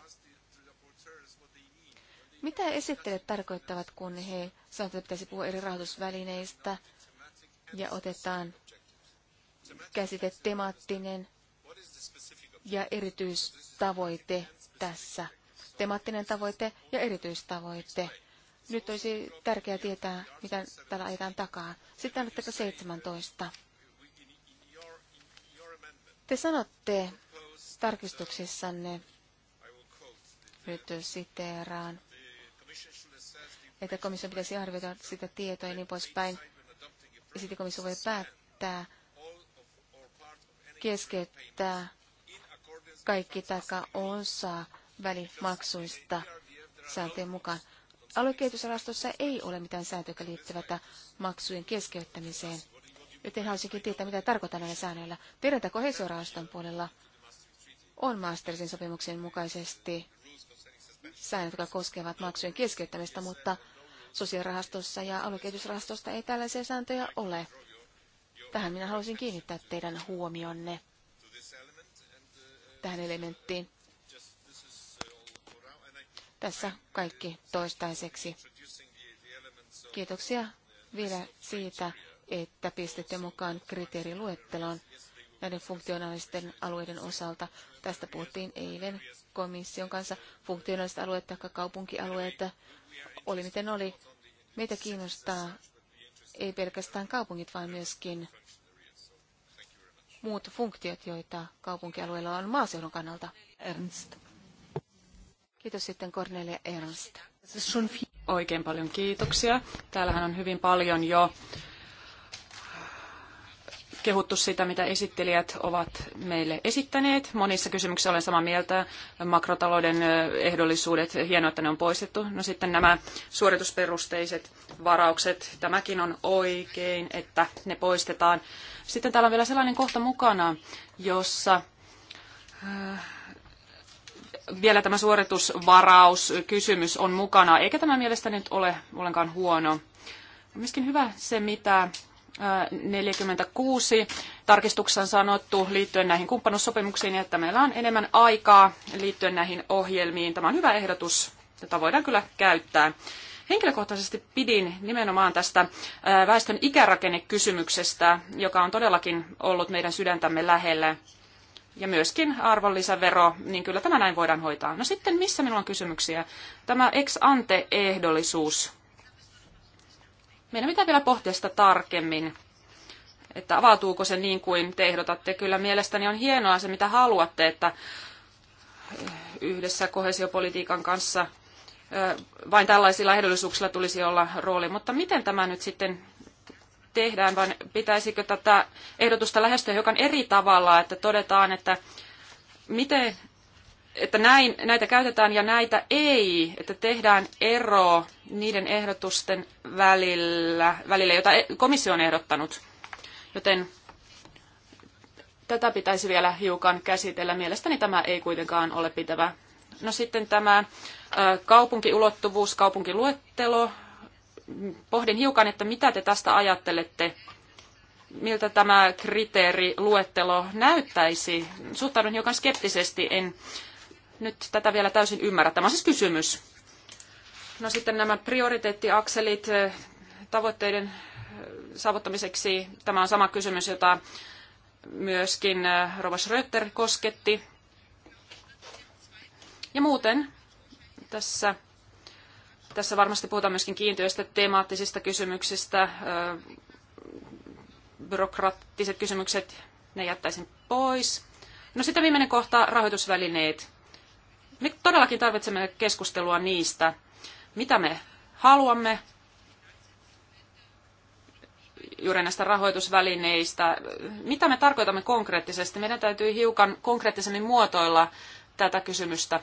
mitä esittelet tarkoittavat, kun he sanovat, että pitäisi puhua eri rahoitusvälineistä ja otetaan käsite temaattinen ja erityistavoite tässä? Temaattinen tavoite ja erityistavoite. Nyt olisi tärkeää tietää, mitä täällä ajetaan takaa. Sitten annatteko 17. Te sanotte tarkistuksissanne, nyt siteeraan että komissio pitäisi arvioida sitä tietoa ja niin poispäin. Ja sitten komissio voi päättää keskeyttää kaikki taka osa välimaksuista sääntöjen mukaan. Aluekehitysrahastossa ei ole mitään sääntöä jotka maksujen keskeyttämiseen. Joten haluaisinkin tietää, mitä tarkoittaa näillä säännöillä. Tiedetäänkö heisiorahaston puolella on Maastersin sopimuksen mukaisesti säännöt, jotka koskevat maksujen keskeyttämistä, mutta sosiaalirahastossa ja aluekehitysrahastosta ei tällaisia sääntöjä ole. Tähän minä haluaisin kiinnittää teidän huomionne tähän elementtiin. Tässä kaikki toistaiseksi. Kiitoksia vielä siitä, että pistitte mukaan kriteeriluetteloon näiden funktionaalisten alueiden osalta. Tästä puhuttiin eilen komission kanssa, funktionaaliset alueet tai kaupunkialueet, oli miten oli. Meitä kiinnostaa ei pelkästään kaupungit, vaan myöskin muut funktiot, joita kaupunkialueilla on maaseudun kannalta. Ernst. Kiitos sitten Cornelia Ernst. Oikein paljon kiitoksia. Täällähän on hyvin paljon jo kehuttu sitä, mitä esittelijät ovat meille esittäneet. Monissa kysymyksissä olen samaa mieltä. Makrotalouden ehdollisuudet, hienoa, että ne on poistettu. No sitten nämä suoritusperusteiset varaukset, tämäkin on oikein, että ne poistetaan. Sitten täällä on vielä sellainen kohta mukana, jossa vielä tämä suoritusvarauskysymys on mukana, eikä tämä mielestäni nyt ole ollenkaan huono. On myöskin hyvä se, mitä 46 tarkistuksessa on sanottu liittyen näihin kumppanuussopimuksiin, että meillä on enemmän aikaa liittyen näihin ohjelmiin. Tämä on hyvä ehdotus, jota voidaan kyllä käyttää. Henkilökohtaisesti pidin nimenomaan tästä väestön ikärakennekysymyksestä, joka on todellakin ollut meidän sydäntämme lähellä. Ja myöskin arvonlisävero, niin kyllä tämä näin voidaan hoitaa. No sitten missä minulla on kysymyksiä? Tämä ex ante ehdollisuus meidän pitää vielä pohtia sitä tarkemmin, että avautuuko se niin kuin te ehdotatte. Kyllä mielestäni on hienoa se, mitä haluatte, että eh, yhdessä kohesiopolitiikan kanssa eh, vain tällaisilla ehdollisuuksilla tulisi olla rooli. Mutta miten tämä nyt sitten tehdään, vaan pitäisikö tätä ehdotusta lähestyä hiukan eri tavalla, että todetaan, että miten että näin, näitä käytetään ja näitä ei, että tehdään ero niiden ehdotusten välillä, välillä jota e-, komissio on ehdottanut. Joten tätä pitäisi vielä hiukan käsitellä. Mielestäni tämä ei kuitenkaan ole pitävä. No sitten tämä kaupunkiulottuvuus, kaupunkiluettelo. Pohdin hiukan, että mitä te tästä ajattelette, miltä tämä kriteeri, luettelo näyttäisi. Suhtaudun hiukan skeptisesti, en nyt tätä vielä täysin ymmärrä. Tämä on siis kysymys. No sitten nämä prioriteettiakselit eh, tavoitteiden eh, saavuttamiseksi. Tämä on sama kysymys, jota myöskin eh, Rova Schröter kosketti. Ja muuten tässä, tässä varmasti puhutaan myöskin kiintiöistä temaattisista kysymyksistä, byrokraattiset kysymykset, ne jättäisin pois. No sitten viimeinen kohta, rahoitusvälineet. Me todellakin tarvitsemme keskustelua niistä, mitä me haluamme juuri näistä rahoitusvälineistä. Mitä me tarkoitamme konkreettisesti? Meidän täytyy hiukan konkreettisemmin muotoilla tätä kysymystä.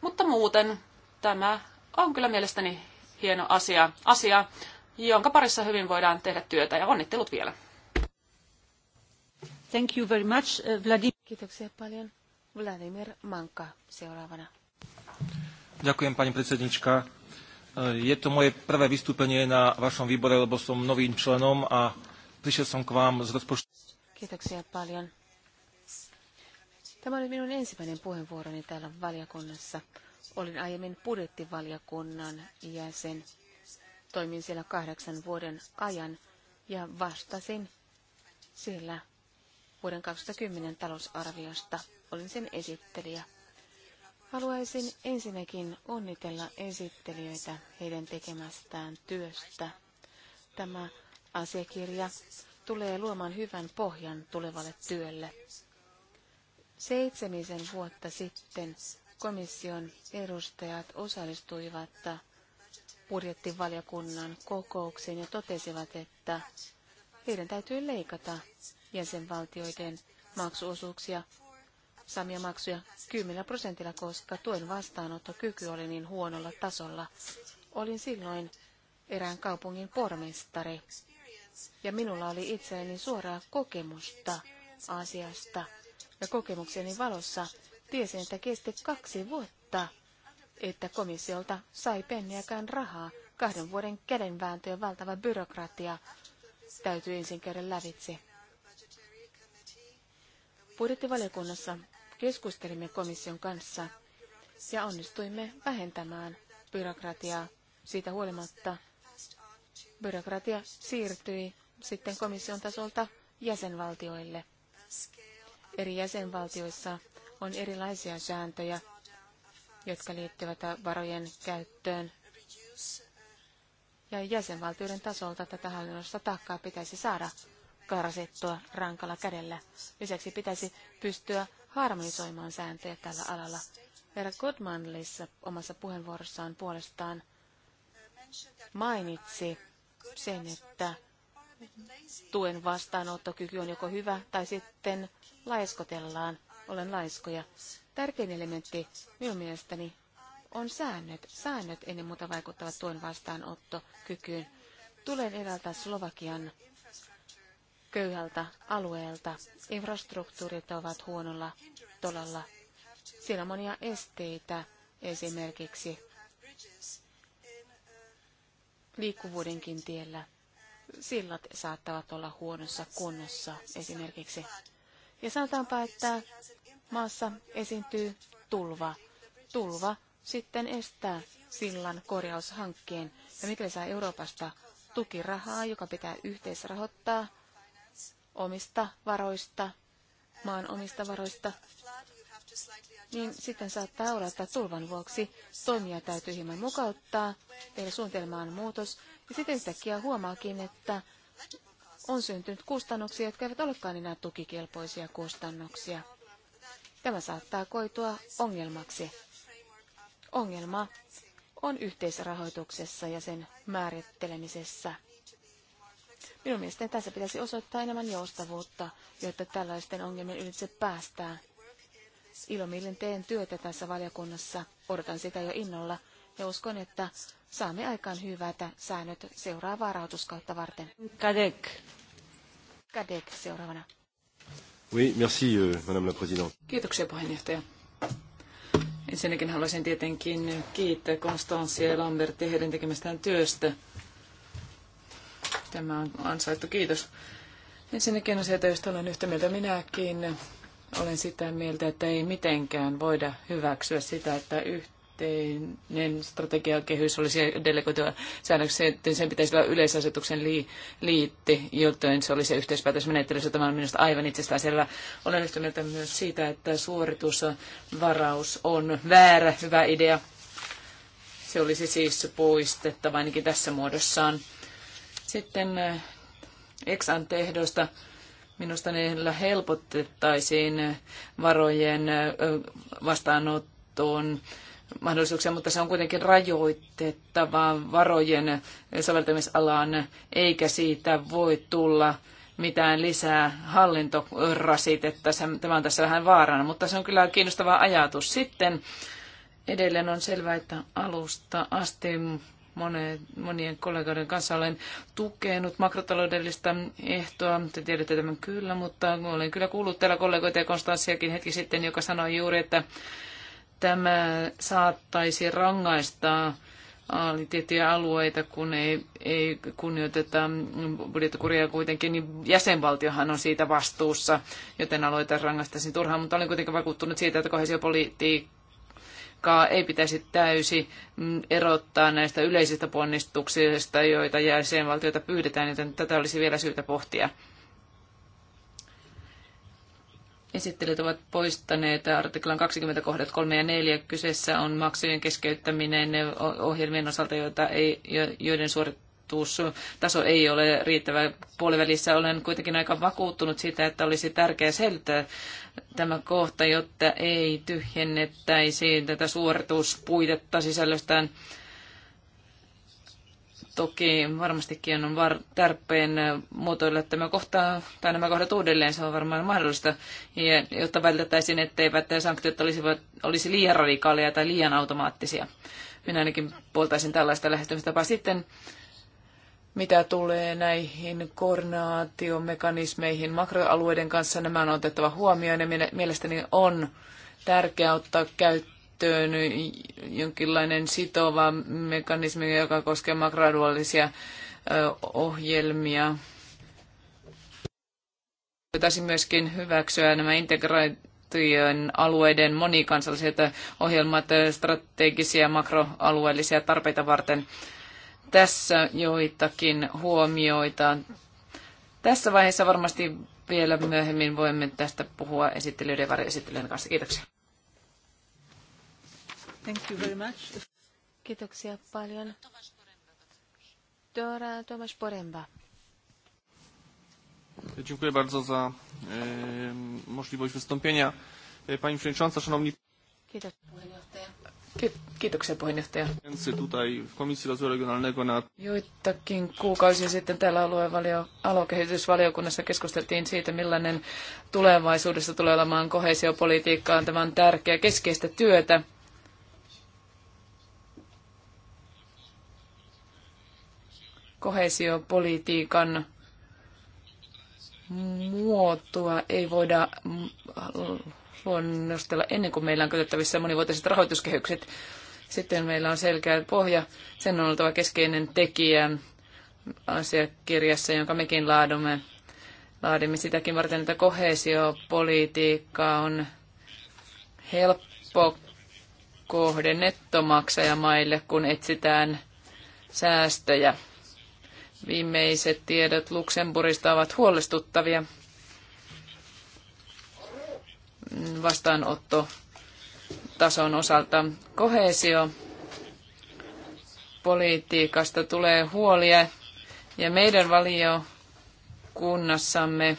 Mutta muuten tämä on kyllä mielestäni hieno asia, asia jonka parissa hyvin voidaan tehdä työtä ja onnittelut vielä. Thank you very much, Vladimir. Kiitoksia paljon. Manka seuraavana. Ďakujem, pani predsednička. Je to moje prvé vystúpenie na vašom výbore, lebo som novým členom a prišiel som k vám z rozpočtu. Kiitoksia paljon. Tämä oli minun ensimmäinen puheenvuoroni täällä valiokunnassa. Olin aiemmin budjettivaliokunnan jäsen. Toimin siellä kahdeksan vuoden ajan ja vastasin siellä vuoden 2010 talousarviosta. Olin sen esittelijä. Haluaisin ensinnäkin onnitella esittelijöitä heidän tekemästään työstä. Tämä asiakirja tulee luomaan hyvän pohjan tulevalle työlle. Seitsemisen vuotta sitten komission edustajat osallistuivat budjettivaliokunnan kokoukseen ja totesivat, että heidän täytyy leikata jäsenvaltioiden maksuosuuksia samia maksuja 10 prosentilla, koska tuen vastaanottokyky oli niin huonolla tasolla. Olin silloin erään kaupungin pormestari ja minulla oli itselleni suoraa kokemusta asiasta. Ja kokemukseni valossa tiesin, että kesti kaksi vuotta, että komissiolta sai penniäkään rahaa. Kahden vuoden kädenvääntö ja valtava byrokratia täytyy ensin käydä lävitse. Budjettivaliokunnassa Keskustelimme komission kanssa ja onnistuimme vähentämään byrokratiaa. Siitä huolimatta byrokratia siirtyi sitten komission tasolta jäsenvaltioille. Eri jäsenvaltioissa on erilaisia sääntöjä, jotka liittyvät varojen käyttöön. Ja jäsenvaltioiden tasolta tätä hallinnosta taakkaa pitäisi saada karsittua rankalla kädellä. Lisäksi pitäisi pystyä harmonisoimaan sääntöjä tällä alalla. Herra Goodmanlissa omassa puheenvuorossaan puolestaan mainitsi sen, että tuen vastaanottokyky on joko hyvä tai sitten laiskotellaan. Olen laiskoja. Tärkein elementti minun mielestäni on säännöt. Säännöt ennen muuta vaikuttavat tuen vastaanottokykyyn. Tulen eräältä Slovakian köyhältä alueelta. Infrastruktuurit ovat huonolla tolalla. Siellä on monia esteitä esimerkiksi liikkuvuudenkin tiellä. Sillat saattavat olla huonossa kunnossa esimerkiksi. Ja sanotaanpa, että maassa esiintyy tulva. Tulva sitten estää sillan korjaushankkeen. Ja mikäli saa Euroopasta tukirahaa, joka pitää yhteisrahoittaa, omista varoista, maan omista varoista, niin sitten saattaa olla, että tulvan vuoksi toimia täytyy hieman mukauttaa, tehdä suunnitelmaan muutos, ja sitten yhtäkkiä huomaakin, että on syntynyt kustannuksia, jotka eivät olekaan enää tukikelpoisia kustannuksia. Tämä saattaa koitua ongelmaksi. Ongelma on yhteisrahoituksessa ja sen määrittelemisessä. Minun mielestäni tässä pitäisi osoittaa enemmän joustavuutta, jotta tällaisten ongelmien ylitse päästään. Ilomielin teen työtä tässä valiokunnassa, odotan sitä jo innolla ja uskon, että saamme aikaan hyvätä säännöt seuraavaa rahoituskautta varten. Kadek. Kadek seuraavana. Oui, merci, euh, madame la Kiitoksia puheenjohtaja. Ensinnäkin haluaisin tietenkin kiittää Konstanssia ja Lambertia heidän tekemästään työstä Tämä on ansaittu. Kiitos. Ensinnäkin asioita, joista olen yhtä mieltä minäkin. Olen sitä mieltä, että ei mitenkään voida hyväksyä sitä, että yhteinen strategiakehys olisi delegoitua säännöksiä, että sen pitäisi olla yleisasetuksen li- liitti, joten se olisi yhteispäätösmenettely. Tämä on minusta aivan itsestään selvä. Olen yhtä mieltä myös siitä, että suoritusvaraus on väärä hyvä idea. Se olisi siis poistettava ainakin tässä muodossaan. Sitten äh, Exan tehdoista minusta niillä helpotettaisiin äh, varojen äh, vastaanottoon mahdollisuuksia, mutta se on kuitenkin rajoitettava varojen soveltamisalaan, eikä siitä voi tulla mitään lisää hallintorasitetta. Tämä on tässä vähän vaarana, mutta se on kyllä kiinnostava ajatus. Sitten edelleen on selvää, että alusta asti monien kollegoiden kanssa olen tukenut makrotaloudellista ehtoa. Te tiedätte tämän kyllä, mutta olen kyllä kuullut täällä kollegoita ja Konstanssiakin hetki sitten, joka sanoi juuri, että tämä saattaisi rangaista tiettyjä alueita, kun ei, ei kunnioiteta budjettikuria kuitenkin, niin jäsenvaltiohan on siitä vastuussa, joten aloita rangaistaisin turhaan, mutta olen kuitenkin vakuuttunut siitä, että kohesiopolitiikka politiikkaa ei pitäisi täysi mm, erottaa näistä yleisistä ponnistuksista, joita jäsenvaltioita pyydetään, joten tätä olisi vielä syytä pohtia. Esittelijät ovat poistaneet artiklan 20 kohdat 3 ja 4. Kyseessä on maksujen keskeyttäminen ohjelmien osalta, joita ei, joiden suorittaminen taso ei ole riittävä puolivälissä. Olen kuitenkin aika vakuuttunut siitä, että olisi tärkeää selittää tämä kohta, jotta ei tyhjennettäisi tätä suorituspuitetta sisällöstään. Toki varmastikin on var- tarpeen muotoilla tämä kohta, tai nämä kohdat uudelleen, se on varmaan mahdollista, ja, jotta vältettäisiin, etteivät sanktiot olisi, olisi liian radikaaleja tai liian automaattisia. Minä ainakin puoltaisin tällaista lähestymistapaa. Sitten mitä tulee näihin koordinaatiomekanismeihin makroalueiden kanssa, nämä on otettava huomioon ja mielestäni on tärkeää ottaa käyttöön jonkinlainen sitova mekanismi, joka koskee makroalueellisia ohjelmia. Voitaisiin myöskin hyväksyä nämä integraation alueiden monikansalliset ohjelmat strategisia makroalueellisia tarpeita varten. Tässä joitakin huomioita. Tässä vaiheessa varmasti vielä myöhemmin voimme tästä puhua esittelyiden ja varjoesittelyiden kanssa. Kiitoksia. Thank you very much. Kiitoksia paljon. Dora Tomasz Poremba. Dziękuję bardzo za e, możliwość wystąpienia. E, pani Przewodnicząca, Szanowni... Kiitos Kiitoksia puheenjohtaja. Joitakin kuukausia sitten täällä aluevalio, alokehitysvaliokunnassa keskusteltiin siitä, millainen tulevaisuudessa tulee olemaan kohesiopolitiikkaan. Tämä on tärkeä keskeistä työtä. Kohesiopolitiikan muotoa ei voida nostella ennen kuin meillä on käytettävissä monivuotiset rahoituskehykset. Sitten meillä on selkeä pohja, sen on oltava keskeinen tekijä asiakirjassa, jonka mekin laadumme. Laadimme sitäkin varten, että kohesiopolitiikka on helppo kohde nettomaksajamaille, kun etsitään säästöjä. Viimeiset tiedot Luxemburgista ovat huolestuttavia vastaanotto tason osalta. Kohesio politiikasta tulee huolia ja meidän valiokunnassamme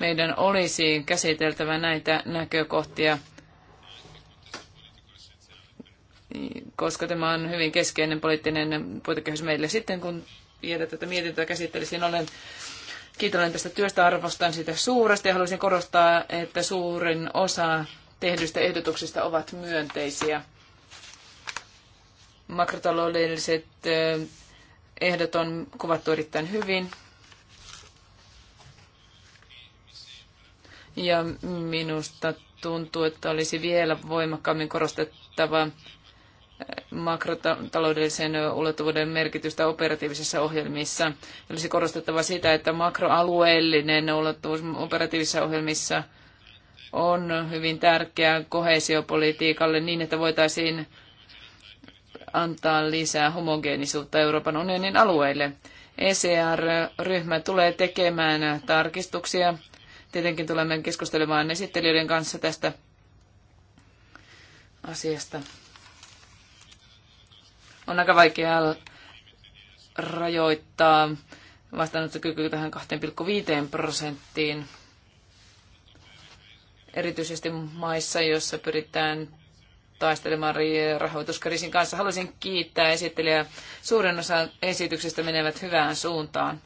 meidän olisi käsiteltävä näitä näkökohtia, koska tämä on hyvin keskeinen poliittinen puitekehys meille. Sitten kun vielä tätä mietintöä käsittelisin, olen Kiitollinen tästä työstä, arvostan sitä suuresti ja haluaisin korostaa, että suurin osa tehdyistä ehdotuksista ovat myönteisiä. Makrotaloudelliset ehdot on kuvattu erittäin hyvin. Ja minusta tuntuu, että olisi vielä voimakkaammin korostettava makrotaloudellisen ulottuvuuden merkitystä operatiivisissa ohjelmissa. Olisi korostettava sitä, että makroalueellinen ulottuvuus operatiivisissa ohjelmissa on hyvin tärkeää kohesiopolitiikalle niin, että voitaisiin antaa lisää homogeenisuutta Euroopan unionin alueille. ECR-ryhmä tulee tekemään tarkistuksia. Tietenkin tulemme keskustelemaan esittelijöiden kanssa tästä asiasta on aika vaikea rajoittaa vastaanottokyky tähän 2,5 prosenttiin. Erityisesti maissa, joissa pyritään taistelemaan rahoituskriisin kanssa. Haluaisin kiittää esittelijää. Suurin osa esityksistä menevät hyvään suuntaan.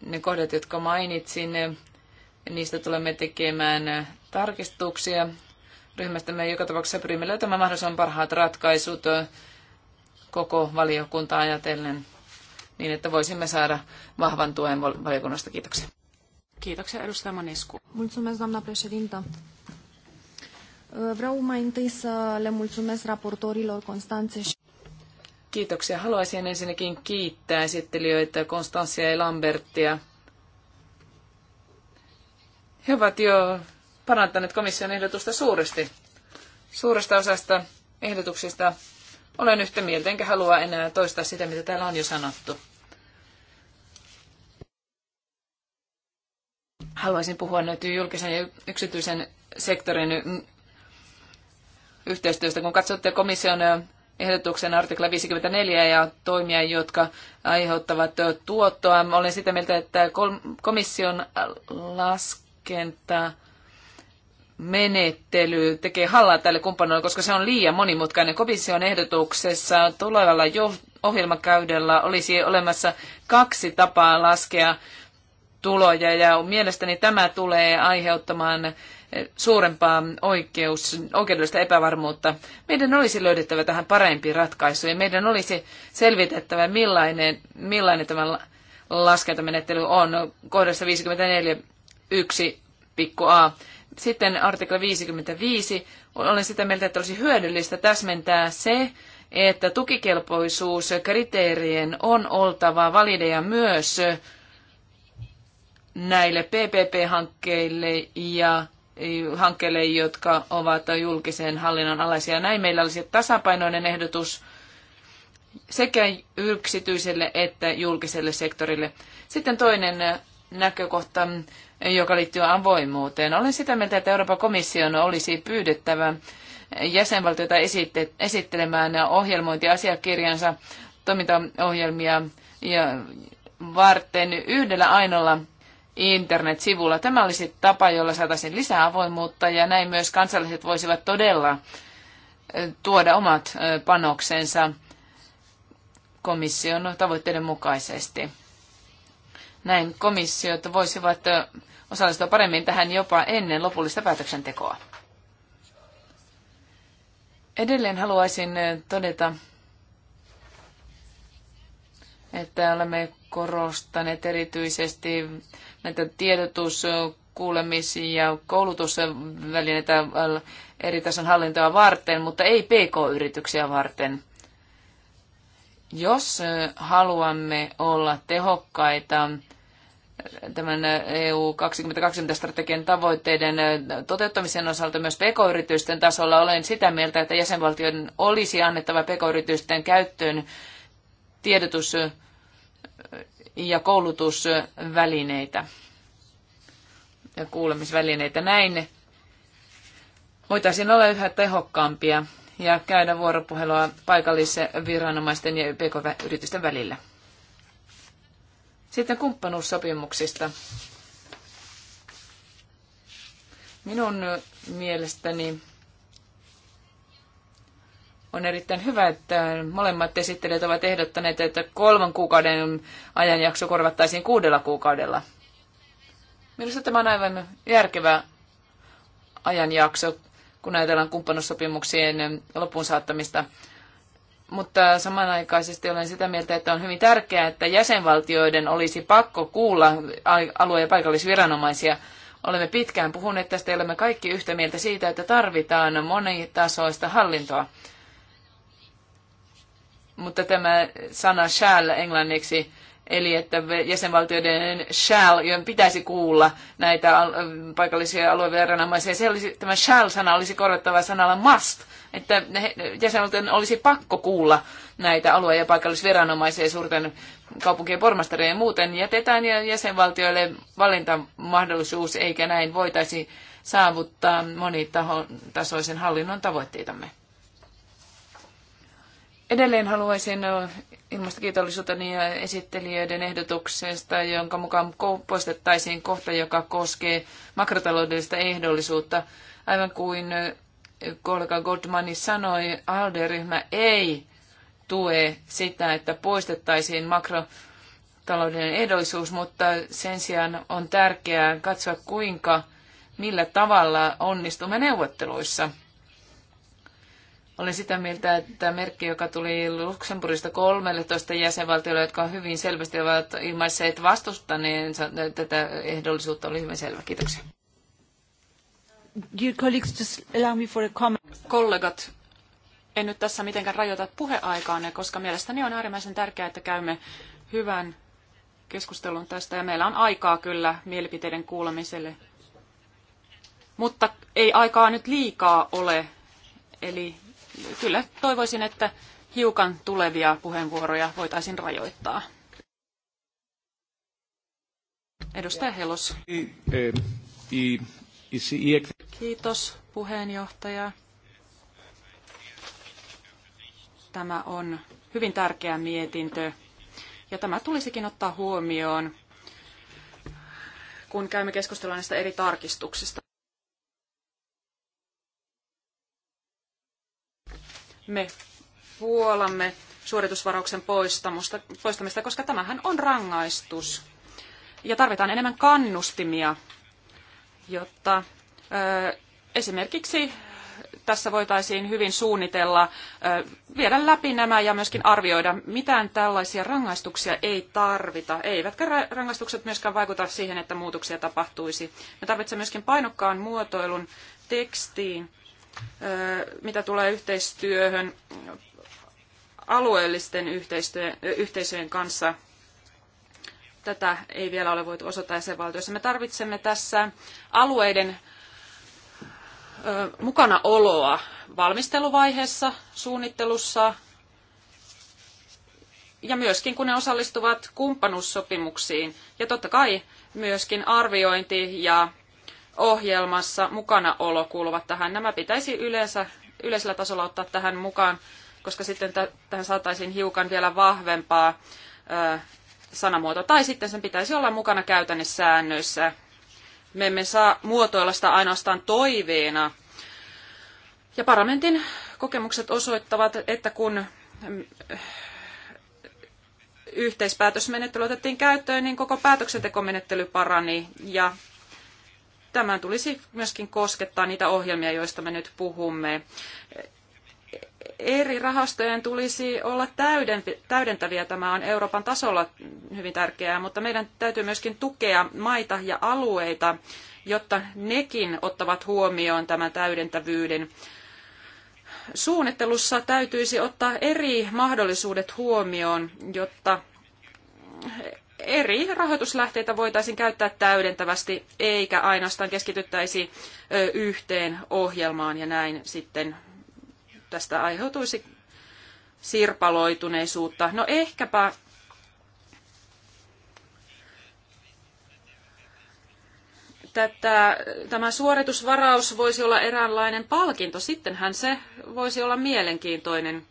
Ne kohdat, jotka mainitsin, niistä tulemme tekemään tarkistuksia ryhmästämme joka tapauksessa pyrimme löytämään mahdollisimman parhaat ratkaisut koko valiokunta ajatellen niin, että voisimme saada vahvan tuen valiokunnasta. Kiitoksia. Kiitoksia, edustaja Manescu. Mulțumesc, doamna președintă. Vreau mai întâi să le mulțumesc raportorilor Constanțe și... Kiitoksia. Haluaisin ensinnäkin kiittää esittelijöitä Konstanssia ja Lambertia. He ovat jo parantaneet komission ehdotusta suuresti. Suuresta osasta ehdotuksista olen yhtä mieltä, enkä halua enää toistaa sitä, mitä täällä on jo sanottu. Haluaisin puhua nyt julkisen ja yksityisen sektorin yhteistyöstä. Kun katsotte komission ehdotuksen artikla 54 ja toimia, jotka aiheuttavat tuottoa. Olen sitä mieltä, että komission laskenta menettely tekee hallaa tälle kumppanoille, koska se on liian monimutkainen. Komission ehdotuksessa tulevalla jo ohjelmakäydellä olisi olemassa kaksi tapaa laskea tuloja ja mielestäni tämä tulee aiheuttamaan eh, suurempaa oikeus, oikeudellista epävarmuutta. Meidän olisi löydettävä tähän parempi ratkaisu ja meidän olisi selvitettävä, millainen, millainen tämä laskentamenettely on. Kohdassa 54.1 A. Sitten artikla 55. Olen sitä mieltä, että olisi hyödyllistä täsmentää se, että tukikelpoisuuskriteerien on oltava valideja myös näille PPP-hankkeille ja hankkeille, jotka ovat julkisen hallinnon alaisia. Näin meillä olisi tasapainoinen ehdotus sekä yksityiselle että julkiselle sektorille. Sitten toinen näkökohta joka liittyy avoimuuteen. Olen sitä mieltä, että Euroopan komission olisi pyydettävä jäsenvaltioita esitte, esittelemään ohjelmointiasiakirjansa toimintaohjelmia ja varten yhdellä ainoalla internetsivulla. Tämä olisi tapa, jolla saataisiin lisää avoimuutta ja näin myös kansalliset voisivat todella tuoda omat panoksensa komission tavoitteiden mukaisesti. Näin komissiot voisivat osallistua paremmin tähän jopa ennen lopullista päätöksentekoa. Edelleen haluaisin todeta, että olemme korostaneet erityisesti näitä tiedotus, kuulemis- ja koulutusvälineitä eri tason hallintoa varten, mutta ei PK-yrityksiä varten. Jos haluamme olla tehokkaita tämän EU 2020-strategian tavoitteiden toteuttamisen osalta myös pk-yritysten tasolla olen sitä mieltä, että jäsenvaltioiden olisi annettava pk-yritysten käyttöön tiedotus- ja koulutusvälineitä ja kuulemisvälineitä. Näin voitaisiin olla yhä tehokkaampia ja käydä vuoropuhelua paikallisen viranomaisten ja pk-yritysten välillä. Sitten kumppanuussopimuksista. Minun mielestäni on erittäin hyvä, että molemmat esittelijät ovat ehdottaneet, että kolmen kuukauden ajanjakso korvattaisiin kuudella kuukaudella. Minusta tämä on aivan järkevä ajanjakso, kun ajatellaan kumppanuussopimuksien loppuun saattamista mutta samanaikaisesti olen sitä mieltä, että on hyvin tärkeää, että jäsenvaltioiden olisi pakko kuulla alue- ja paikallisviranomaisia. Olemme pitkään puhuneet tästä ja olemme kaikki yhtä mieltä siitä, että tarvitaan monitasoista hallintoa. Mutta tämä sana shall englanniksi eli että jäsenvaltioiden shall, pitäisi kuulla näitä paikallisia alueviranomaisia. Se olisi, tämä shall-sana olisi korvattava sanalla must, että jäsenvaltioiden olisi pakko kuulla näitä alue- ja paikallisviranomaisia suurten kaupunkien pormastareja muuten jätetään ja jäsenvaltioille valintamahdollisuus, eikä näin voitaisi saavuttaa monitasoisen hallinnon tavoitteitamme. Edelleen haluaisin ilmasta kiitollisuuteni ja esittelijöiden ehdotuksesta, jonka mukaan poistettaisiin kohta, joka koskee makrotaloudellista ehdollisuutta. Aivan kuin kollega Goldmani sanoi, ALDE-ryhmä ei tue sitä, että poistettaisiin makrotaloudellinen ehdollisuus, mutta sen sijaan on tärkeää katsoa, kuinka, millä tavalla onnistumme neuvotteluissa – olen sitä mieltä, että merkki, joka tuli Luxemburgista 13 jäsenvaltiolle, jotka hyvin selvästi ovat ilmaisseet vastustaneensa tätä ehdollisuutta, oli hyvin selvä. Kiitoksia. Dear colleagues, just allow me for a comment. Kollegat, en nyt tässä mitenkään rajoita puheaikaan, koska mielestäni on äärimmäisen tärkeää, että käymme hyvän keskustelun tästä ja meillä on aikaa kyllä mielipiteiden kuulemiselle. Mutta ei aikaa nyt liikaa ole, eli kyllä toivoisin, että hiukan tulevia puheenvuoroja voitaisiin rajoittaa. Edustaja Helos. Kiitos puheenjohtaja. Tämä on hyvin tärkeä mietintö ja tämä tulisikin ottaa huomioon, kun käymme keskustelua näistä eri tarkistuksista. me puolamme suoritusvarauksen poistamusta, poistamista, koska tämähän on rangaistus. Ja tarvitaan enemmän kannustimia, jotta ö, esimerkiksi tässä voitaisiin hyvin suunnitella, ö, viedä läpi nämä ja myöskin arvioida. Mitään tällaisia rangaistuksia ei tarvita, eivätkä rangaistukset myöskään vaikuta siihen, että muutoksia tapahtuisi. Me tarvitsemme myöskin painokkaan muotoilun tekstiin, mitä tulee yhteistyöhön alueellisten yhteisöjen kanssa. Tätä ei vielä ole voitu osoittaa jäsenvaltioissa. Me tarvitsemme tässä alueiden mukanaoloa valmisteluvaiheessa, suunnittelussa ja myöskin kun ne osallistuvat kumppanuussopimuksiin ja totta kai myöskin arviointi ja ohjelmassa mukanaolo kuuluvat tähän. Nämä pitäisi yleensä, yleisellä tasolla ottaa tähän mukaan, koska sitten tähän saataisiin hiukan vielä vahvempaa ö, sanamuotoa. Tai sitten sen pitäisi olla mukana käytännössäännöissä. Me emme saa muotoilla sitä ainoastaan toiveena. Ja parlamentin kokemukset osoittavat, että kun mm, yhteispäätösmenettely otettiin käyttöön, niin koko päätöksentekomenettely parani ja Tämän tulisi myöskin koskettaa niitä ohjelmia, joista me nyt puhumme. Eri rahastojen tulisi olla täydentäviä. Tämä on Euroopan tasolla hyvin tärkeää, mutta meidän täytyy myöskin tukea maita ja alueita, jotta nekin ottavat huomioon tämän täydentävyyden suunnittelussa täytyisi ottaa eri mahdollisuudet huomioon, jotta eri rahoituslähteitä voitaisiin käyttää täydentävästi, eikä ainoastaan keskityttäisi yhteen ohjelmaan ja näin sitten tästä aiheutuisi sirpaloituneisuutta. No ehkäpä tätä, tämä suoritusvaraus voisi olla eräänlainen palkinto, sittenhän se voisi olla mielenkiintoinen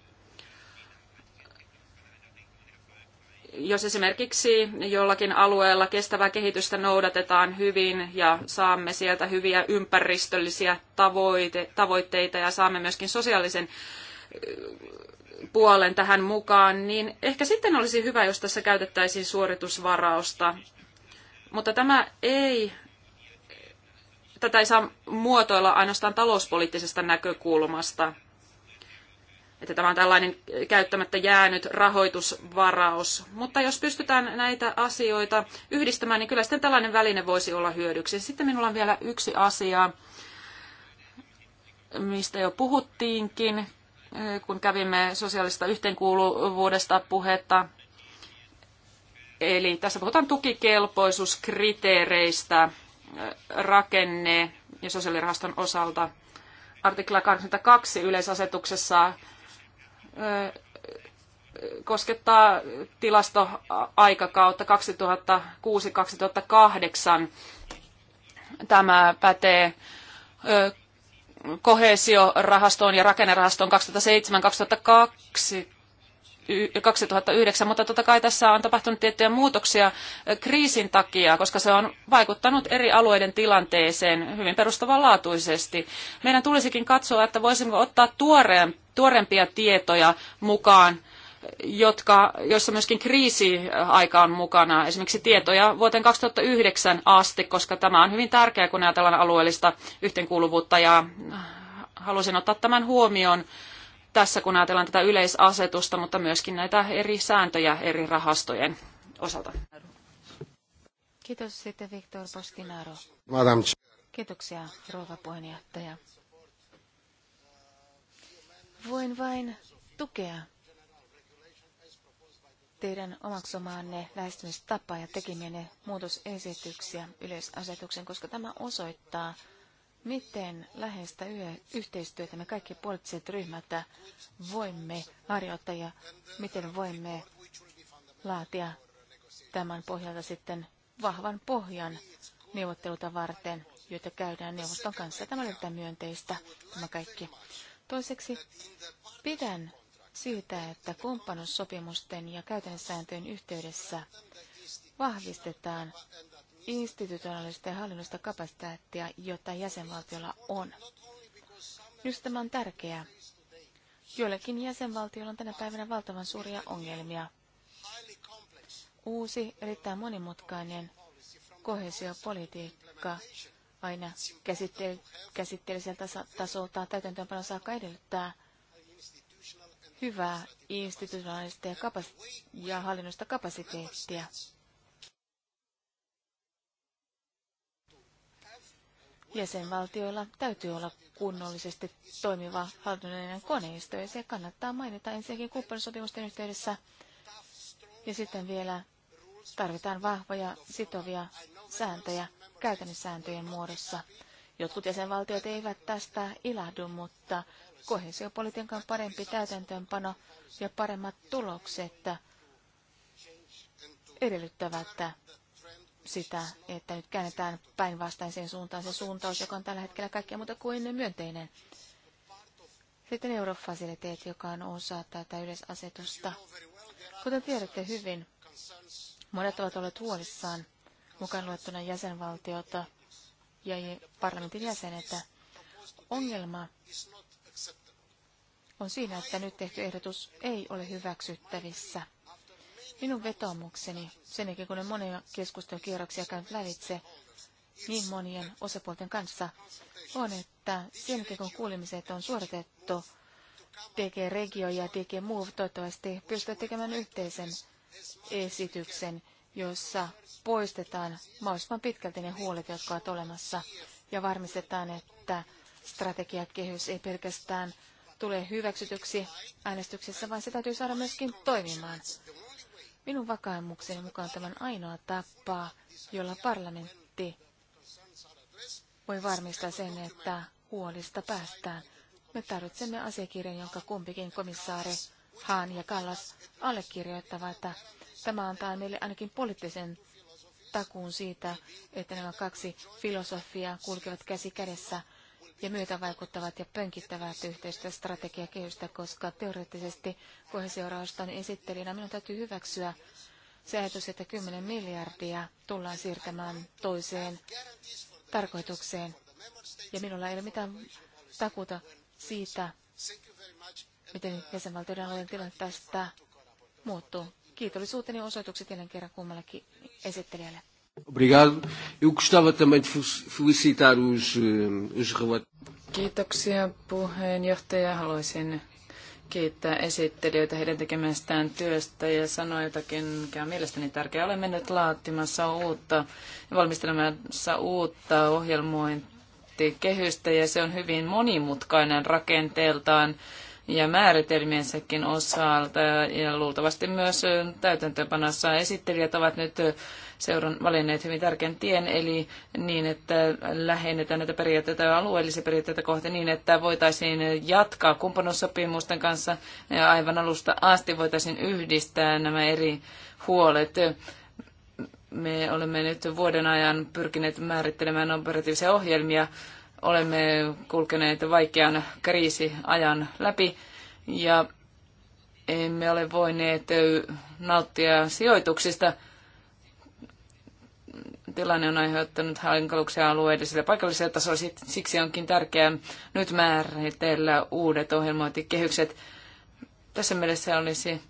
jos esimerkiksi jollakin alueella kestävää kehitystä noudatetaan hyvin ja saamme sieltä hyviä ympäristöllisiä tavoite, tavoitteita ja saamme myöskin sosiaalisen puolen tähän mukaan, niin ehkä sitten olisi hyvä, jos tässä käytettäisiin suoritusvarausta. Mutta tämä ei, tätä ei saa muotoilla ainoastaan talouspoliittisesta näkökulmasta – että tämä on tällainen käyttämättä jäänyt rahoitusvaraus. Mutta jos pystytään näitä asioita yhdistämään, niin kyllä sitten tällainen väline voisi olla hyödyksi. Sitten minulla on vielä yksi asia, mistä jo puhuttiinkin, kun kävimme sosiaalista yhteenkuuluvuudesta puhetta. Eli tässä puhutaan tukikelpoisuuskriteereistä äh, rakenne- ja sosiaalirahaston osalta artikla 22 yleisasetuksessa koskettaa tilastoaikakautta 2006-2008. Tämä pätee kohesiorahastoon ja rakennerahastoon 2007-2002 2009, mutta totta kai tässä on tapahtunut tiettyjä muutoksia kriisin takia, koska se on vaikuttanut eri alueiden tilanteeseen hyvin perustavanlaatuisesti. Meidän tulisikin katsoa, että voisimme ottaa tuoreen tuorempia tietoja mukaan, jotka, joissa myöskin kriisiaika on mukana, esimerkiksi tietoja vuoteen 2009 asti, koska tämä on hyvin tärkeää, kun ajatellaan alueellista yhteenkuuluvuutta ja halusin ottaa tämän huomioon tässä, kun ajatellaan tätä yleisasetusta, mutta myöskin näitä eri sääntöjä eri rahastojen osalta. Kiitos sitten Viktor Postinaro. Madam. Kiitoksia, rouva puheenjohtaja. Voin vain tukea teidän omaksumaanne lähestymistapaa ja tekemienne muutosesityksiä yleisasetuksen, koska tämä osoittaa, miten läheistä yhteistyötä me kaikki poliittiset ryhmät voimme harjoittaa ja miten voimme laatia tämän pohjalta sitten vahvan pohjan neuvotteluta varten, joita käydään neuvoston kanssa. Tämä on myönteistä, tämä kaikki. Toiseksi pidän siitä, että kumppanussopimusten ja käytännössääntöjen yhteydessä vahvistetaan institutionaalista ja hallinnollista kapasiteettia, jota jäsenvaltiolla on. Just tämä on tärkeää. Joillekin jäsenvaltioilla on tänä päivänä valtavan suuria ongelmia. Uusi, erittäin monimutkainen kohesiopolitiikka aina käsitteel, käsitteelliseltä tasolta täytäntöönpanon saakka edellyttää hyvää institutionaalista ja, kapas- ja hallinnosta kapasiteettia. Jäsenvaltioilla täytyy olla kunnollisesti toimiva hallinnollinen koneisto, ja se kannattaa mainita ensinnäkin kumppanisopimusten yhteydessä. Ja sitten vielä tarvitaan vahvoja sitovia sääntöjä käytännössääntöjen muodossa. Jotkut jäsenvaltiot eivät tästä ilahdu, mutta kohesiopolitiikan parempi täytäntöönpano ja paremmat tulokset edellyttävät sitä, että nyt käännetään päinvastaiseen suuntaan se suuntaus, joka on tällä hetkellä kaikkea muuta kuin myönteinen. Sitten eurofasiliteet, joka on osa tätä yleisasetusta. Kuten tiedätte hyvin, monet ovat olleet huolissaan mukaan luettuna jäsenvaltiota ja parlamentin jäsenet. Ongelma on siinä, että nyt tehty ehdotus ei ole hyväksyttävissä. Minun vetoomukseni, sen jälkeen kun olen monia keskustelukierroksia käynyt lävitse niin monien osapuolten kanssa, on, että sen jälkeen kun kuulemiset on suoritettu, DG Regio ja DG Move toivottavasti pystyvät tekemään yhteisen esityksen, jossa poistetaan mahdollisimman pitkälti ne huolet, jotka ovat olemassa, ja varmistetaan, että strategiakehys ei pelkästään tule hyväksytyksi äänestyksessä, vaan se täytyy saada myöskin toimimaan. Minun vakaumukseni mukaan tämän ainoa tapa, jolla parlamentti voi varmistaa sen, että huolista päästään. Me tarvitsemme asiakirjan, jonka kumpikin komissaari Haan ja Kallas allekirjoittavat. Tämä antaa meille ainakin poliittisen takuun siitä, että nämä kaksi filosofiaa kulkevat käsi kädessä ja myötävaikuttavat ja pönkittävät yhteistä strategiakehystä, koska teoreettisesti kohesiorahaston esittelijänä minun täytyy hyväksyä se ajatus, että 10 miljardia tullaan siirtämään toiseen tarkoitukseen. Ja minulla ei ole mitään takuuta siitä, miten jäsenvaltioiden alueen tilanne tästä muuttuu kiitollisuuteni osoitukset jälleen kerran kummallekin esittelijälle. Obrigado. Eu gostava também de felicitar os, eh, os Kiitoksia puheenjohtaja. Haluaisin kiittää esittelijöitä heidän tekemästään työstä ja sanoa jotakin, mikä on mielestäni tärkeää. Olemme nyt laatimassa uutta, valmistelemassa uutta ohjelmointikehystä ja se on hyvin monimutkainen rakenteeltaan ja määritelmiensäkin osalta ja luultavasti myös täytäntöönpanossa esittelijät ovat nyt seuran valinneet hyvin tärkeän tien, eli niin, että lähennetään näitä periaatteita alueellisia periaatteita kohti niin, että voitaisiin jatkaa kumppanuussopimusten kanssa ja aivan alusta asti voitaisiin yhdistää nämä eri huolet. Me olemme nyt vuoden ajan pyrkineet määrittelemään operatiivisia ohjelmia Olemme kulkeneet vaikean kriisiajan läpi ja emme ole voineet nauttia sijoituksista. Tilanne on aiheuttanut hankaluuksia alueellisille paikallisille tasoille. Siksi onkin tärkeää nyt määritellä uudet ohjelmointikehykset. Tässä mielessä olisi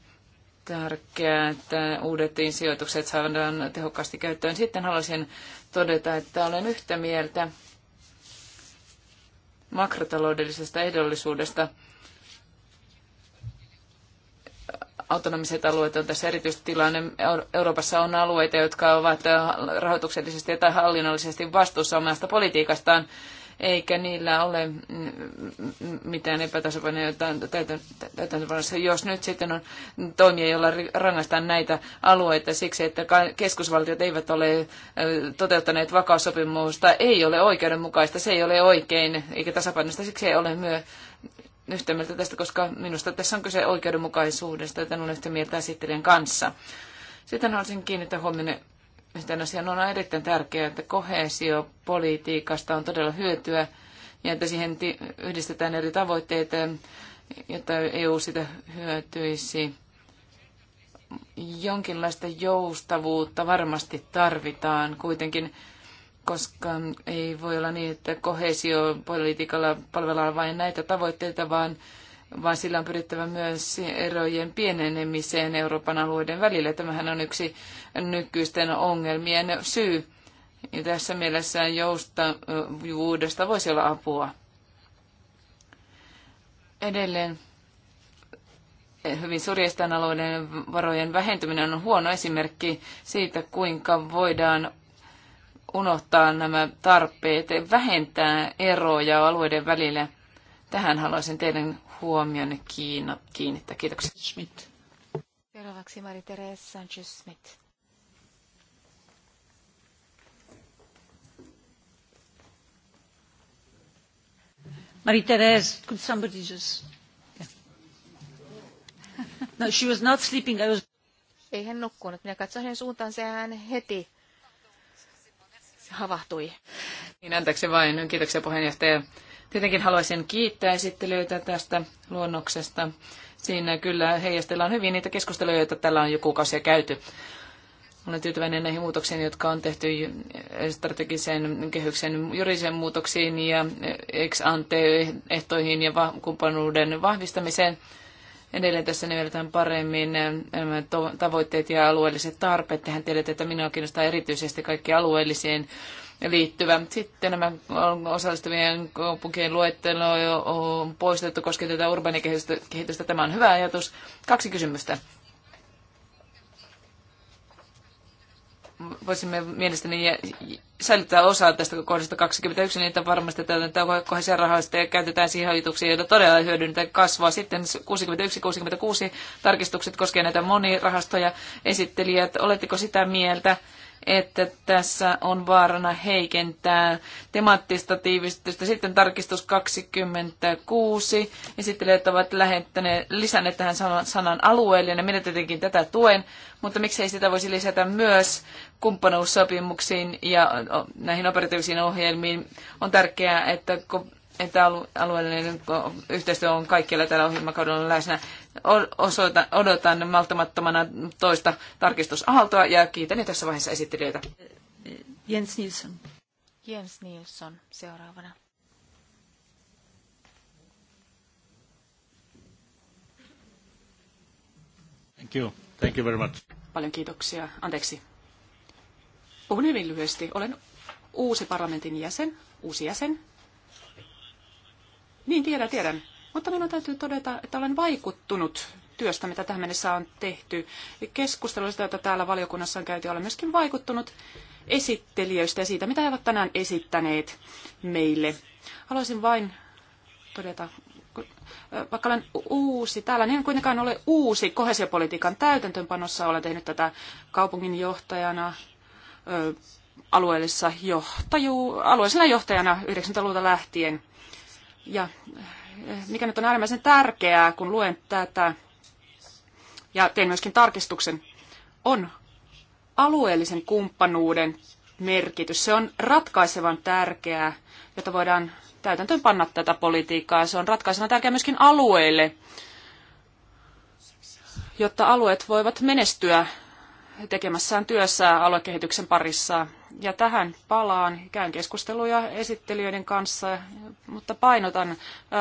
tärkeää, että uudet sijoitukset saadaan tehokkaasti käyttöön. Sitten haluaisin todeta, että olen yhtä mieltä makrotaloudellisesta ehdollisuudesta. Autonomiset alueet on tässä tilanne. Euroopassa on alueita, jotka ovat rahoituksellisesti tai hallinnollisesti vastuussa omasta politiikastaan eikä niillä ole mitään epätasapainoja täytäntöönpanossa. Jos nyt sitten on toimia, joilla rangaistaan näitä alueita siksi, että keskusvaltiot eivät ole toteuttaneet vakaussopimusta, ei ole oikeudenmukaista, se ei ole oikein eikä tasapainosta, siksi ei ole myö yhtä mieltä tästä, koska minusta tässä on kyse oikeudenmukaisuudesta, joten olen yhtä mieltä esittelijän kanssa. Sitten haluaisin kiinnittää huomioon yhtenä asiana on erittäin tärkeää, että kohesiopolitiikasta on todella hyötyä ja että siihen yhdistetään eri tavoitteita, jotta EU sitä hyötyisi. Jonkinlaista joustavuutta varmasti tarvitaan kuitenkin, koska ei voi olla niin, että kohesiopolitiikalla palvellaan vain näitä tavoitteita, vaan vaan sillä on pyrittävä myös erojen pienenemiseen Euroopan alueiden välillä. Tämähän on yksi nykyisten ongelmien syy. Ja tässä mielessä joustavuudesta voisi olla apua. Edelleen hyvin surjeistaan alueiden varojen vähentyminen on huono esimerkki siitä, kuinka voidaan unohtaa nämä tarpeet, vähentää eroja alueiden välillä. Tähän haluaisin teidän huomionne kiinnittää. Kiitoksia. Schmidt. Seuraavaksi Marie-Therese Sanchez-Smith. marie Therese, could somebody just... Yeah. No, she was not sleeping. I was... Ei hän nukkunut. Minä katsoin hänen suuntaan, se hän heti havahtui. Niin, anteeksi vain. Kiitoksia puheenjohtaja. Tietenkin haluaisin kiittää esittelyitä tästä luonnoksesta. Siinä kyllä heijastellaan hyvin niitä keskusteluja, joita tällä on jo kuukausia käyty. Olen tyytyväinen näihin muutoksiin, jotka on tehty strategisen kehyksen juridisen muutoksiin ja ex ante ehtoihin ja kumppanuuden vahvistamiseen. Edelleen tässä nivelletään paremmin tavoitteet ja alueelliset tarpeet. Tehän tiedät, että minua kiinnostaa erityisesti kaikki alueellisiin liittyvä. Sitten nämä osallistuvien kaupunkien luettelo on poistettu koskien tätä urbanikehitystä Tämä on hyvä ajatus. Kaksi kysymystä. Voisimme mielestäni säilyttää osaa tästä kohdasta 21, niin että varmasti tätä kohdisia rahoista ja käytetään siihen ajatuksiin, joita todella hyödynnetään kasvaa. Sitten 61-66 tarkistukset koskevat näitä monirahastoja. Esittelijät, oletteko sitä mieltä, että tässä on vaarana heikentää temaattista tiivistystä. Sitten tarkistus 26. Esittelijät ovat lähettäneet, lisänneet tähän sanan alueellinen. Minä tietenkin tätä tuen, mutta miksei sitä voisi lisätä myös kumppanuussopimuksiin ja näihin operatiivisiin ohjelmiin. On tärkeää, että että alueellinen yhteistyö on kaikkialla tällä ohjelmakaudella läsnä osoita, odotan malttamattomana toista tarkistusaaltoa ja kiitän tässä vaiheessa esittelijöitä. Jens Nilsson. Jens Nilsson seuraavana. Thank you. Thank you very much. Paljon kiitoksia. Anteeksi. Puhun hyvin lyhyesti. Olen uusi parlamentin jäsen, uusi jäsen. Niin, tiedän, tiedän. Mutta minun täytyy todeta, että olen vaikuttunut työstä, mitä tähän mennessä on tehty. Keskustelusta, jota täällä valiokunnassa on käyty, olen myöskin vaikuttunut esittelijöistä ja siitä, mitä he ovat tänään esittäneet meille. Haluaisin vain todeta, vaikka olen uusi täällä, niin en kuitenkaan ole uusi kohesiopolitiikan täytäntöönpanossa. Olen tehnyt tätä kaupunginjohtajana, alueellisessa johtaju, alueellisena johtajana 90-luvulta lähtien. Ja mikä nyt on äärimmäisen tärkeää, kun luen tätä ja teen myöskin tarkistuksen, on alueellisen kumppanuuden merkitys. Se on ratkaisevan tärkeää, jotta voidaan täytäntöön panna tätä politiikkaa. Se on ratkaisevan tärkeää myöskin alueille, jotta alueet voivat menestyä tekemässään työssä aluekehityksen parissa ja tähän palaan. Käyn keskusteluja esittelijöiden kanssa, mutta painotan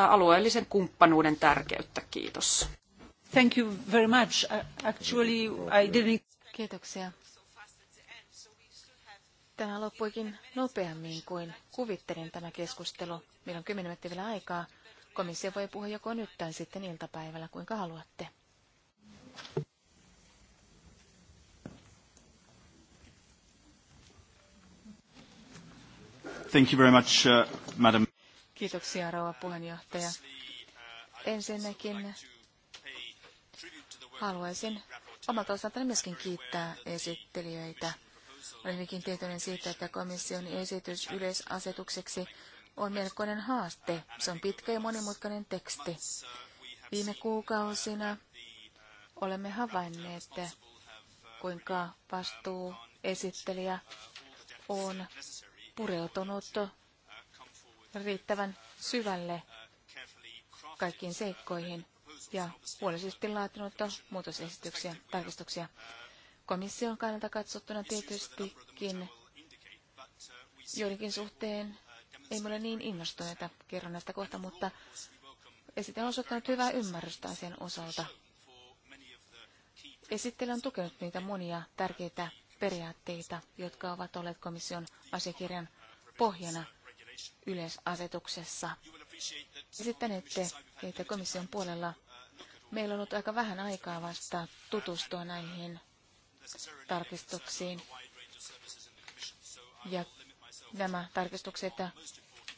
alueellisen kumppanuuden tärkeyttä. Kiitos. Thank you very much. Uh, actually, I didn't... Kiitoksia. Tämä loppuikin nopeammin kuin kuvittelin tämä keskustelu. Meillä on kymmenen minuuttia vielä aikaa. Komissio voi puhua joko nyt tai sitten iltapäivällä, kuinka haluatte. Uh, Kiitoksia, rouva puheenjohtaja. Ensinnäkin haluaisin omalta osaltani myöskin kiittää esittelijöitä. Olen hyvinkin tietoinen siitä, että komission esitys yleisasetukseksi on melkoinen haaste. Se on pitkä ja monimutkainen teksti. Viime kuukausina olemme havainneet, kuinka vastuu esittelijä on pureutunut riittävän syvälle kaikkiin seikkoihin ja huolellisesti laatinut muutosesityksiä, tarkistuksia. Komission kannalta katsottuna tietystikin joidenkin suhteen ei ole niin innostuneita kerron näistä kohta, mutta esite on osoittanut hyvää ymmärrystä asian osalta. Esittely on tukenut niitä monia tärkeitä periaatteita, jotka ovat olleet komission asiakirjan pohjana yleisasetuksessa. Sitten että komission puolella meillä on ollut aika vähän aikaa vasta tutustua näihin tarkistuksiin. Ja nämä tarkistukset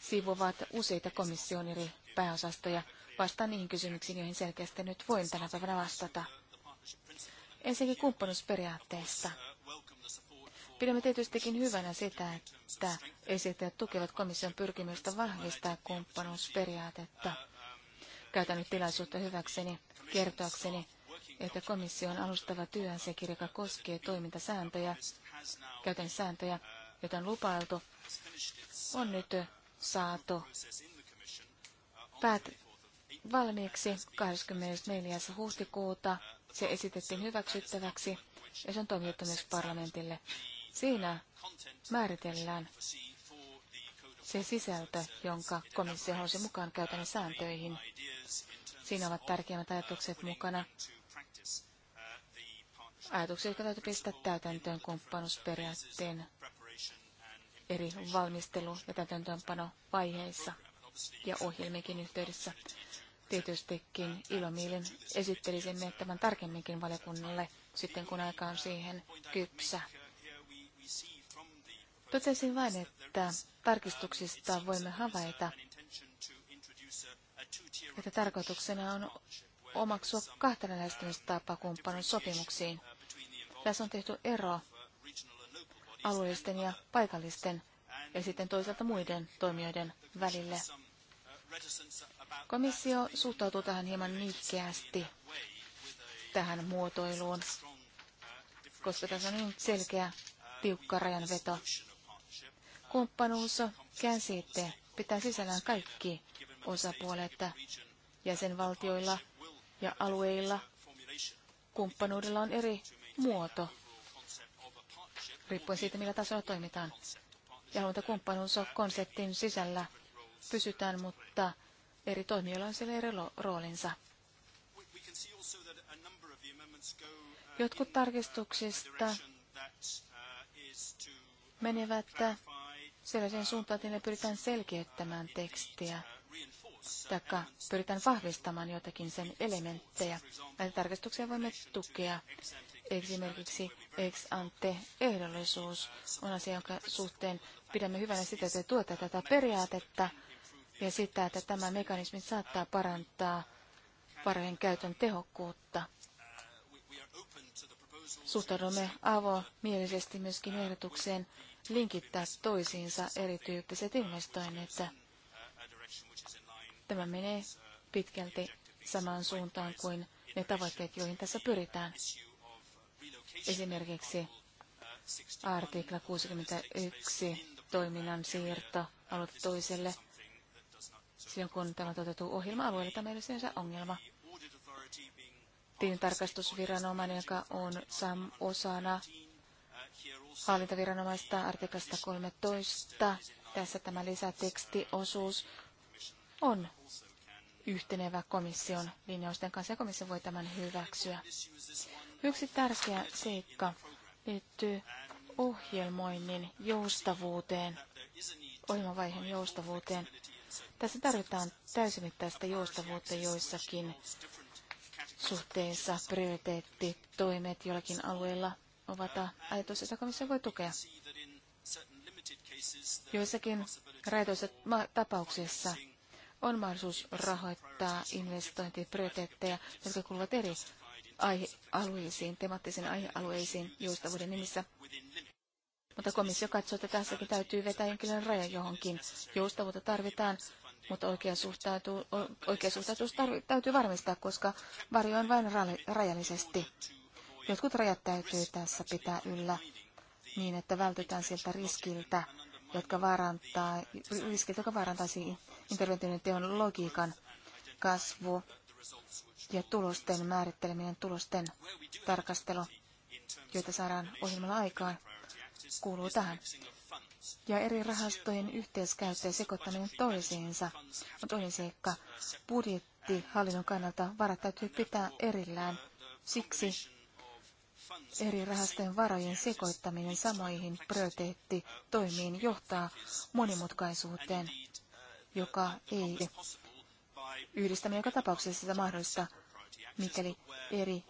sivuvat useita komission eri pääosastoja. Vastaan niihin kysymyksiin, joihin selkeästi nyt voin tänä päivänä vastata. Ensinnäkin kumppanuusperiaatteesta. Pidämme tietystikin hyvänä sitä, että esittäjät tukevat komission pyrkimystä vahvistaa kumppanuusperiaatetta. Käytän nyt tilaisuutta hyväkseni kertoakseni, että komission alustava työnsekirja, joka koskee toimintasääntöjä, käytän sääntöjä, joita on lupailtu, on nyt saatu päät valmiiksi 24. huhtikuuta. Se esitettiin hyväksyttäväksi ja se on toimitettu myös parlamentille. Siinä määritellään se sisältö, jonka komissio halusi mukaan käytännön sääntöihin. Siinä ovat tärkeimmät ajatukset mukana. Ajatuksia, jotka täytyy pistää täytäntöön kumppanusperiaatteen eri valmistelu- ja täytäntöönpanovaiheissa ja ohjelmikin yhteydessä. Tietystikin ilomielin esittelisimme tämän tarkemminkin valiokunnalle sitten, kun aika on siihen kypsä. Totesin vain, että tarkistuksista voimme havaita, että tarkoituksena on omaksua kahtena lähestymistapaa kumppanon sopimuksiin. Tässä on tehty ero alueellisten ja paikallisten ja sitten toisaalta muiden toimijoiden välille. Komissio suhtautuu tähän hieman nihkeästi tähän muotoiluun, koska tässä on niin selkeä tiukka rajanveto. Kumppanuus käsite pitää sisällään kaikki osapuolet jäsenvaltioilla ja alueilla. Kumppanuudella on eri muoto, riippuen siitä, millä tasolla toimitaan. Ja kumppanuus on konseptin sisällä pysytään, mutta eri toimijoilla on siellä eri roolinsa. Jotkut tarkistuksista menevät sellaiseen suuntaan, että niillä pyritään selkeyttämään tekstiä taikka pyritään vahvistamaan jotakin sen elementtejä. Näitä tarkastuksia voimme tukea. Esimerkiksi ex ante ehdollisuus on asia, jonka suhteen pidämme hyvänä sitä, että tuota tätä periaatetta ja sitä, että tämä mekanismi saattaa parantaa varojen käytön tehokkuutta. Suhtaudumme avomielisesti myöskin ehdotukseen, linkittää toisiinsa erityyppiset investoinnit. Tämä menee pitkälti samaan suuntaan kuin ne tavoitteet, joihin tässä pyritään. Esimerkiksi artikla 61 toiminnan siirto alueelta toiselle. Silloin kun tämä toteutuu ohjelma alueelle tämä ei ole ongelma. Tilintarkastusviranomainen, joka on SAM osana Hallintaviranomaista artiklasta 13. Tässä tämä lisätekstiosuus on yhtenevä komission linjausten kanssa ja komissio voi tämän hyväksyä. Yksi tärkeä seikka liittyy ohjelmoinnin joustavuuteen, ohjelmavaiheen joustavuuteen. Tässä tarvitaan täysimittaista joustavuutta joissakin suhteessa prioriteettitoimet jollakin alueella ovat ajatus, jota komissio voi tukea. Joissakin rajoissa tapauksissa on mahdollisuus rahoittaa investointiprioriteetteja, jotka kuuluvat eri aihealueisiin, temaattisiin aihealueisiin joustavuuden nimissä. Mutta komissio katsoo, että tässäkin täytyy vetää jonkinlainen raja johonkin. Joustavuutta tarvitaan, mutta suhtautuus tarvi, täytyy varmistaa, koska varjo on vain rajallisesti. Jotkut rajat täytyy tässä pitää yllä niin, että vältytään siltä riskiltä, jotka vaarantaa, riskit, jotka vaarantaisi interventioiden teon logiikan kasvu ja tulosten määritteleminen, tulosten tarkastelu, joita saadaan ohjelmalla aikaan, kuuluu tähän. Ja eri rahastojen yhteiskäyttö ja sekoittaminen toisiinsa on toinen seikka. Budjettihallinnon kannalta varat täytyy pitää erillään. Siksi eri rahastojen varojen sekoittaminen samoihin prioriteettitoimiin johtaa monimutkaisuuteen, joka ei yhdistäminen joka tapauksessa sitä mahdollista, mikäli eri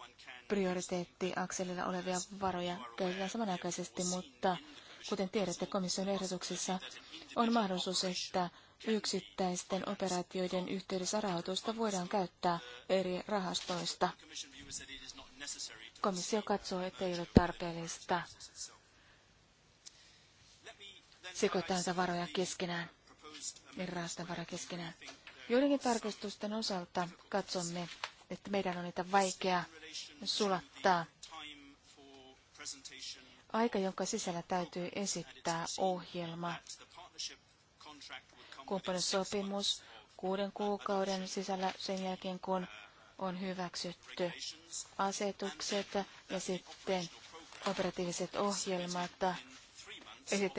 prioriteettiakselilla olevia varoja käytetään samanaikaisesti, mutta kuten tiedätte, komission ehdotuksessa on mahdollisuus, että yksittäisten operaatioiden yhteydessä rahoitusta voidaan käyttää eri rahastoista. Komissio katsoo, että ei ole tarpeellista sekoittaa näitä varoja keskenään, eri varoja keskenään. Joidenkin tarkistusten osalta katsomme, että meidän on niitä vaikea sulattaa. Aika, jonka sisällä täytyy esittää ohjelma. Kumppanuussopimus kuuden kuukauden sisällä sen jälkeen, kun on hyväksytty asetukset ja sitten operatiiviset ohjelmat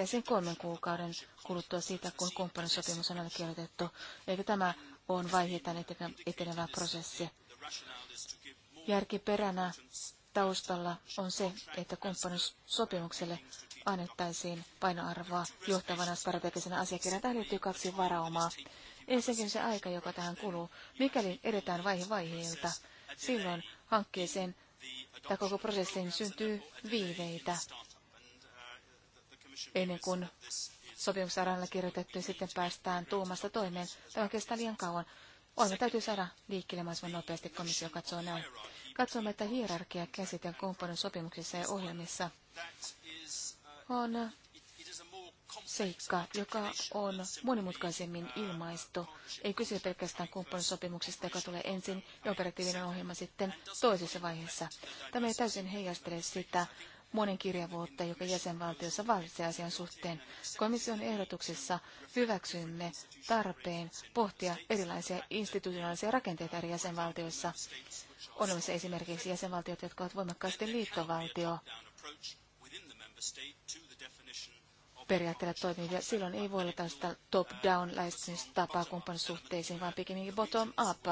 sen kolmen kuukauden kuluttua siitä, kun kumppanisopimus on allekirjoitettu. eikö tämä on vaiheittain etenevä prosessi. Järkiperänä taustalla on se, että kumppanuussopimukselle annettaisiin painoarvoa johtavana strategisena asiakirjana. Tähän liittyy kaksi varaumaa. Ensinnäkin se aika, joka tähän kuluu. Mikäli edetään vaihe vaiheelta, silloin hankkeeseen tai koko prosessiin syntyy viiveitä ennen kuin sopimus saadaan kirjoitettu ja niin sitten päästään tuumasta toimeen. Tämä kestää liian kauan. Olemme täytyy saada liikkeelle mahdollisimman nopeasti, komissio katsoo näin. Katsomme, että hierarkia käsite kumppanin sopimuksissa ja ohjelmissa on seikka, joka on monimutkaisemmin ilmaistu. Ei kyse pelkästään kumppanisopimuksesta, joka tulee ensin ja operatiivinen ohjelma sitten toisessa vaiheessa. Tämä ei täysin heijastele sitä monen kirjavuotta, joka jäsenvaltiossa valitsee asian suhteen. Komission ehdotuksessa hyväksymme tarpeen pohtia erilaisia institutionaalisia rakenteita eri jäsenvaltioissa. On olemassa esimerkiksi jäsenvaltiot, jotka ovat voimakkaasti liittovaltio periaatteella toimivia. Silloin ei voi olla tällaista top-down lähestymistapaa kumppanisuhteisiin, vaan pikemminkin bottom-up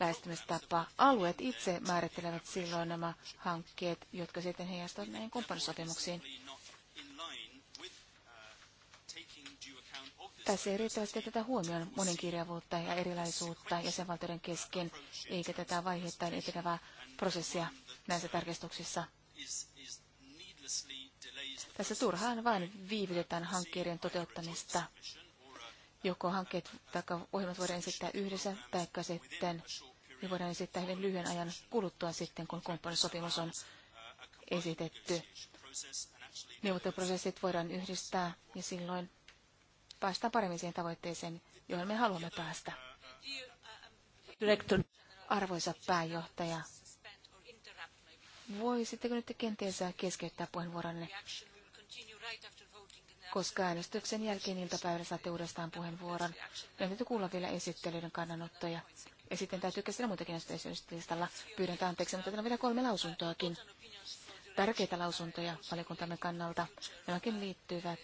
lähestymistapaa. Alueet itse määrittelevät silloin nämä hankkeet, jotka sitten heijastuvat näihin kumppanisopimuksiin. Tässä ei riittävästi tätä huomioon monenkirjavuutta ja erilaisuutta jäsenvaltioiden kesken, eikä tätä vaiheittain etenevää prosessia näissä tarkistuksissa tässä turhaan vain viivytetään hankkeiden toteuttamista. Joko hankkeet tai ohjelmat voidaan esittää yhdessä, tai sitten niin voidaan esittää hyvin lyhyen ajan kuluttua sitten, kun kumppanisopimus on esitetty. Neuvotteluprosessit voidaan yhdistää ja silloin päästään paremmin siihen tavoitteeseen, johon me haluamme päästä. Direktor. Arvoisa pääjohtaja, voisitteko nyt kenties keskeyttää puheenvuoronne? koska äänestyksen jälkeen iltapäivällä saatte uudestaan puheenvuoron. Meidän täytyy kuulla vielä esittelyiden kannanottoja. Ja sitten täytyy käsitellä muitakin listalla. Pyydän anteeksi, mutta täällä on vielä kolme lausuntoakin. Tärkeitä lausuntoja valiokuntamme kannalta. Nämäkin liittyvät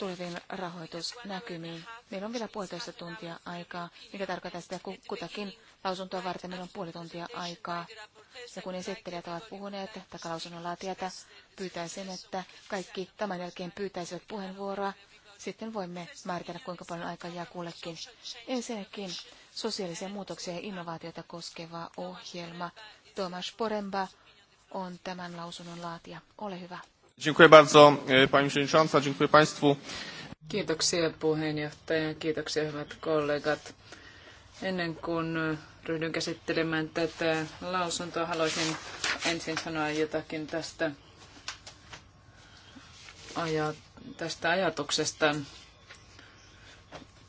tuleviin rahoitusnäkymiin. Meillä on vielä puolitoista tuntia aikaa, mikä tarkoittaa sitä, kutakin lausuntoa varten meillä on puoli tuntia aikaa. Ja kun esittelijät ovat puhuneet tai lausunnonlaatijata, pyytäisin, että kaikki tämän jälkeen pyytäisivät puheenvuoroa. Sitten voimme määritellä, kuinka paljon aikaa jää kullekin. Ensinnäkin sosiaalisia muutoksia ja innovaatioita koskeva ohjelma. Tomas Poremba on tämän lausunnon laatija. Ole hyvä. Dziękuję bardzo, e, pani przewodnicząca. Dziękuję państwu. Kiitoksia puheenjohtaja, kiitoksia hyvät kollegat. Ennen kuin ryhdyn käsittelemään tätä lausuntoa, haluaisin ensin sanoa jotakin tästä, aja, tästä ajatuksesta,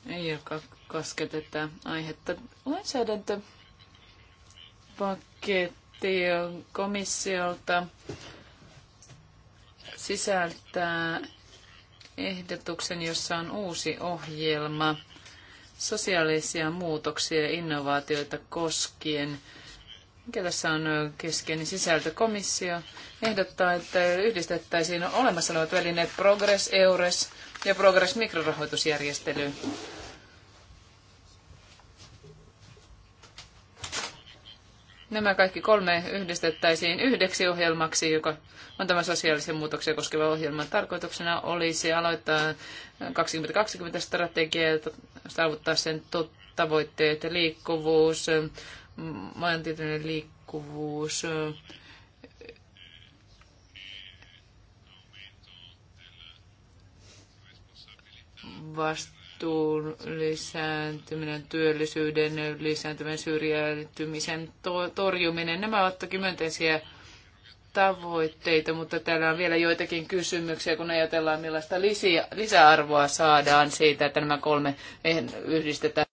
joka koskee tätä aihetta. Lainsäädäntöpaketti komissiolta sisältää ehdotuksen, jossa on uusi ohjelma sosiaalisia muutoksia ja innovaatioita koskien. Mikä tässä on keskeinen sisältökomissio? Komissio ehdottaa, että yhdistettäisiin olemassa olevat välineet Progress, EURES ja Progress mikrorahoitusjärjestely nämä kaikki kolme yhdistettäisiin yhdeksi ohjelmaksi, joka on tämä sosiaalisen muutoksen koskeva ohjelma. Tarkoituksena olisi aloittaa 2020-strategia ja saavuttaa sen tavoitteet, liikkuvuus, maantieteellinen liikkuvuus, vasta vastuun lisääntyminen, työllisyyden lisääntyminen, syrjäytymisen to- torjuminen. Nämä ovat toki myönteisiä tavoitteita, mutta täällä on vielä joitakin kysymyksiä, kun ajatellaan millaista lisäarvoa saadaan siitä, että nämä kolme eh, yhdistetään.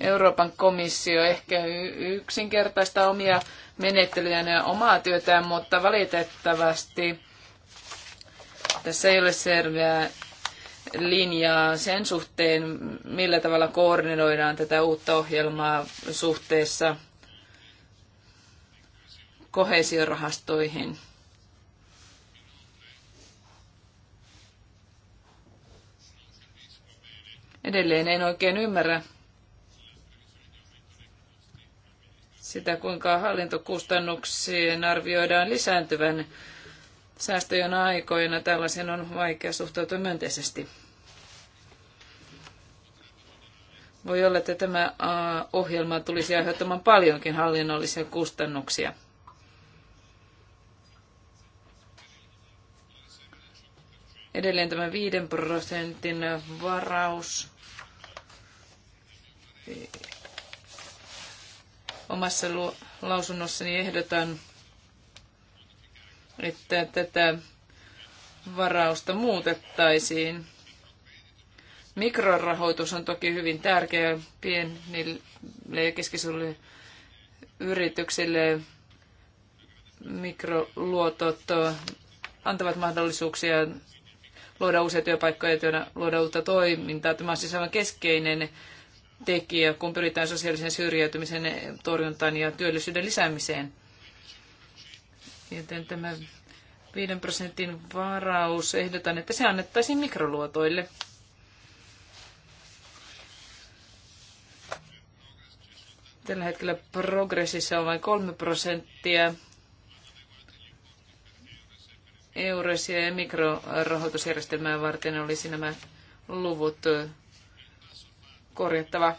Euroopan komissio ehkä yksinkertaista omia menettelyjään ja omaa työtään, mutta valitettavasti tässä ei ole selveää linjaa sen suhteen, millä tavalla koordinoidaan tätä uutta ohjelmaa suhteessa kohesiorahastoihin. Edelleen en oikein ymmärrä sitä, kuinka hallintokustannuksien arvioidaan lisääntyvän säästöjen aikoina tällaisen on vaikea suhtautua myönteisesti. Voi olla, että tämä ohjelma tulisi aiheuttamaan paljonkin hallinnollisia kustannuksia. Edelleen tämä 5 prosentin varaus omassa lausunnossani ehdotan että tätä varausta muutettaisiin. Mikrorahoitus on toki hyvin tärkeä pienille ja keskisuurille yrityksille. Mikroluotot antavat mahdollisuuksia luoda uusia työpaikkoja, työnä, luoda uutta toimintaa. Tämä on siis aivan keskeinen tekijä, kun pyritään sosiaalisen syrjäytymisen torjuntaan ja työllisyyden lisäämiseen. Joten tämä 5 prosentin varaus, ehdotan, että se annettaisiin mikroluotoille. Tällä hetkellä progressissa on vain 3 prosenttia euroisia ja mikrorahoitusjärjestelmää varten olisi nämä luvut korjattava.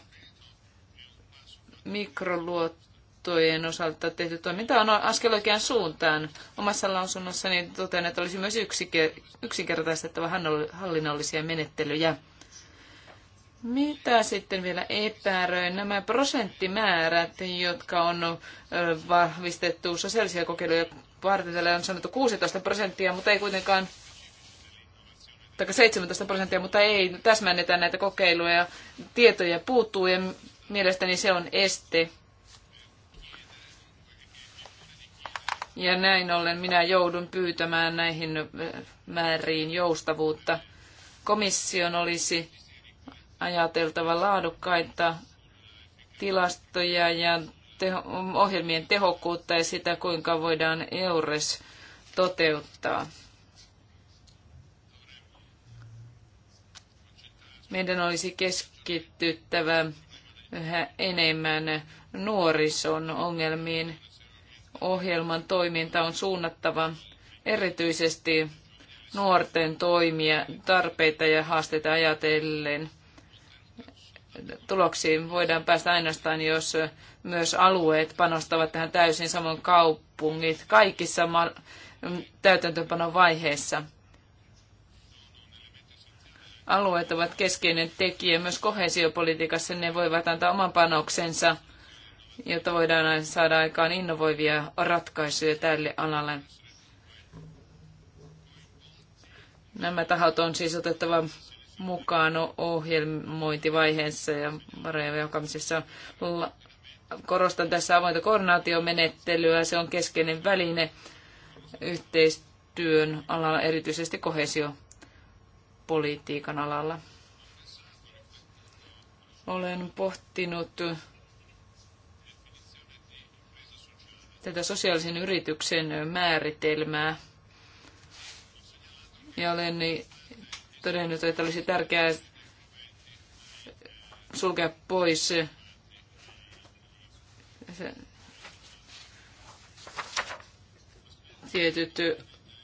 Mikroluotto virastojen osalta tehty toiminta on askel oikeaan suuntaan. Omassa lausunnossani totean, että olisi myös yksinkertaistettava hallinnollisia menettelyjä. Mitä sitten vielä epäröin? Nämä prosenttimäärät, jotka on vahvistettu sosiaalisia kokeiluja varten, tällä on sanottu 16 prosenttia, mutta ei kuitenkaan tai 17 prosenttia, mutta ei täsmännetä näitä kokeiluja ja tietoja puuttuu ja mielestäni se on este Ja näin ollen minä joudun pyytämään näihin eh, määriin joustavuutta. Komission olisi ajateltava laadukkaita tilastoja ja teho, ohjelmien tehokkuutta ja sitä, kuinka voidaan EURES toteuttaa. Meidän olisi keskittyttävä yhä enemmän nuorison ongelmiin ohjelman toiminta on suunnattava erityisesti nuorten toimia, tarpeita ja haasteita ajatellen. Tuloksiin voidaan päästä ainoastaan, jos myös alueet panostavat tähän täysin samoin kaupungit kaikissa ma- täytäntöpanon vaiheissa. Alueet ovat keskeinen tekijä myös kohesiopolitiikassa, ne voivat antaa oman panoksensa – jotta voidaan saada aikaan innovoivia ratkaisuja tälle alalle. Nämä tahot on siis otettava mukaan ohjelmointivaiheessa ja varojen jakamisessa. Korostan tässä avointa koordinaatiomenettelyä. Se on keskeinen väline yhteistyön alalla, erityisesti kohesiopolitiikan alalla. Olen pohtinut tätä sosiaalisen yrityksen määritelmää. Ja olen todennut, että olisi tärkeää sulkea pois tietyt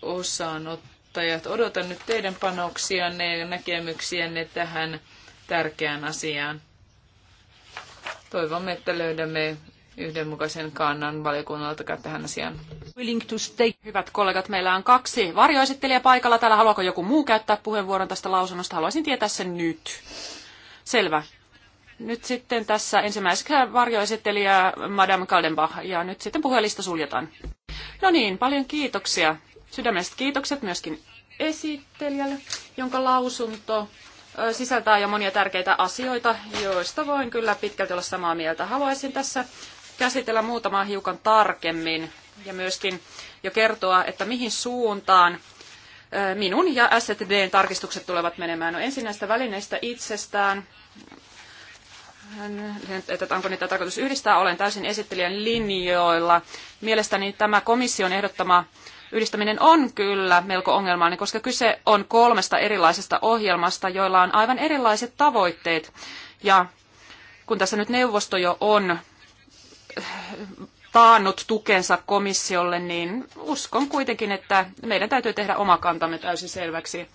osaanottajat. Odotan nyt teidän panoksianne ja näkemyksiänne tähän tärkeään asiaan. Toivomme, että löydämme yhdenmukaisen kannan valiokunnalta tähän asiaan. Hyvät kollegat, meillä on kaksi varjoesittelijä paikalla. Täällä haluaako joku muu käyttää puheenvuoron tästä lausunnosta? Haluaisin tietää sen nyt. Selvä. Nyt sitten tässä ensimmäisessä varjoesittelijä Madame Kaldenbach ja nyt sitten puhelista suljetaan. No niin, paljon kiitoksia. Sydämestä kiitokset myöskin esittelijälle, jonka lausunto sisältää jo monia tärkeitä asioita, joista voin kyllä pitkälti olla samaa mieltä. Haluaisin tässä käsitellä muutamaa hiukan tarkemmin ja myöskin jo kertoa, että mihin suuntaan minun ja STDn tarkistukset tulevat menemään. No ensin näistä välineistä itsestään, että onko niitä tarkoitus yhdistää, olen täysin esittelijän linjoilla. Mielestäni tämä komission ehdottama yhdistäminen on kyllä melko ongelmallinen, koska kyse on kolmesta erilaisesta ohjelmasta, joilla on aivan erilaiset tavoitteet. Ja kun tässä nyt neuvosto jo on taannut tukensa komissiolle, niin uskon kuitenkin, että meidän täytyy tehdä oma kantamme täysin selväksi.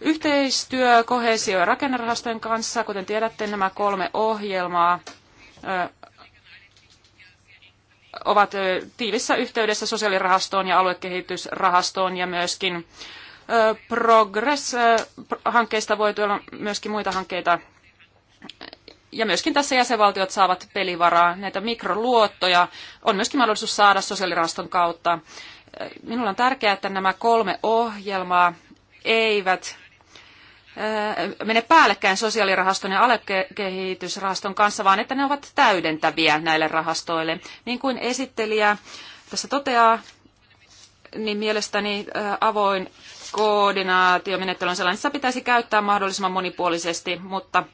Yhteistyö, kohesio ja rakennerahastojen kanssa, kuten tiedätte, nämä kolme ohjelmaa ovat tiivissä yhteydessä sosiaalirahastoon ja aluekehitysrahastoon ja myöskin Progress-hankkeista voi tulla myöskin muita hankkeita ja myöskin tässä jäsenvaltiot saavat pelivaraa. Näitä mikroluottoja on myöskin mahdollisuus saada sosiaaliraston kautta. Minulla on tärkeää, että nämä kolme ohjelmaa eivät mene päällekkäin sosiaalirahaston ja alekehitysrahaston kanssa, vaan että ne ovat täydentäviä näille rahastoille. Niin kuin esittelijä tässä toteaa, niin mielestäni avoin koordinaatiomenettely on sellainen, että sitä pitäisi käyttää mahdollisimman monipuolisesti, mutta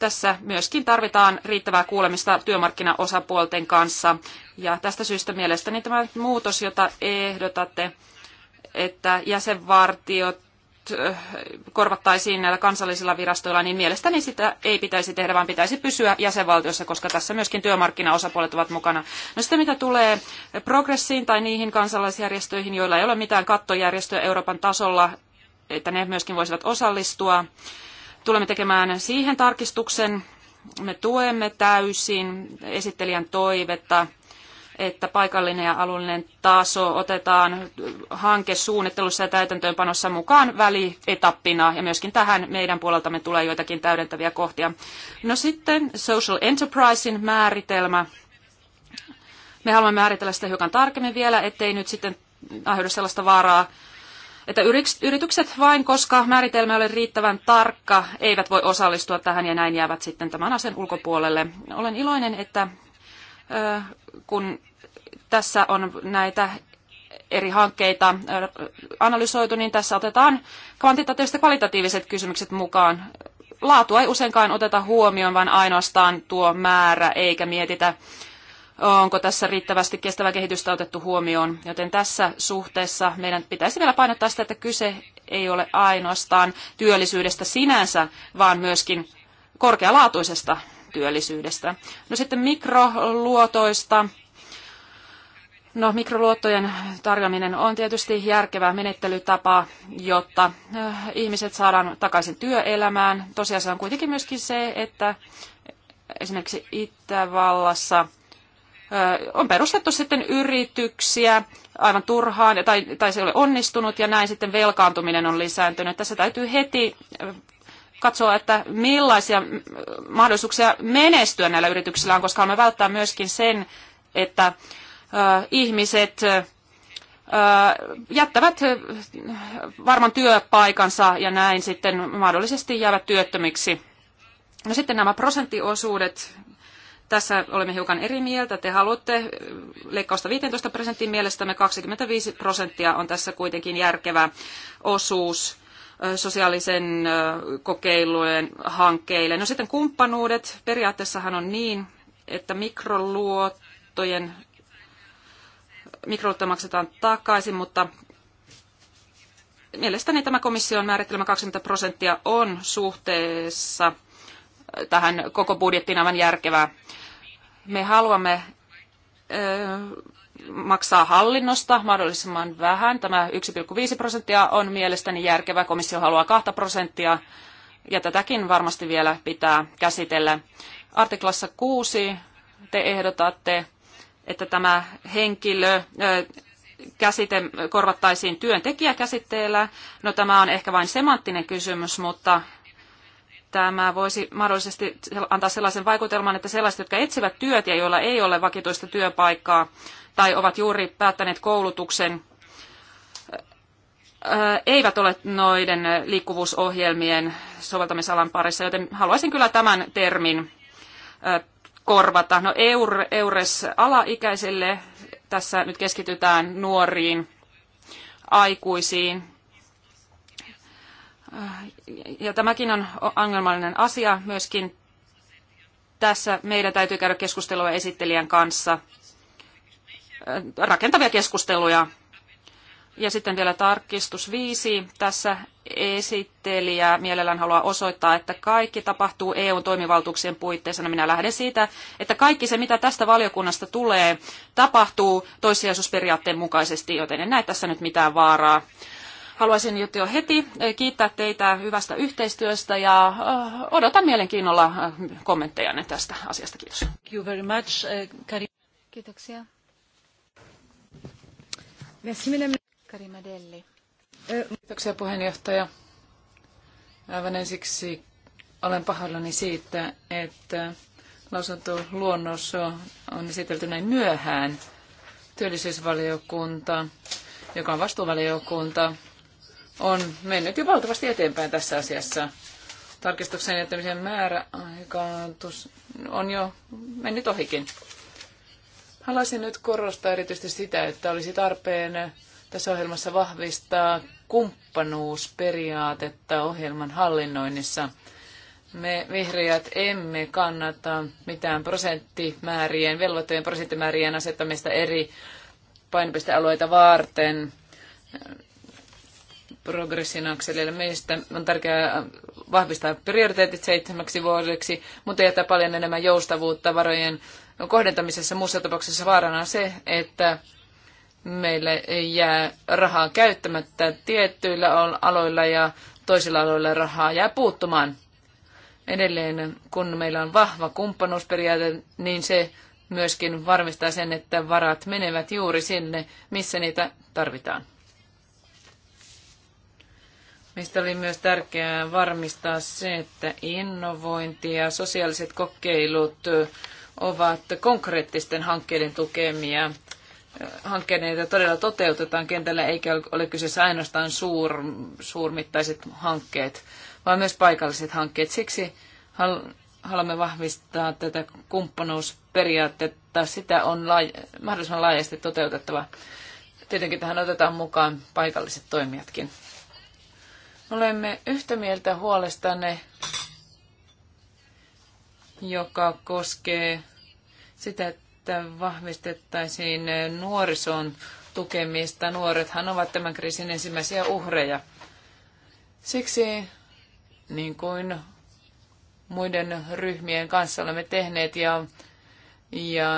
tässä myöskin tarvitaan riittävää kuulemista työmarkkinaosapuolten kanssa. Ja tästä syystä mielestäni tämä muutos, jota ehdotatte, että jäsenvartiot eh, korvattaisiin näillä kansallisilla virastoilla, niin mielestäni sitä ei pitäisi tehdä, vaan pitäisi pysyä jäsenvaltiossa, koska tässä myöskin työmarkkinaosapuolet ovat mukana. No sitten mitä tulee progressiin tai niihin kansalaisjärjestöihin, joilla ei ole mitään kattojärjestöä Euroopan tasolla, että ne myöskin voisivat osallistua, Tulemme tekemään siihen tarkistuksen. Me tuemme täysin esittelijän toivetta, että paikallinen ja alueellinen taso otetaan hankesuunnittelussa ja täytäntöönpanossa mukaan välietappina. Ja myöskin tähän meidän puoleltamme tulee joitakin täydentäviä kohtia. No sitten social enterprisein määritelmä. Me haluamme määritellä sitä hiukan tarkemmin vielä, ettei nyt sitten aiheudu sellaista vaaraa, että yritykset vain, koska määritelmä ei riittävän tarkka, eivät voi osallistua tähän ja näin jäävät sitten tämän asian ulkopuolelle. Olen iloinen, että kun tässä on näitä eri hankkeita analysoitu, niin tässä otetaan kvantitatiiviset ja kvalitatiiviset kysymykset mukaan. Laatua ei useinkaan oteta huomioon, vaan ainoastaan tuo määrä, eikä mietitä onko tässä riittävästi kestävää kehitystä otettu huomioon. Joten tässä suhteessa meidän pitäisi vielä painottaa sitä, että kyse ei ole ainoastaan työllisyydestä sinänsä, vaan myöskin korkealaatuisesta työllisyydestä. No sitten mikroluotoista. No, mikroluottojen tarjoaminen on tietysti järkevä menettelytapa, jotta eh, ihmiset saadaan takaisin työelämään. Tosiasia on kuitenkin myöskin se, että esimerkiksi Itävallassa – on perustettu sitten yrityksiä aivan turhaan tai, tai se ei ole onnistunut ja näin sitten velkaantuminen on lisääntynyt. Tässä täytyy heti katsoa, että millaisia mahdollisuuksia menestyä näillä yrityksillä on, koska haluamme välttää myöskin sen, että ihmiset jättävät varman työpaikansa ja näin sitten mahdollisesti jäävät työttömiksi. No sitten nämä prosenttiosuudet, tässä olemme hiukan eri mieltä. Te haluatte äh, leikkausta 15 prosenttiin. Mielestämme 25 prosenttia on tässä kuitenkin järkevä osuus äh, sosiaalisen äh, kokeilujen hankkeille. No sitten kumppanuudet. Periaatteessahan on niin, että mikroluottojen mikroluotto maksetaan takaisin, mutta mielestäni tämä komission määrittelemä 20 prosenttia on suhteessa tähän koko budjettiin aivan järkevää me haluamme maksaa hallinnosta mahdollisimman vähän. Tämä 1,5 prosenttia on mielestäni järkevä. Komissio haluaa 2 prosenttia ja tätäkin varmasti vielä pitää käsitellä. Artiklassa 6 te ehdotatte, että tämä henkilö käsite korvattaisiin työntekijäkäsitteellä. No tämä on ehkä vain semanttinen kysymys, mutta tämä voisi mahdollisesti antaa sellaisen vaikutelman, että sellaiset, jotka etsivät työt ja joilla ei ole vakituista työpaikkaa tai ovat juuri päättäneet koulutuksen, eivät ole noiden liikkuvuusohjelmien soveltamisalan parissa, joten haluaisin kyllä tämän termin korvata. No EUR, EURES alaikäisille, tässä nyt keskitytään nuoriin aikuisiin, Äh, ja tämäkin on ongelmallinen asia myöskin. Tässä meidän täytyy käydä keskustelua esittelijän kanssa, äh, rakentavia keskusteluja. Ja sitten vielä tarkistus viisi. Tässä esittelijä mielellään haluaa osoittaa, että kaikki tapahtuu EUn toimivaltuuksien puitteissa. No minä lähden siitä, että kaikki se, mitä tästä valiokunnasta tulee, tapahtuu toissijaisuusperiaatteen mukaisesti, joten en näe tässä nyt mitään vaaraa. Haluaisin nyt jo heti eh, kiittää teitä hyvästä yhteistyöstä ja eh, odotan mielenkiinnolla eh, kommenttejanne tästä asiasta. Kiitos. Thank you very much, Karim. Kiitoksia. Merci, madame. Kiitoksia puheenjohtaja. Aivan ensiksi olen pahoillani siitä, että lausuntoluonnos on esitelty näin myöhään. Työllisyysvaliokunta, joka on vastuuvaliokunta, on mennyt jo valtavasti eteenpäin tässä asiassa. Tarkistuksen jättämisen määrä on jo mennyt ohikin. Haluaisin nyt korostaa erityisesti sitä, että olisi tarpeen tässä ohjelmassa vahvistaa kumppanuusperiaatetta ohjelman hallinnoinnissa. Me vihreät emme kannata mitään prosenttimäärien, velvoitteiden prosenttimäärien asettamista eri painopistealueita varten progressin akselille. Meistä on tärkeää vahvistaa prioriteetit seitsemäksi vuodeksi, mutta jättää paljon enemmän joustavuutta varojen kohdentamisessa. Muussa tapauksessa vaarana on se, että meille jää rahaa käyttämättä tiettyillä aloilla ja toisilla aloilla rahaa jää puuttumaan. Edelleen, kun meillä on vahva kumppanuusperiaate, niin se myöskin varmistaa sen, että varat menevät juuri sinne, missä niitä tarvitaan. Meistä oli myös tärkeää varmistaa se, että innovointi ja sosiaaliset kokeilut ovat konkreettisten hankkeiden tukemia. Hankkeiden, joita todella toteutetaan kentällä, eikä ole kyseessä ainoastaan suur, suurmittaiset hankkeet, vaan myös paikalliset hankkeet. Siksi haluamme vahvistaa tätä kumppanuusperiaatetta. Sitä on laaj- mahdollisimman laajasti toteutettava. Tietenkin tähän otetaan mukaan paikalliset toimijatkin. Olemme yhtä mieltä huolestanne, joka koskee sitä, että vahvistettaisiin nuorison tukemista. Nuorethan ovat tämän kriisin ensimmäisiä uhreja. Siksi, niin kuin muiden ryhmien kanssa olemme tehneet ja, ja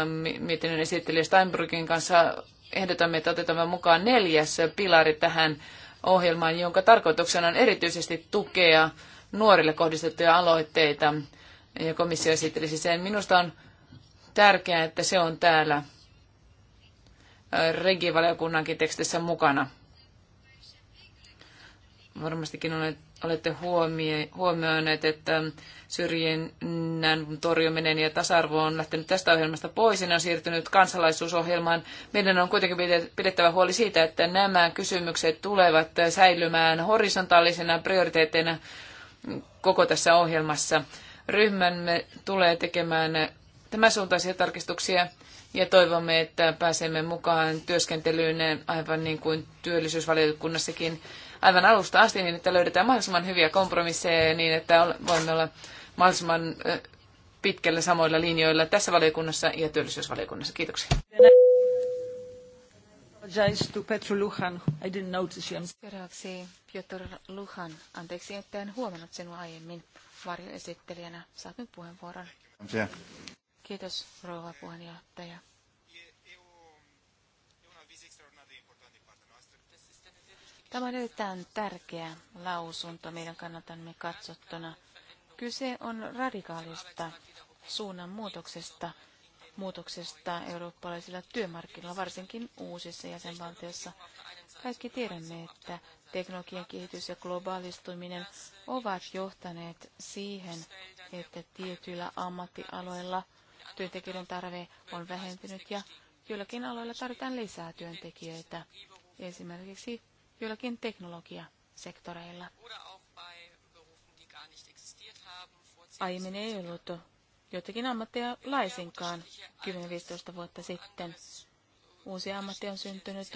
mietinnön esittelijä Steinbrugin kanssa ehdotamme, että otetaan mukaan neljäs pilari tähän ohjelmaan, jonka tarkoituksena on erityisesti tukea nuorille kohdistettuja aloitteita, ja komissio esittelisi sen. Minusta on tärkeää, että se on täällä regivaliokunnankin tekstissä mukana. Varmastikin olet olette huomioineet, että syrjinnän torjuminen ja tasa-arvo on lähtenyt tästä ohjelmasta pois ja on siirtynyt kansalaisuusohjelmaan. Meidän on kuitenkin pidettävä huoli siitä, että nämä kysymykset tulevat säilymään horisontaalisena prioriteetteina koko tässä ohjelmassa. Ryhmämme tulee tekemään tämän suuntaisia tarkistuksia ja toivomme, että pääsemme mukaan työskentelyyn aivan niin kuin työllisyysvaliokunnassakin aivan alusta asti niin, että löydetään mahdollisimman hyviä kompromisseja niin, että voimme olla mahdollisimman pitkällä samoilla linjoilla tässä valiokunnassa ja työllisyysvaliokunnassa. Kiitoksia. Seuraavaksi Piotr Luhan. Anteeksi, en huomannut sinua aiemmin varjoesittelijänä. Saat nyt puheenvuoron. Kiitos, rouva puheenjohtaja. Tämä on erittäin tärkeä lausunto meidän kannatamme katsottuna. Kyse on radikaalista suunnanmuutoksesta, muutoksesta eurooppalaisilla työmarkkinoilla, varsinkin uusissa jäsenvaltioissa. Kaikki tiedämme, että teknologian kehitys ja globaalistuminen ovat johtaneet siihen, että tietyillä ammattialoilla työntekijöiden tarve on vähentynyt ja joillakin aloilla tarvitaan lisää työntekijöitä, esimerkiksi joillakin teknologiasektoreilla. Aiemmin ei ollut joitakin ammatteja laisinkaan 10-15 vuotta sitten. Uusi ammatti on syntynyt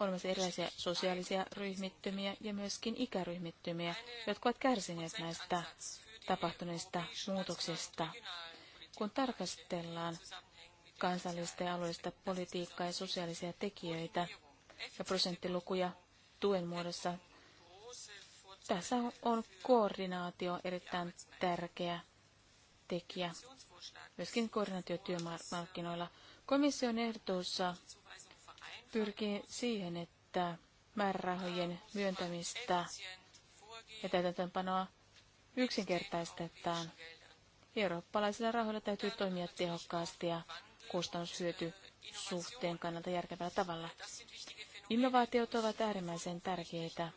olemassa erilaisia sosiaalisia ryhmittymiä ja myöskin ikäryhmittymiä, jotka ovat kärsineet näistä tapahtuneista muutoksista. Kun tarkastellaan kansallista ja alueellista politiikkaa ja sosiaalisia tekijöitä, ja prosenttilukuja tuen muodossa. Tässä on koordinaatio erittäin tärkeä tekijä, myöskin koordinaatio työmarkkinoilla. Komission ehdotus pyrkii siihen, että määrärahojen myöntämistä ja täytäntöönpanoa yksinkertaistetaan. Eurooppalaisilla rahoilla täytyy toimia tehokkaasti ja kustannushyöty suhteen kannalta järkevällä tavalla. Innovaatiot ovat äärimmäisen tärkeitä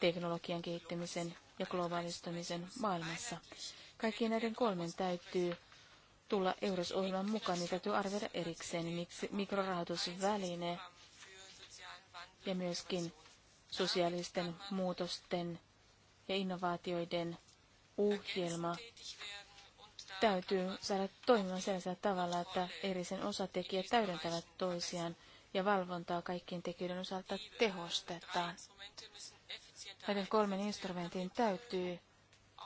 teknologian kehittämisen ja globaalistumisen maailmassa. Kaikkien näiden kolmen täytyy tulla EURES-ohjelman mukaan, niin täytyy arvioida erikseen mikrorahoitusväline ja myöskin sosiaalisten muutosten ja innovaatioiden ohjelma täytyy saada toimimaan sellaisella tavalla, että eri sen osatekijät täydentävät toisiaan ja valvontaa kaikkien tekijöiden osalta tehostetaan. Näiden kolmen instrumentin täytyy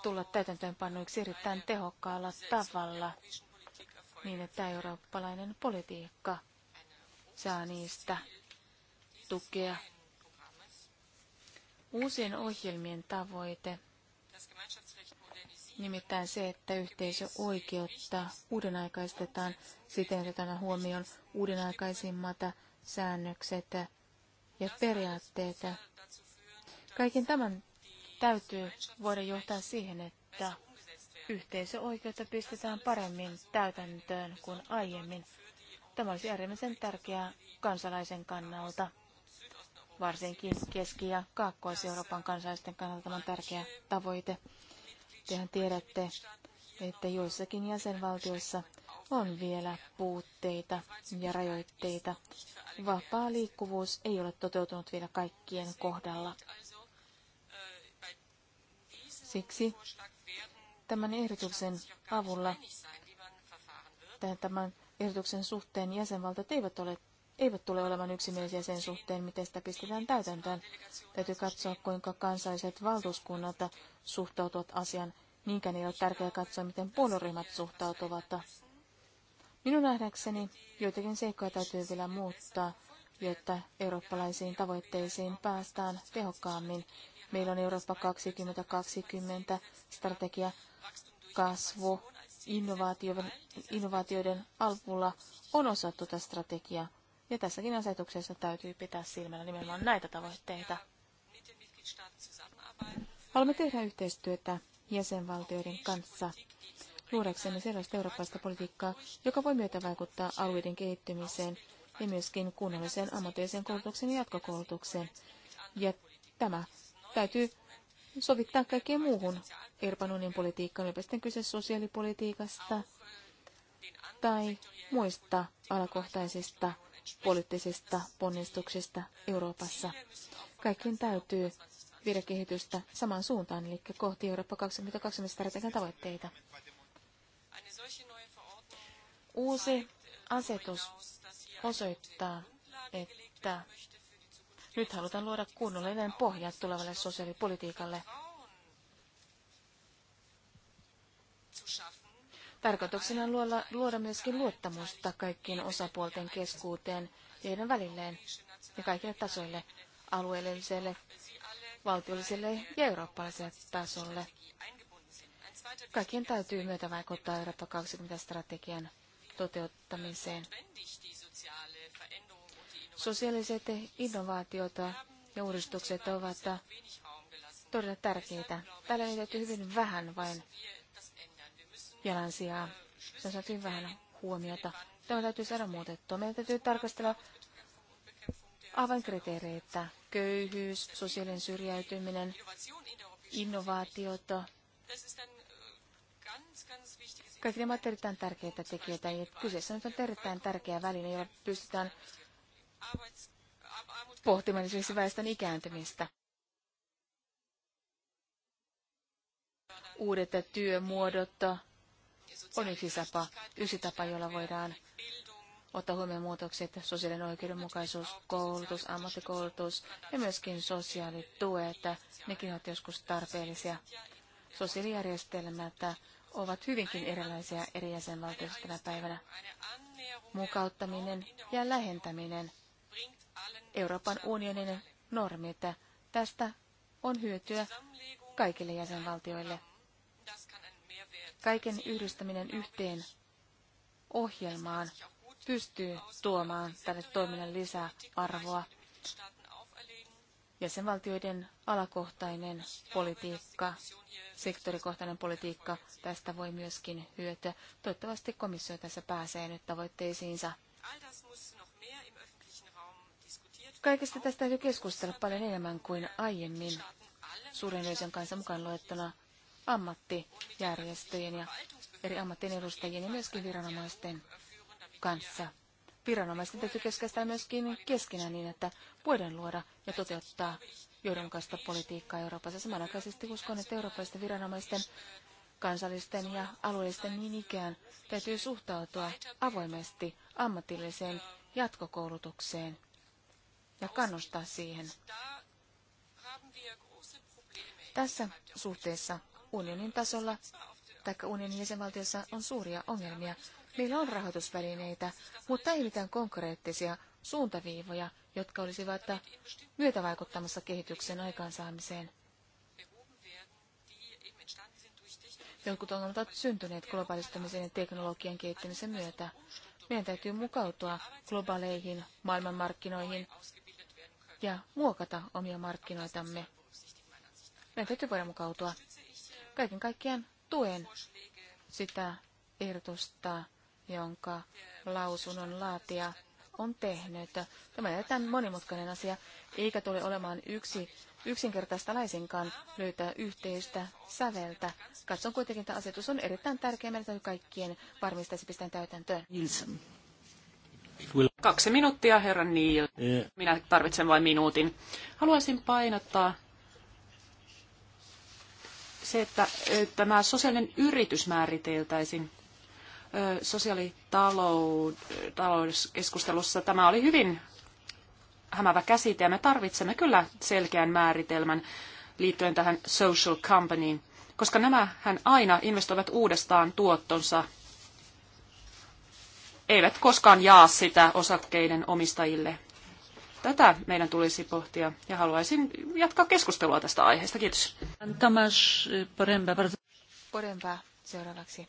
tulla täytäntöönpannuiksi erittäin tehokkaalla tavalla, niin että eurooppalainen politiikka saa niistä tukea. Uusien ohjelmien tavoite, nimittäin se, että yhteisöoikeutta uudenaikaistetaan siten, että otetaan huomioon uudenaikaisimmat säännökset ja periaatteet. Kaiken tämän täytyy voida johtaa siihen, että yhteisöoikeutta pistetään paremmin täytäntöön kuin aiemmin. Tämä olisi äärimmäisen tärkeää kansalaisen kannalta. Varsinkin Keski- ja Kaakkois-Euroopan kansalaisten kannalta tämä on tärkeä tavoite. Tehän tiedätte, että joissakin jäsenvaltioissa on vielä puutteita ja rajoitteita. Vapaa liikkuvuus ei ole toteutunut vielä kaikkien kohdalla. Siksi tämän ehdotuksen avulla tämän ehdotuksen suhteen jäsenvaltiot eivät ole eivät tule olemaan yksimielisiä sen suhteen, miten sitä pistetään täytäntöön. Täytyy katsoa, kuinka kansalliset valtuuskunnat suhtautuvat asian, niinkään ei ole tärkeää katsoa, miten puolueryhmät suhtautuvat Minun nähdäkseni joitakin seikkoja täytyy vielä muuttaa, jotta eurooppalaisiin tavoitteisiin päästään tehokkaammin. Meillä on Eurooppa 2020 strategia kasvu innovaatioiden, innovaatioiden alpulla on osattu tuota tätä strategiaa. Ja tässäkin asetuksessa täytyy pitää silmällä nimenomaan näitä tavoitteita. Haluamme tehdä yhteistyötä jäsenvaltioiden kanssa luodaksemme sellaista eurooppalaista politiikkaa, joka voi myötä vaikuttaa alueiden kehittymiseen ja myöskin kunnalliseen ammatilliseen koulutukseen ja jatkokoulutukseen. Ja tämä täytyy sovittaa kaikkeen muuhun Euroopan unionin politiikkaan, jopa sitten kyse sosiaalipolitiikasta tai muista alakohtaisista poliittisista ponnistuksista Euroopassa. Kaikkien täytyy viedä kehitystä samaan suuntaan, eli kohti Eurooppa 2020 strategian tavoitteita. Uusi asetus osoittaa, että nyt halutaan luoda kunnollinen pohja tulevalle sosiaalipolitiikalle. Tarkoituksena on luoda, luoda myöskin luottamusta kaikkien osapuolten keskuuteen ja heidän välilleen ja kaikille tasoille, alueelliselle, valtiolliselle ja eurooppalaiselle tasolle. Kaikkien täytyy myötävaikuttaa Eurooppa 20 strategian toteuttamiseen. Sosiaaliset innovaatiot ja uudistukset ovat todella tärkeitä. Täällä on jätetty hyvin vähän vain jalansijaa. Se on hyvin vähän huomiota. Tämä täytyy saada muutettua. Meidän täytyy tarkastella avainkriteereitä. Köyhyys, sosiaalinen syrjäytyminen, innovaatiot kaikki nämä ovat erittäin tärkeitä tekijöitä. Ja kyseessä nyt on erittäin tärkeä väline, jolla pystytään pohtimaan esimerkiksi väestön ikääntymistä. Uudet työmuodot on yksi tapa, yksi tapa, jolla voidaan ottaa huomioon muutokset, sosiaalinen oikeudenmukaisuus, koulutus, ammattikoulutus ja myöskin sosiaalituet. Nekin ovat joskus tarpeellisia. Sosiaalijärjestelmät ovat hyvinkin erilaisia eri jäsenvaltioissa tänä päivänä. Mukauttaminen ja lähentäminen Euroopan unionin normit. Tästä on hyötyä kaikille jäsenvaltioille. Kaiken yhdistäminen yhteen ohjelmaan pystyy tuomaan tälle toiminnan lisää arvoa jäsenvaltioiden alakohtainen politiikka, sektorikohtainen politiikka, tästä voi myöskin hyötyä. Toivottavasti komissio tässä pääsee nyt tavoitteisiinsa. Kaikesta tästä täytyy keskustella paljon enemmän kuin aiemmin suuren yleisön kanssa mukaan luettuna ammattijärjestöjen ja eri ammattien edustajien ja myöskin viranomaisten kanssa viranomaisten täytyy keskestää myöskin keskenään niin, että voidaan luoda ja toteuttaa johdonmukaista politiikkaa Euroopassa. Samanaikaisesti uskon, että eurooppalaisten viranomaisten kansallisten ja alueellisten niin ikään täytyy suhtautua avoimesti ammatilliseen jatkokoulutukseen ja kannustaa siihen. Tässä suhteessa unionin tasolla tai unionin jäsenvaltiossa on suuria ongelmia Meillä on rahoitusvälineitä, mutta ei mitään konkreettisia suuntaviivoja, jotka olisivat myötävaikuttamassa kehityksen aikaansaamiseen. Jotkut ongelmat ovat syntyneet globaalistumisen ja teknologian kehittämisen myötä. Meidän täytyy mukautua globaaleihin maailmanmarkkinoihin ja muokata omia markkinoitamme. Meidän täytyy voida mukautua. Kaiken kaikkiaan tuen sitä ehdotusta, jonka lausunnon laatia on tehnyt. Tämä on tämän monimutkainen asia, eikä tule olemaan yksi yksinkertaista laisinkaan löytää yhteistä säveltä. Katson kuitenkin, että asetus on erittäin tärkeä. Meidän täytyy kaikkien varmistaa se pistän täytäntöön. Kaksi minuuttia, herra Neil. Eh. Minä tarvitsen vain minuutin. Haluaisin painottaa se, että tämä sosiaalinen yritys määriteltäisiin sosiaalitalouskeskustelussa tämä oli hyvin hämävä käsite ja me tarvitsemme kyllä selkeän määritelmän liittyen tähän social companyin, koska nämähän aina investoivat uudestaan tuottonsa, eivät koskaan jaa sitä osakkeiden omistajille. Tätä meidän tulisi pohtia ja haluaisin jatkaa keskustelua tästä aiheesta. Kiitos. Tamas Poremba. Poremba seuraavaksi.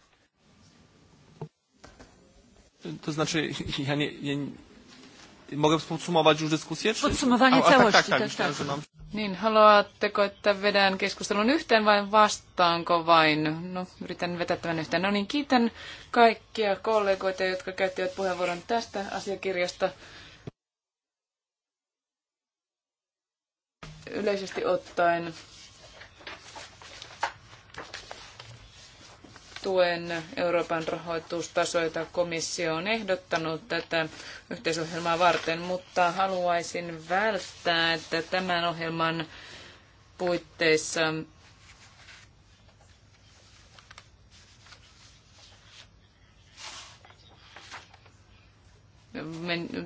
To znaczy, ja nie, nie mogę podsumować już dyskusję? Czy... Podsumowanie a, a, całości. Tak, tak, tak, myślałem, tak. mam... Niin, haluatteko, että vedän keskustelun yhteen vai vastaanko vain? No, yritän vetää tämän yhteen. No niin, kiitän kaikkia kollegoita, jotka käyttivät puheenvuoron tästä asiakirjasta. Yleisesti ottaen tuen Euroopan rahoitustaso, jota komissio on ehdottanut tätä yhteisohjelmaa varten, mutta haluaisin välttää, että tämän ohjelman puitteissa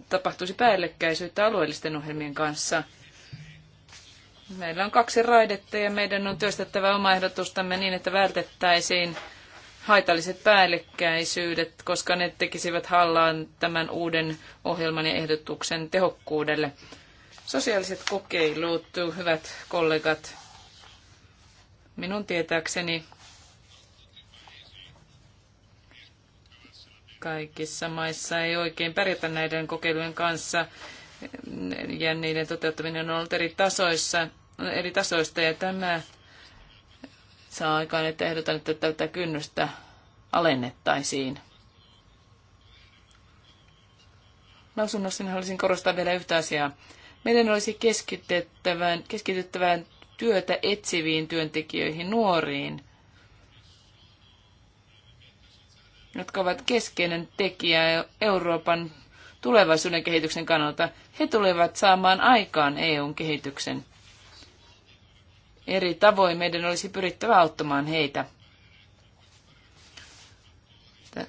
tapahtuisi päällekkäisyyttä alueellisten ohjelmien kanssa. Meillä on kaksi raidetta ja meidän on työstettävä oma ehdotustamme niin, että vältettäisiin haitalliset päällekkäisyydet, koska ne tekisivät hallaan tämän uuden ohjelman ja ehdotuksen tehokkuudelle. Sosiaaliset kokeilut, hyvät kollegat, minun tietääkseni kaikissa maissa ei oikein pärjätä näiden kokeilujen kanssa ja niiden toteuttaminen on ollut eri tasoissa, eri tasoista ja tämä saa aikaan, että ehdotan, että tätä kynnystä alennettaisiin. Lausunnossani haluaisin korostaa vielä yhtä asiaa. Meidän olisi keskityttävän, keskityttävän työtä etsiviin työntekijöihin, nuoriin, jotka ovat keskeinen tekijä Euroopan tulevaisuuden kehityksen kannalta. He tulevat saamaan aikaan EUn kehityksen eri tavoin meidän olisi pyrittävä auttamaan heitä.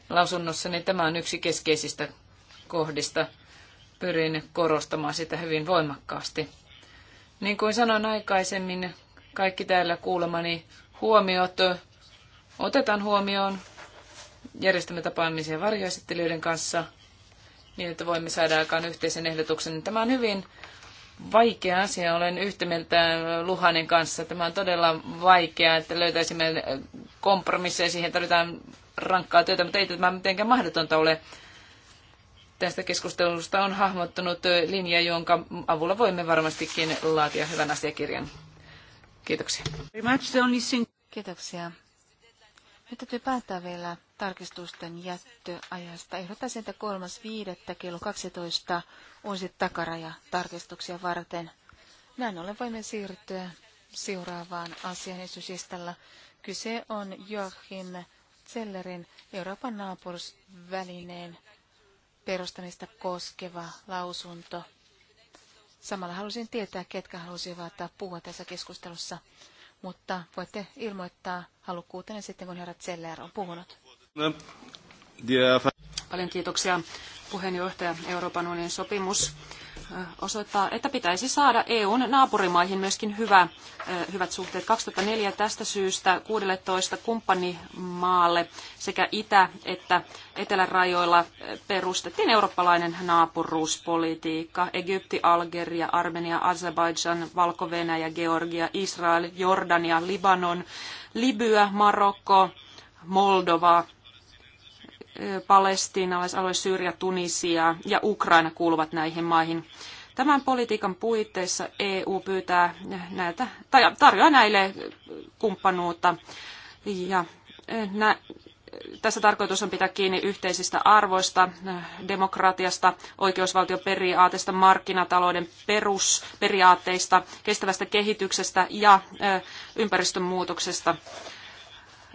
Lausunnossani tämä on yksi keskeisistä kohdista. Pyrin korostamaan sitä hyvin voimakkaasti. Niin kuin sanoin aikaisemmin, kaikki täällä kuulemani huomiot otetaan huomioon. Järjestämme tapaamisia varjoesittelijöiden kanssa niin, että voimme saada aikaan yhteisen ehdotuksen. Tämä on hyvin vaikea asia. Olen yhtä mieltä Luhanin kanssa. Tämä on todella vaikeaa, että löytäisimme kompromisseja. Siihen tarvitaan rankkaa työtä, mutta ei tämä mitenkään mahdotonta ole. Tästä keskustelusta on hahmottunut linja, jonka avulla voimme varmastikin laatia hyvän asiakirjan. Kiitoksia. Kiitoksia. Nyt täytyy päättää vielä tarkistusten jättöajasta. Ehdottaisin, että viidettä kello 12 on sitten takaraja tarkistuksia varten. Näin ollen voimme siirtyä seuraavaan asian esitysistalla. Kyse on Joachim Zellerin Euroopan naapurusvälineen perustamista koskeva lausunto. Samalla halusin tietää, ketkä halusivat puhua tässä keskustelussa mutta voitte ilmoittaa halukkuutenne sitten, kun herra Zeller on puhunut. Paljon kiitoksia puheenjohtaja Euroopan unionin sopimus osoittaa, että pitäisi saada EUn naapurimaihin myöskin hyvä, hyvät suhteet. 2004 tästä syystä 16 kumppanimaalle sekä itä- että etelärajoilla perustettiin eurooppalainen naapuruuspolitiikka. Egypti, Algeria, Armenia, Azerbaijan, Valko-Venäjä, Georgia, Israel, Jordania, Libanon, Libya, Marokko, Moldova, palestiinalaisalue, Syyria, Tunisia ja Ukraina kuuluvat näihin maihin. Tämän politiikan puitteissa EU pyytää näitä. tai tarjoaa näille kumppanuutta. Ja eh, nä, tässä tarkoitus on pitää kiinni yhteisistä arvoista, demokratiasta, oikeusvaltioperiaatesta, markkinatalouden perusperiaatteista, kestävästä kehityksestä ja eh, ympäristönmuutoksesta. muutoksesta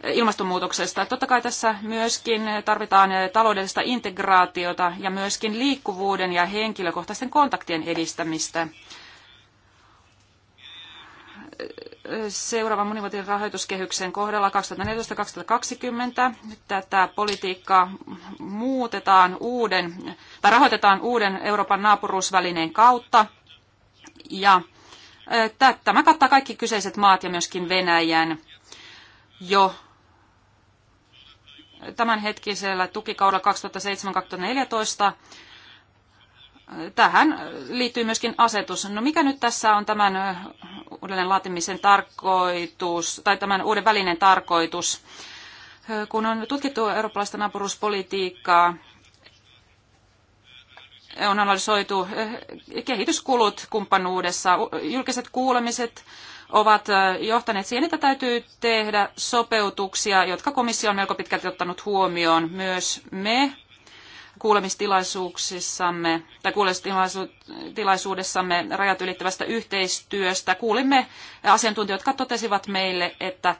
ilmastonmuutoksesta. Totta kai tässä myöskin tarvitaan taloudellista integraatiota ja myöskin liikkuvuuden ja henkilökohtaisten kontaktien edistämistä. Seuraava monivuotisen rahoituskehyksen kohdalla 2014-2020 tätä politiikkaa muutetaan uuden, tai rahoitetaan uuden Euroopan naapuruusvälineen kautta. Ja Tämä kattaa kaikki kyseiset maat ja myöskin Venäjän jo tämänhetkisellä tukikaudella 2007-2014. Tähän liittyy myöskin asetus. No mikä nyt tässä on tämän uuden laatimisen tarkoitus, tai tämän uuden välinen tarkoitus? Kun on tutkittu eurooppalaista naapuruuspolitiikkaa, on analysoitu kehityskulut kumppanuudessa, julkiset kuulemiset, ovat johtaneet siihen, että täytyy tehdä sopeutuksia, jotka komissio on melko pitkälti ottanut huomioon. Myös me kuulemistilaisuuksissamme tai kuulemistilaisuudessamme rajat ylittävästä yhteistyöstä kuulimme asiantuntijoita, jotka totesivat meille, että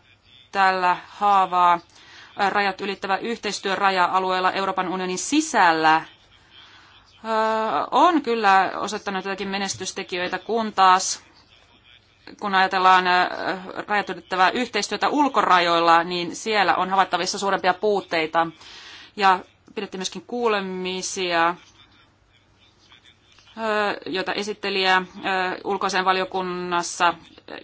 tällä haavaa rajat ylittävä yhteistyö raja-alueella Euroopan unionin sisällä on kyllä osoittanut jotakin menestystekijöitä, kun taas kun ajatellaan äh, rajat ylittävää yhteistyötä ulkorajoilla, niin siellä on havaittavissa suurempia puutteita. Ja pidettiin myöskin kuulemisia, äh, joita esittelijä äh, ulkoisen valiokunnassa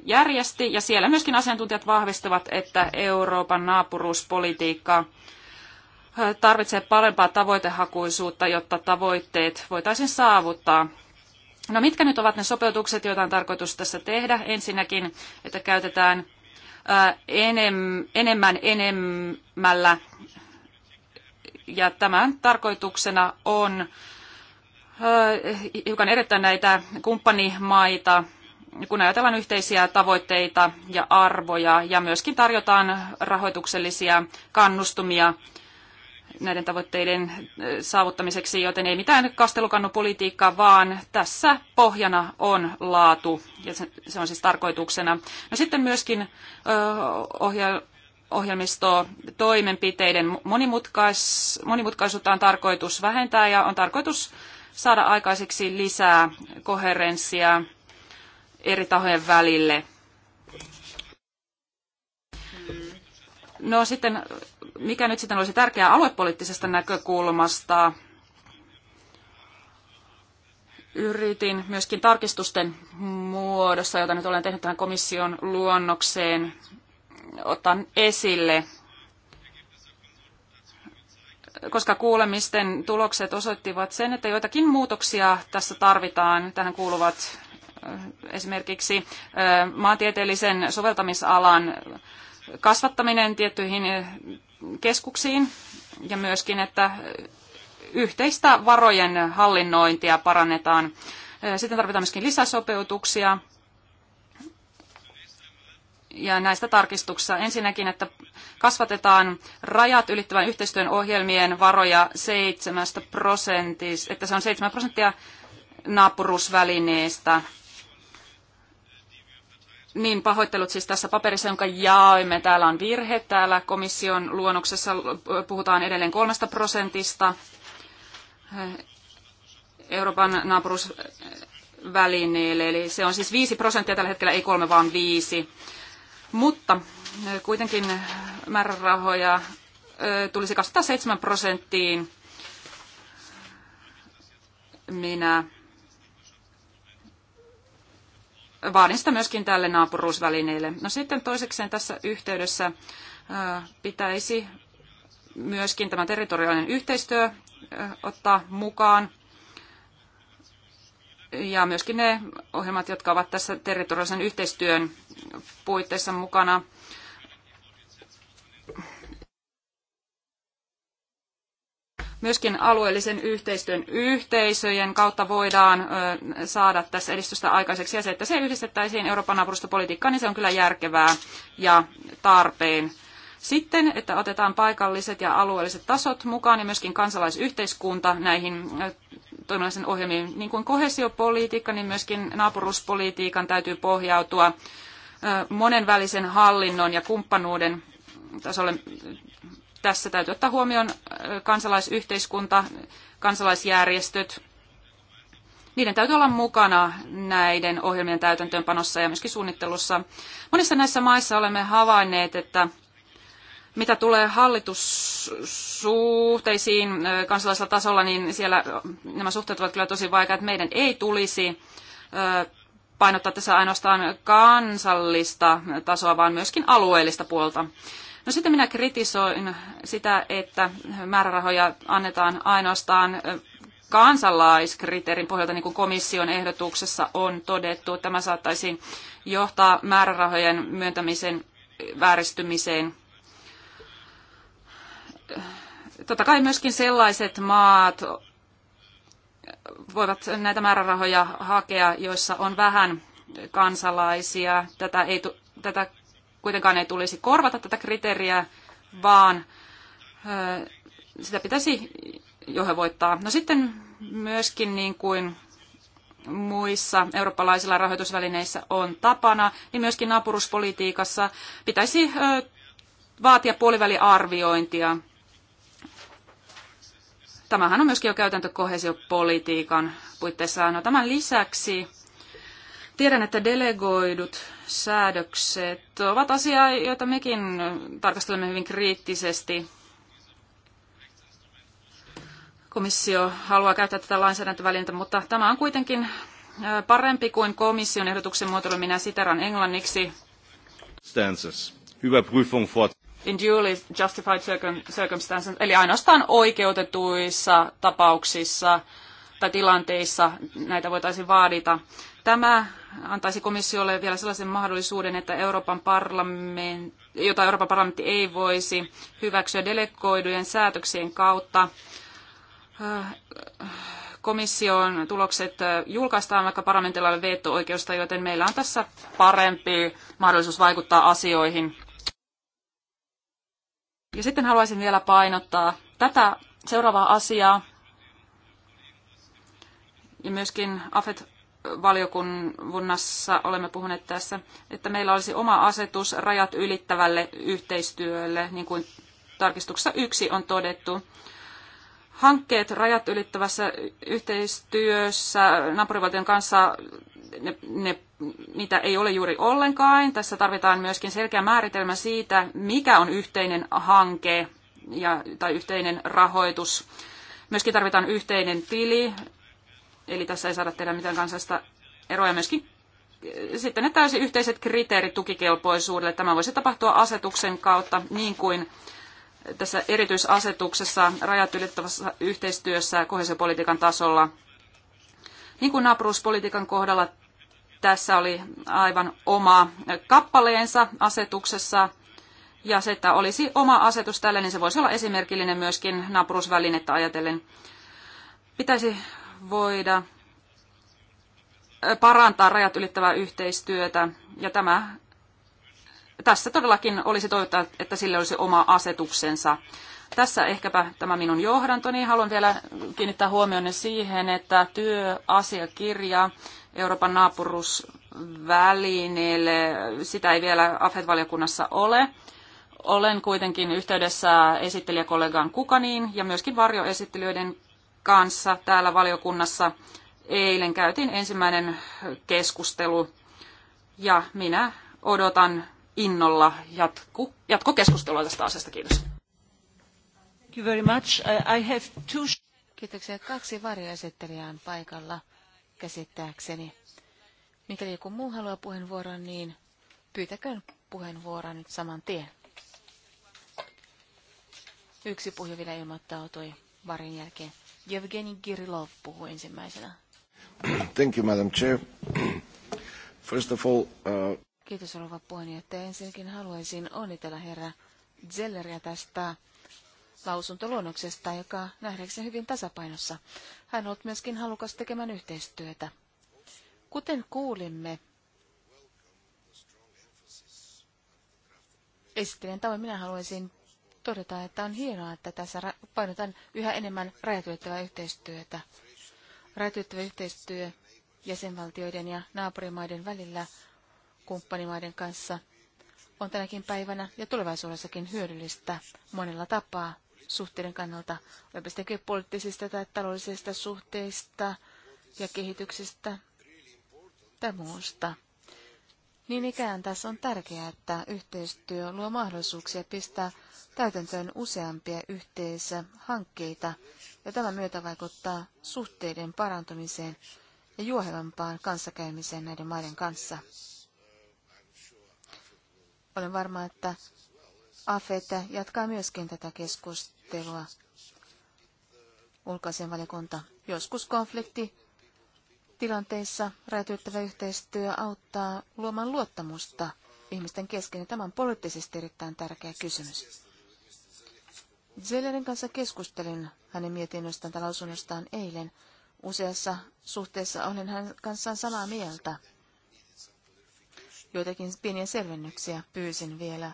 järjesti, ja siellä myöskin asiantuntijat vahvistavat, että Euroopan naapuruuspolitiikka tarvitsee parempaa tavoitehakuisuutta, jotta tavoitteet voitaisiin saavuttaa No mitkä nyt ovat ne sopeutukset, joita on tarkoitus tässä tehdä? Ensinnäkin, että käytetään enem, enemmän enemmällä ja tämän tarkoituksena on hiukan erittäin näitä kumppanimaita, kun ajatellaan yhteisiä tavoitteita ja arvoja ja myöskin tarjotaan rahoituksellisia kannustumia näiden tavoitteiden saavuttamiseksi, joten ei mitään kastelukannupolitiikkaa, vaan tässä pohjana on laatu, ja se on siis tarkoituksena. No sitten myöskin ohjelmisto toimenpiteiden monimutkais, monimutkaisuutta on tarkoitus vähentää ja on tarkoitus saada aikaiseksi lisää koherenssia eri tahojen välille – No sitten, mikä nyt sitten olisi tärkeää aluepoliittisesta näkökulmasta, yritin myöskin tarkistusten muodossa, jota nyt olen tehnyt tähän komission luonnokseen, otan esille, koska kuulemisten tulokset osoittivat sen, että joitakin muutoksia tässä tarvitaan. Tähän kuuluvat esimerkiksi maantieteellisen soveltamisalan kasvattaminen tiettyihin eh, keskuksiin ja myöskin, että yhteistä varojen hallinnointia parannetaan. Eh, sitten tarvitaan myöskin lisäsopeutuksia. Ja näistä tarkistuksista ensinnäkin, että kasvatetaan rajat ylittävän yhteistyön ohjelmien varoja 7 prosentista, että se on 7 prosenttia naapurusvälineestä niin, pahoittelut siis tässä paperissa, jonka jaoimme. Täällä on virhe. Täällä komission luonnoksessa puhutaan edelleen kolmesta prosentista. Euroopan naapuruusvälineelle, eli se on siis viisi prosenttia tällä hetkellä, ei kolme vaan viisi. Mutta kuitenkin määrärahoja tulisi seitsemän prosenttiin. Minä vaadin sitä myöskin tälle naapuruusvälineelle. No sitten toisekseen tässä yhteydessä pitäisi myöskin tämä territoriaalinen yhteistyö ottaa mukaan. Ja myöskin ne ohjelmat, jotka ovat tässä territoriaalisen yhteistyön puitteissa mukana – Myöskin alueellisen yhteistyön yhteisöjen kautta voidaan saada tässä edistystä aikaiseksi ja se, että se yhdistettäisiin Euroopan naapurustopolitiikkaan, niin se on kyllä järkevää ja tarpeen. Sitten, että otetaan paikalliset ja alueelliset tasot mukaan ja myöskin kansalaisyhteiskunta näihin toiminnallisen ohjelmiin, niin kuin kohesiopolitiikka, niin myöskin naapuruspolitiikan täytyy pohjautua monenvälisen hallinnon ja kumppanuuden tasolle tässä täytyy ottaa huomioon kansalaisyhteiskunta, kansalaisjärjestöt. Niiden täytyy olla mukana näiden ohjelmien täytäntöönpanossa ja myöskin suunnittelussa. Monissa näissä maissa olemme havainneet, että mitä tulee hallitussuhteisiin kansallisella tasolla, niin siellä nämä suhteet ovat kyllä tosi vaikeat. Meidän ei tulisi painottaa tässä ainoastaan kansallista tasoa, vaan myöskin alueellista puolta. No sitten minä kritisoin sitä, että määrärahoja annetaan ainoastaan kansalaiskriteerin pohjalta, niin kuin komission ehdotuksessa on todettu. Tämä saattaisi johtaa määrärahojen myöntämisen vääristymiseen. Totta kai myöskin sellaiset maat voivat näitä määrärahoja hakea, joissa on vähän kansalaisia. Tätä, ei, tätä kuitenkaan ei tulisi korvata tätä kriteeriä, vaan sitä pitäisi johevoittaa. No sitten myöskin niin kuin muissa eurooppalaisilla rahoitusvälineissä on tapana, niin myöskin naapuruspolitiikassa pitäisi vaatia puoliväliarviointia. Tämähän on myöskin jo käytäntö kohesiopolitiikan puitteissa. No, tämän lisäksi tiedän, että delegoidut säädökset ovat asia, joita mekin tarkastelemme hyvin kriittisesti. Komissio haluaa käyttää tätä lainsäädäntövälintä, mutta tämä on kuitenkin parempi kuin komission ehdotuksen muotoilu. Minä siteran englanniksi. Stances. Überprüfung fort. In duly justified circumstances, eli ainoastaan oikeutetuissa tapauksissa – tai tilanteissa näitä voitaisiin vaadita. Tämä antaisi komissiolle vielä sellaisen mahdollisuuden, että Euroopan parlamentti, jota Euroopan parlamentti ei voisi hyväksyä delegoidujen säätöksien kautta. Komission tulokset julkaistaan, vaikka parlamentilla ole veto-oikeusta, joten meillä on tässä parempi mahdollisuus vaikuttaa asioihin. Ja sitten haluaisin vielä painottaa tätä seuraavaa asiaa, ja myöskin AFET valiokunnassa olemme puhuneet tässä, että meillä olisi oma asetus rajat ylittävälle yhteistyölle, niin kuin tarkistuksessa yksi on todettu. Hankkeet rajat ylittävässä yhteistyössä naapurivaltion kanssa, ne, ne, niitä ei ole juuri ollenkaan. Tässä tarvitaan myöskin selkeä määritelmä siitä, mikä on yhteinen hanke ja, tai yhteinen rahoitus. Myöskin tarvitaan yhteinen tili, Eli tässä ei saada tehdä mitään kansallista eroa. Myöskin sitten ne täysin yhteiset kriteerit tukikelpoisuudelle. Tämä voisi tapahtua asetuksen kautta, niin kuin tässä erityisasetuksessa rajat ylittävässä yhteistyössä kohesiopolitiikan tasolla. Niin kuin naapuruuspolitiikan kohdalla tässä oli aivan oma kappaleensa asetuksessa, ja se, että olisi oma asetus tälle, niin se voisi olla esimerkillinen myöskin naapurusvälinettä ajatellen. Pitäisi voida äh, parantaa rajat ylittävää yhteistyötä. Ja tämä, tässä todellakin olisi toivottava, että sille olisi oma asetuksensa. Tässä ehkäpä tämä minun johdantoni. Haluan vielä kiinnittää huomionne siihen, että työasiakirja Euroopan naapurusvälineelle, sitä ei vielä AFET-valiokunnassa ole. Olen kuitenkin yhteydessä esittelijäkollegaan Kukaniin ja myöskin varjoesittelijöiden kanssa täällä valiokunnassa. Eilen käytiin ensimmäinen keskustelu ja minä odotan innolla jatku, jatkokeskustelua tästä asiasta. Kiitos. Thank you very much. I have two... Kiitoksia. Kaksi varjoesittelijää on paikalla käsittääkseni. Mikäli joku muu haluaa puheenvuoron, niin pyytäköön puheenvuoroa nyt saman tien. Yksi puhuja vielä ilmoittautui varin jälkeen. Evgeni Kirilov puhuu ensimmäisenä. Thank you, Madam Chair. First of all, uh... Kiitos rouva puheenjohtaja. Ensinnäkin haluaisin onnitella herra Zelleria tästä lausuntoluonnoksesta, joka nähdäkseni hyvin tasapainossa. Hän on ollut myöskin halukas tekemään yhteistyötä. Kuten kuulimme, esittelen tavoin minä haluaisin todeta, että on hienoa, että tässä painotan yhä enemmän rajatyöttävää yhteistyötä. Rajatyöttävä yhteistyö jäsenvaltioiden ja naapurimaiden välillä kumppanimaiden kanssa on tänäkin päivänä ja tulevaisuudessakin hyödyllistä monella tapaa suhteiden kannalta, Olemme sitten poliittisista tai taloudellisista suhteista ja kehityksestä tai muusta. Niin ikään tässä on tärkeää, että yhteistyö luo mahdollisuuksia pistää täytäntöön useampia hankkeita ja tämä myötä vaikuttaa suhteiden parantumiseen ja juohevampaan kanssakäymiseen näiden maiden kanssa. Olen varma, että AFET jatkaa myöskin tätä keskustelua. Ulkoisen joskus konflikti tilanteissa räätyyttävä yhteistyö auttaa luomaan luottamusta ihmisten kesken. Tämä on poliittisesti erittäin tärkeä kysymys. Zellerin kanssa keskustelin hänen mietinnöstään tai lausunnostaan eilen. Useassa suhteessa olen hänen kanssaan samaa mieltä. Joitakin pieniä selvennyksiä pyysin vielä.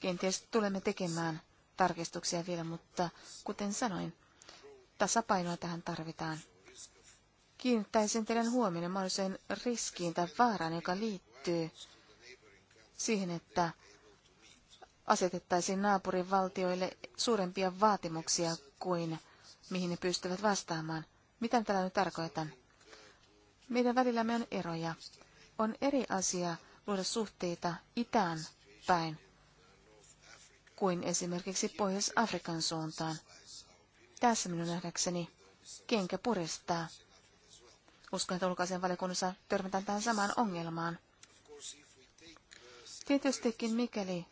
Kenties tulemme tekemään tarkistuksia vielä, mutta kuten sanoin, Tasapainoa tähän tarvitaan. Kiinnittäisin teidän huomioon mahdolliseen riskiin tai vaaraan, joka liittyy siihen, että asetettaisiin naapurin valtioille suurempia vaatimuksia kuin mihin ne pystyvät vastaamaan. Mitä tällä nyt tarkoitan? Meidän välillämme on eroja. On eri asia luoda suhteita itään päin kuin esimerkiksi Pohjois-Afrikan suuntaan. Tässä minun nähdäkseni kenkä puristaa. Uskon, että ulkoisen valiokunnassa törmätään tähän samaan ongelmaan. Tietystikin mikäli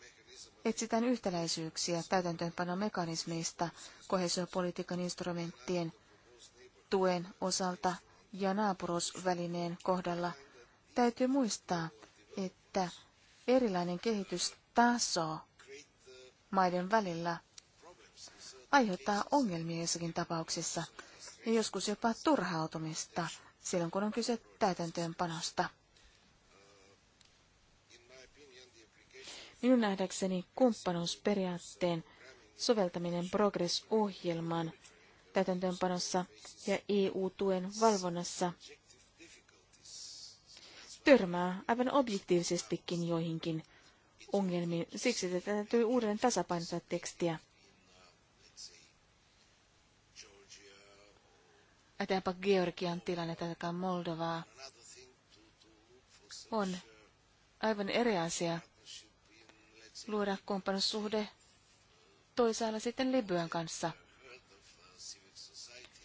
etsitään yhtäläisyyksiä täytäntöönpanomekanismeista kohesiopolitiikan instrumenttien tuen osalta ja naapurusvälineen kohdalla, täytyy muistaa, että erilainen kehitystaso maiden välillä aiheuttaa ongelmia jossakin tapauksissa ja joskus jopa turhautumista silloin, kun on kyse täytäntöönpanosta. Minun nähdäkseni kumppanuusperiaatteen soveltaminen Progress-ohjelman täytäntöönpanossa ja EU-tuen valvonnassa törmää aivan objektiivisestikin joihinkin ongelmiin. Siksi täytyy uudelleen tasapainottaa tekstiä. ajatellaanpa Georgian tilannetta tai Moldovaa, on aivan eri asia luoda kumppanussuhde toisaalla sitten Libyan kanssa.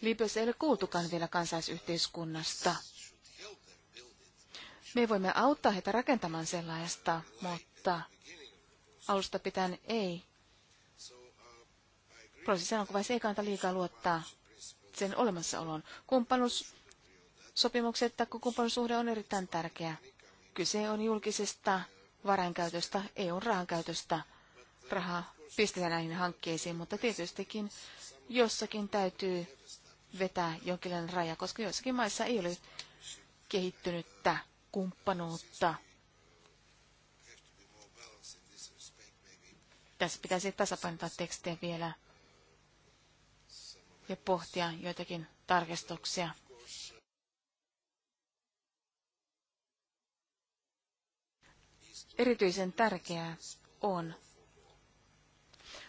Libyassa ei ole kuultukaan vielä kansaisyhteiskunnasta. Me voimme auttaa heitä rakentamaan sellaista, mutta alusta pitäen ei. Prosessin alkuvaiheessa ei kannata liikaa luottaa sen olemassaolon. Kumppanuussopimukset tai kumppanuussuhde on erittäin tärkeä. Kyse on julkisesta varainkäytöstä, EUn rahankäytöstä. Rahaa pistetään näihin hankkeisiin, mutta tietystikin jossakin täytyy vetää jonkinlainen raja, koska joissakin maissa ei ole kehittynyttä kumppanuutta. Tässä pitäisi tasapainottaa tekstejä vielä ja pohtia joitakin tarkistuksia. Erityisen tärkeää on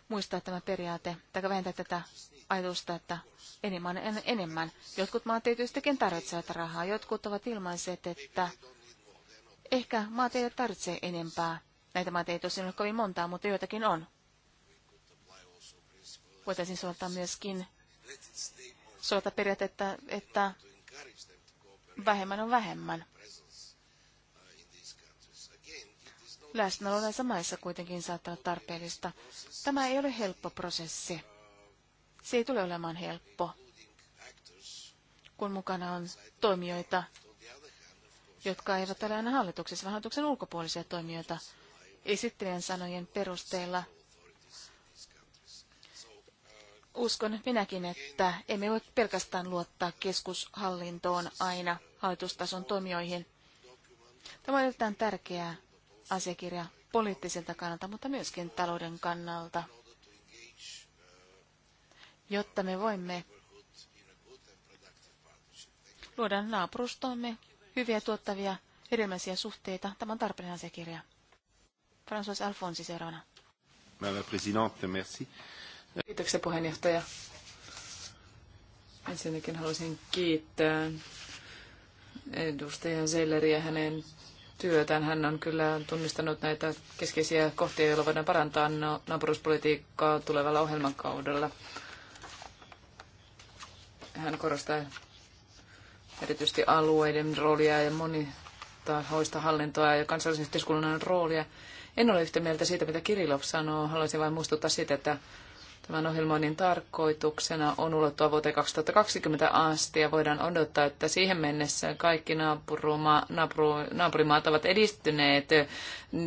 muistaa tämä periaate, tai vähentää tätä ajatusta, että enemmän en, enemmän. Jotkut maat tietystikin tarvitsevat rahaa, jotkut ovat ilmaiset, että ehkä maat eivät tarvitse enempää. Näitä maat ei tosin ole kovin montaa, mutta joitakin on. Voitaisiin soveltaa myöskin sellaista periaatetta, että vähemmän on vähemmän. Läsnäolo näissä maissa kuitenkin saattaa olla tarpeellista. Tämä ei ole helppo prosessi. Se ei tule olemaan helppo, kun mukana on toimijoita, jotka eivät ole aina hallituksessa, vaan hallituksen ulkopuolisia toimijoita. Esittelijän sanojen perusteella uskon minäkin, että emme voi pelkästään luottaa keskushallintoon aina hallitustason toimijoihin. Tämä on erittäin tärkeä asiakirja poliittiselta kannalta, mutta myöskin talouden kannalta, jotta me voimme luoda naapurustoomme hyviä tuottavia erilaisia suhteita. Tämä on tarpeellinen asiakirja. François Alfonsi seuraavana. Madame la Présidente, merci. Kiitoksia puheenjohtaja. Ensinnäkin haluaisin kiittää edustaja zelleriä hänen työtään. Hän on kyllä tunnistanut näitä keskeisiä kohtia, joilla voidaan parantaa no- naapuruspolitiikkaa tulevalla ohjelmakaudella. Hän korostaa erityisesti alueiden roolia ja monitahoista hallintoa ja kansallisen yhteiskunnan roolia. En ole yhtä mieltä siitä, mitä Kirilov sanoo. Haluaisin vain muistuttaa siitä, että Tämän ohjelmoinnin tarkoituksena on ulottua vuoteen 2020 asti ja voidaan odottaa, että siihen mennessä kaikki naapuruma, naapuru, naapurimaat ovat edistyneet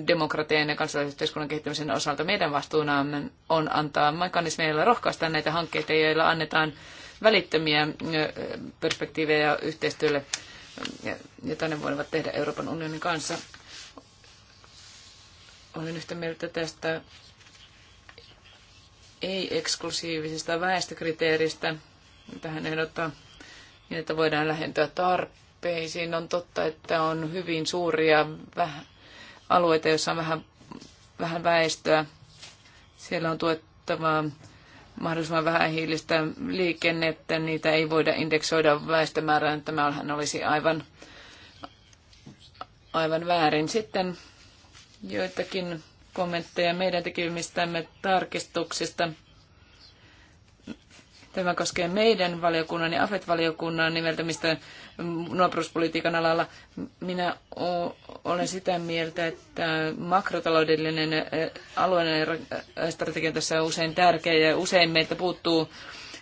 demokratian ja kansalaisyhteiskunnan kehittämisen osalta. Meidän vastuunamme on antaa mekanismeilla rohkaista näitä hankkeita, joilla annetaan välittömiä perspektiivejä yhteistyölle, jota ne voivat tehdä Euroopan unionin kanssa. Olen yhtä mieltä tästä ei-eksklusiivisesta väestökriteeristä, tähän ehdottaa, niin että voidaan lähentyä tarpeisiin. On totta, että on hyvin suuria alueita, joissa on vähän, vähän väestöä. Siellä on tuettava mahdollisimman vähän hiilistä liikennettä, niitä ei voida indeksoida väestömäärään. Tämähän olisi aivan, aivan väärin. Sitten joitakin kommentteja meidän tekemistämme tarkistuksista. Tämä koskee meidän valiokunnan ja AFET-valiokunnan nimeltämistä nuoruuspolitiikan alalla. Minä olen sitä mieltä, että makrotaloudellinen alueellinen strategia tässä on usein tärkeä ja usein meiltä puuttuu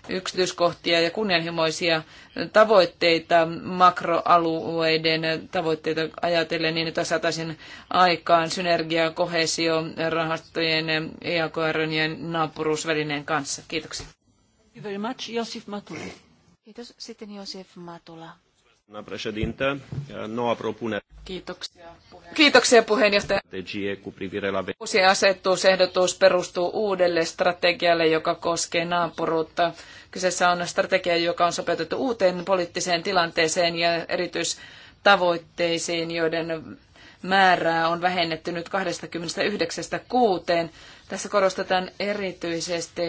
yksityiskohtia ja kunnianhimoisia tavoitteita makroalueiden tavoitteita ajatellen niin, että saataisiin aikaan synergiaa kohesio rahastojen, EAKR ja naapuruusvälineen kanssa. Kiitoksia. Thank you very much, Josif Matula. Kiitos. Sitten Josif Matula. Doamna președintă, noua Kiitoksia Kiitoksia puheenjohtaja. Uusi asettuusehdotus perustuu uudelle strategialle, joka koskee naapuruutta. Kyseessä on strategia, joka on sopeutettu uuteen poliittiseen tilanteeseen ja erityistavoitteisiin, joiden määrää on vähennetty nyt 29.6. Tässä korostetaan erityisesti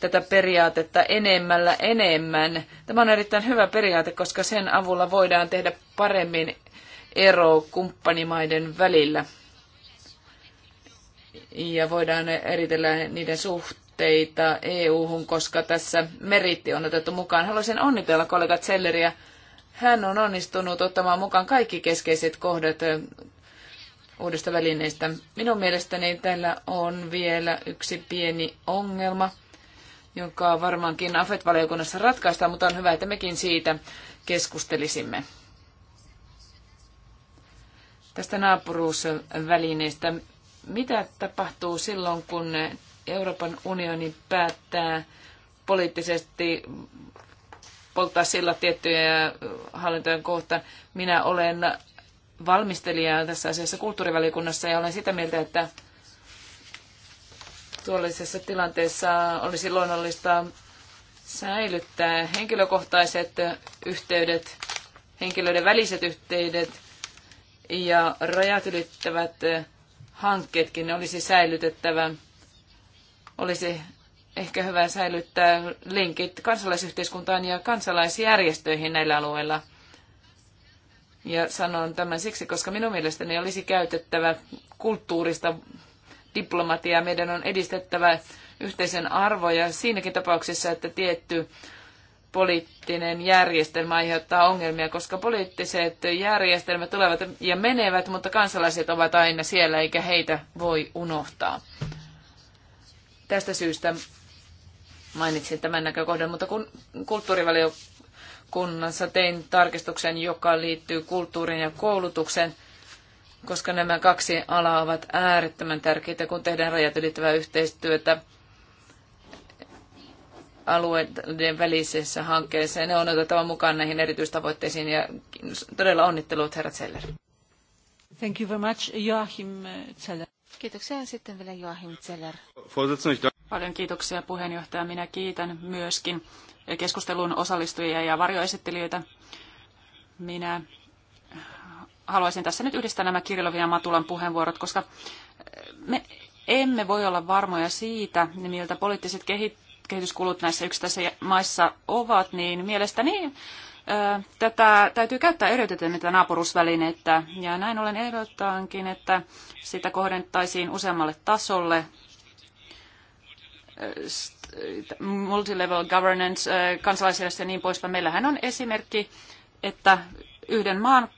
tätä periaatetta enemmällä enemmän. Tämä on erittäin hyvä periaate, koska sen avulla voidaan tehdä paremmin ero kumppanimaiden välillä. Ja voidaan eritellä niiden suhteita EU-hun, koska tässä meritti on otettu mukaan. Haluaisin onnitella kollega Zelleriä. Hän on onnistunut ottamaan mukaan kaikki keskeiset kohdat uudesta välineestä. Minun mielestäni tällä on vielä yksi pieni ongelma, joka varmaankin AFET-valiokunnassa ratkaistaan, mutta on hyvä, että mekin siitä keskustelisimme tästä naapuruusvälineestä. Mitä tapahtuu silloin, kun Euroopan unioni päättää poliittisesti polttaa sillä tiettyjä hallintojen kohta. Minä olen valmistelija tässä asiassa kulttuurivaliokunnassa ja olen sitä mieltä, että tuollisessa tilanteessa olisi luonnollista säilyttää henkilökohtaiset yhteydet, henkilöiden väliset yhteydet – ja rajat ylittävät eh, hankkeetkin ne olisi säilytettävä. Olisi ehkä hyvä säilyttää linkit kansalaisyhteiskuntaan ja kansalaisjärjestöihin näillä alueilla. Ja sanon tämän siksi, koska minun mielestäni olisi käytettävä kulttuurista diplomatiaa. Meidän on edistettävä yhteisen arvoja siinäkin tapauksessa, että tietty poliittinen järjestelmä aiheuttaa ongelmia, koska poliittiset järjestelmät tulevat ja menevät, mutta kansalaiset ovat aina siellä eikä heitä voi unohtaa. Tästä syystä mainitsin tämän näkökohdan, mutta kun kulttuurivaliokunnassa tein tarkistuksen, joka liittyy kulttuurin ja koulutuksen, koska nämä kaksi alaa ovat äärettömän tärkeitä, kun tehdään rajat ylittävää yhteistyötä – alueiden välisessä hankkeessa. Ja ne on otettava mukaan näihin erityistavoitteisiin ja todella onnittelut herra Zeller. Thank you very much, Joachim eh, Zeller. Kiitoksia sitten vielä Joachim Zeller. Paljon kiitoksia puheenjohtaja. Minä kiitän myöskin keskustelun osallistujia ja varjoesittelijöitä. Minä haluaisin tässä nyt yhdistää nämä Kirilovin ja Matulan puheenvuorot, koska me emme voi olla varmoja siitä, miltä poliittiset kehittyvät kehityskulut näissä yksittäisissä maissa ovat, niin mielestäni tätä täytyy käyttää tätä naapuruusvälineitä. Ja näin olen ehdottaankin, että sitä kohdentaisiin useammalle tasolle. Multilevel governance, kansalaisjärjestö ja niin poispäin. Meillähän on esimerkki, että yhden maan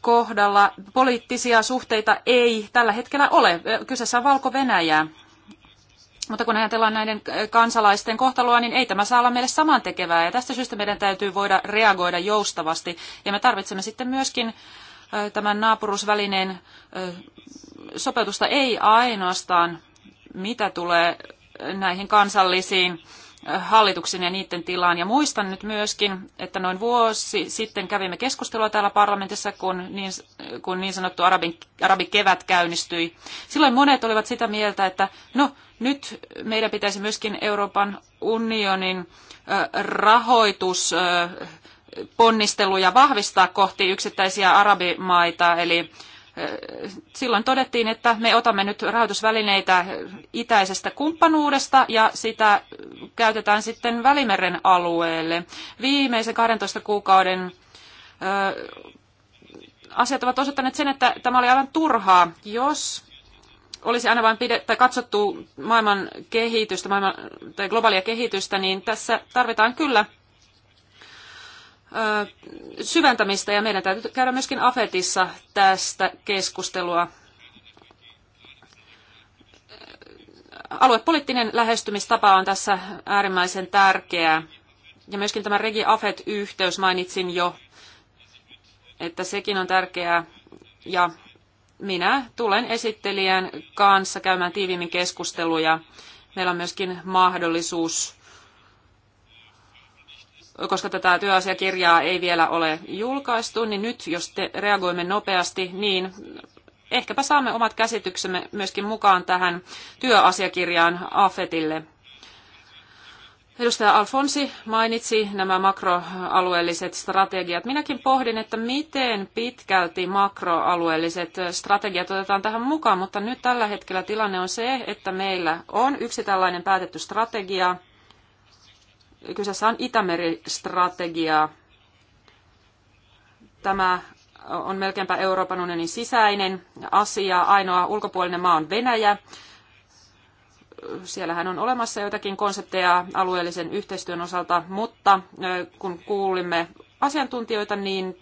kohdalla poliittisia suhteita ei tällä hetkellä ole. Kyseessä on Valko-Venäjä. Mutta kun ajatellaan näiden kansalaisten kohtaloa, niin ei tämä saa olla meille samantekevää. Ja tästä syystä meidän täytyy voida reagoida joustavasti. Ja me tarvitsemme sitten myöskin tämän naapuruusvälineen sopeutusta ei ainoastaan, mitä tulee näihin kansallisiin hallituksen ja niiden tilaan. Ja muistan nyt myöskin, että noin vuosi sitten kävimme keskustelua täällä parlamentissa, kun niin, kun niin sanottu arabin, arabikevät käynnistyi. Silloin monet olivat sitä mieltä, että no, nyt meidän pitäisi myöskin Euroopan unionin rahoitus ponnisteluja vahvistaa kohti yksittäisiä arabimaita, eli silloin todettiin, että me otamme nyt rahoitusvälineitä itäisestä kumppanuudesta ja sitä käytetään sitten Välimeren alueelle. Viimeisen 12 kuukauden asiat ovat osoittaneet sen, että tämä oli aivan turhaa. Jos olisi aina vain pide, tai katsottu maailman kehitystä maailman, tai globaalia kehitystä, niin tässä tarvitaan kyllä ö, syventämistä ja meidän täytyy käydä myöskin AFETissa tästä keskustelua. Aluepoliittinen lähestymistapa on tässä äärimmäisen tärkeää. Ja myöskin tämä Regi Afet-yhteys mainitsin jo, että sekin on tärkeää. Ja minä tulen esittelijän kanssa käymään tiiviimmin keskusteluja. Meillä on myöskin mahdollisuus, koska tätä työasiakirjaa ei vielä ole julkaistu, niin nyt jos te reagoimme nopeasti, niin ehkäpä saamme omat käsityksemme myöskin mukaan tähän työasiakirjaan AFETille. Edustaja Alfonsi mainitsi nämä makroalueelliset strategiat. Minäkin pohdin, että miten pitkälti makroalueelliset strategiat otetaan tähän mukaan, mutta nyt tällä hetkellä tilanne on se, että meillä on yksi tällainen päätetty strategia. Kyseessä on Itämeri-strategia. Tämä on melkeinpä Euroopan unionin sisäinen asia. Ainoa ulkopuolinen maa on Venäjä siellähän on olemassa joitakin konsepteja alueellisen yhteistyön osalta, mutta kun kuulimme asiantuntijoita, niin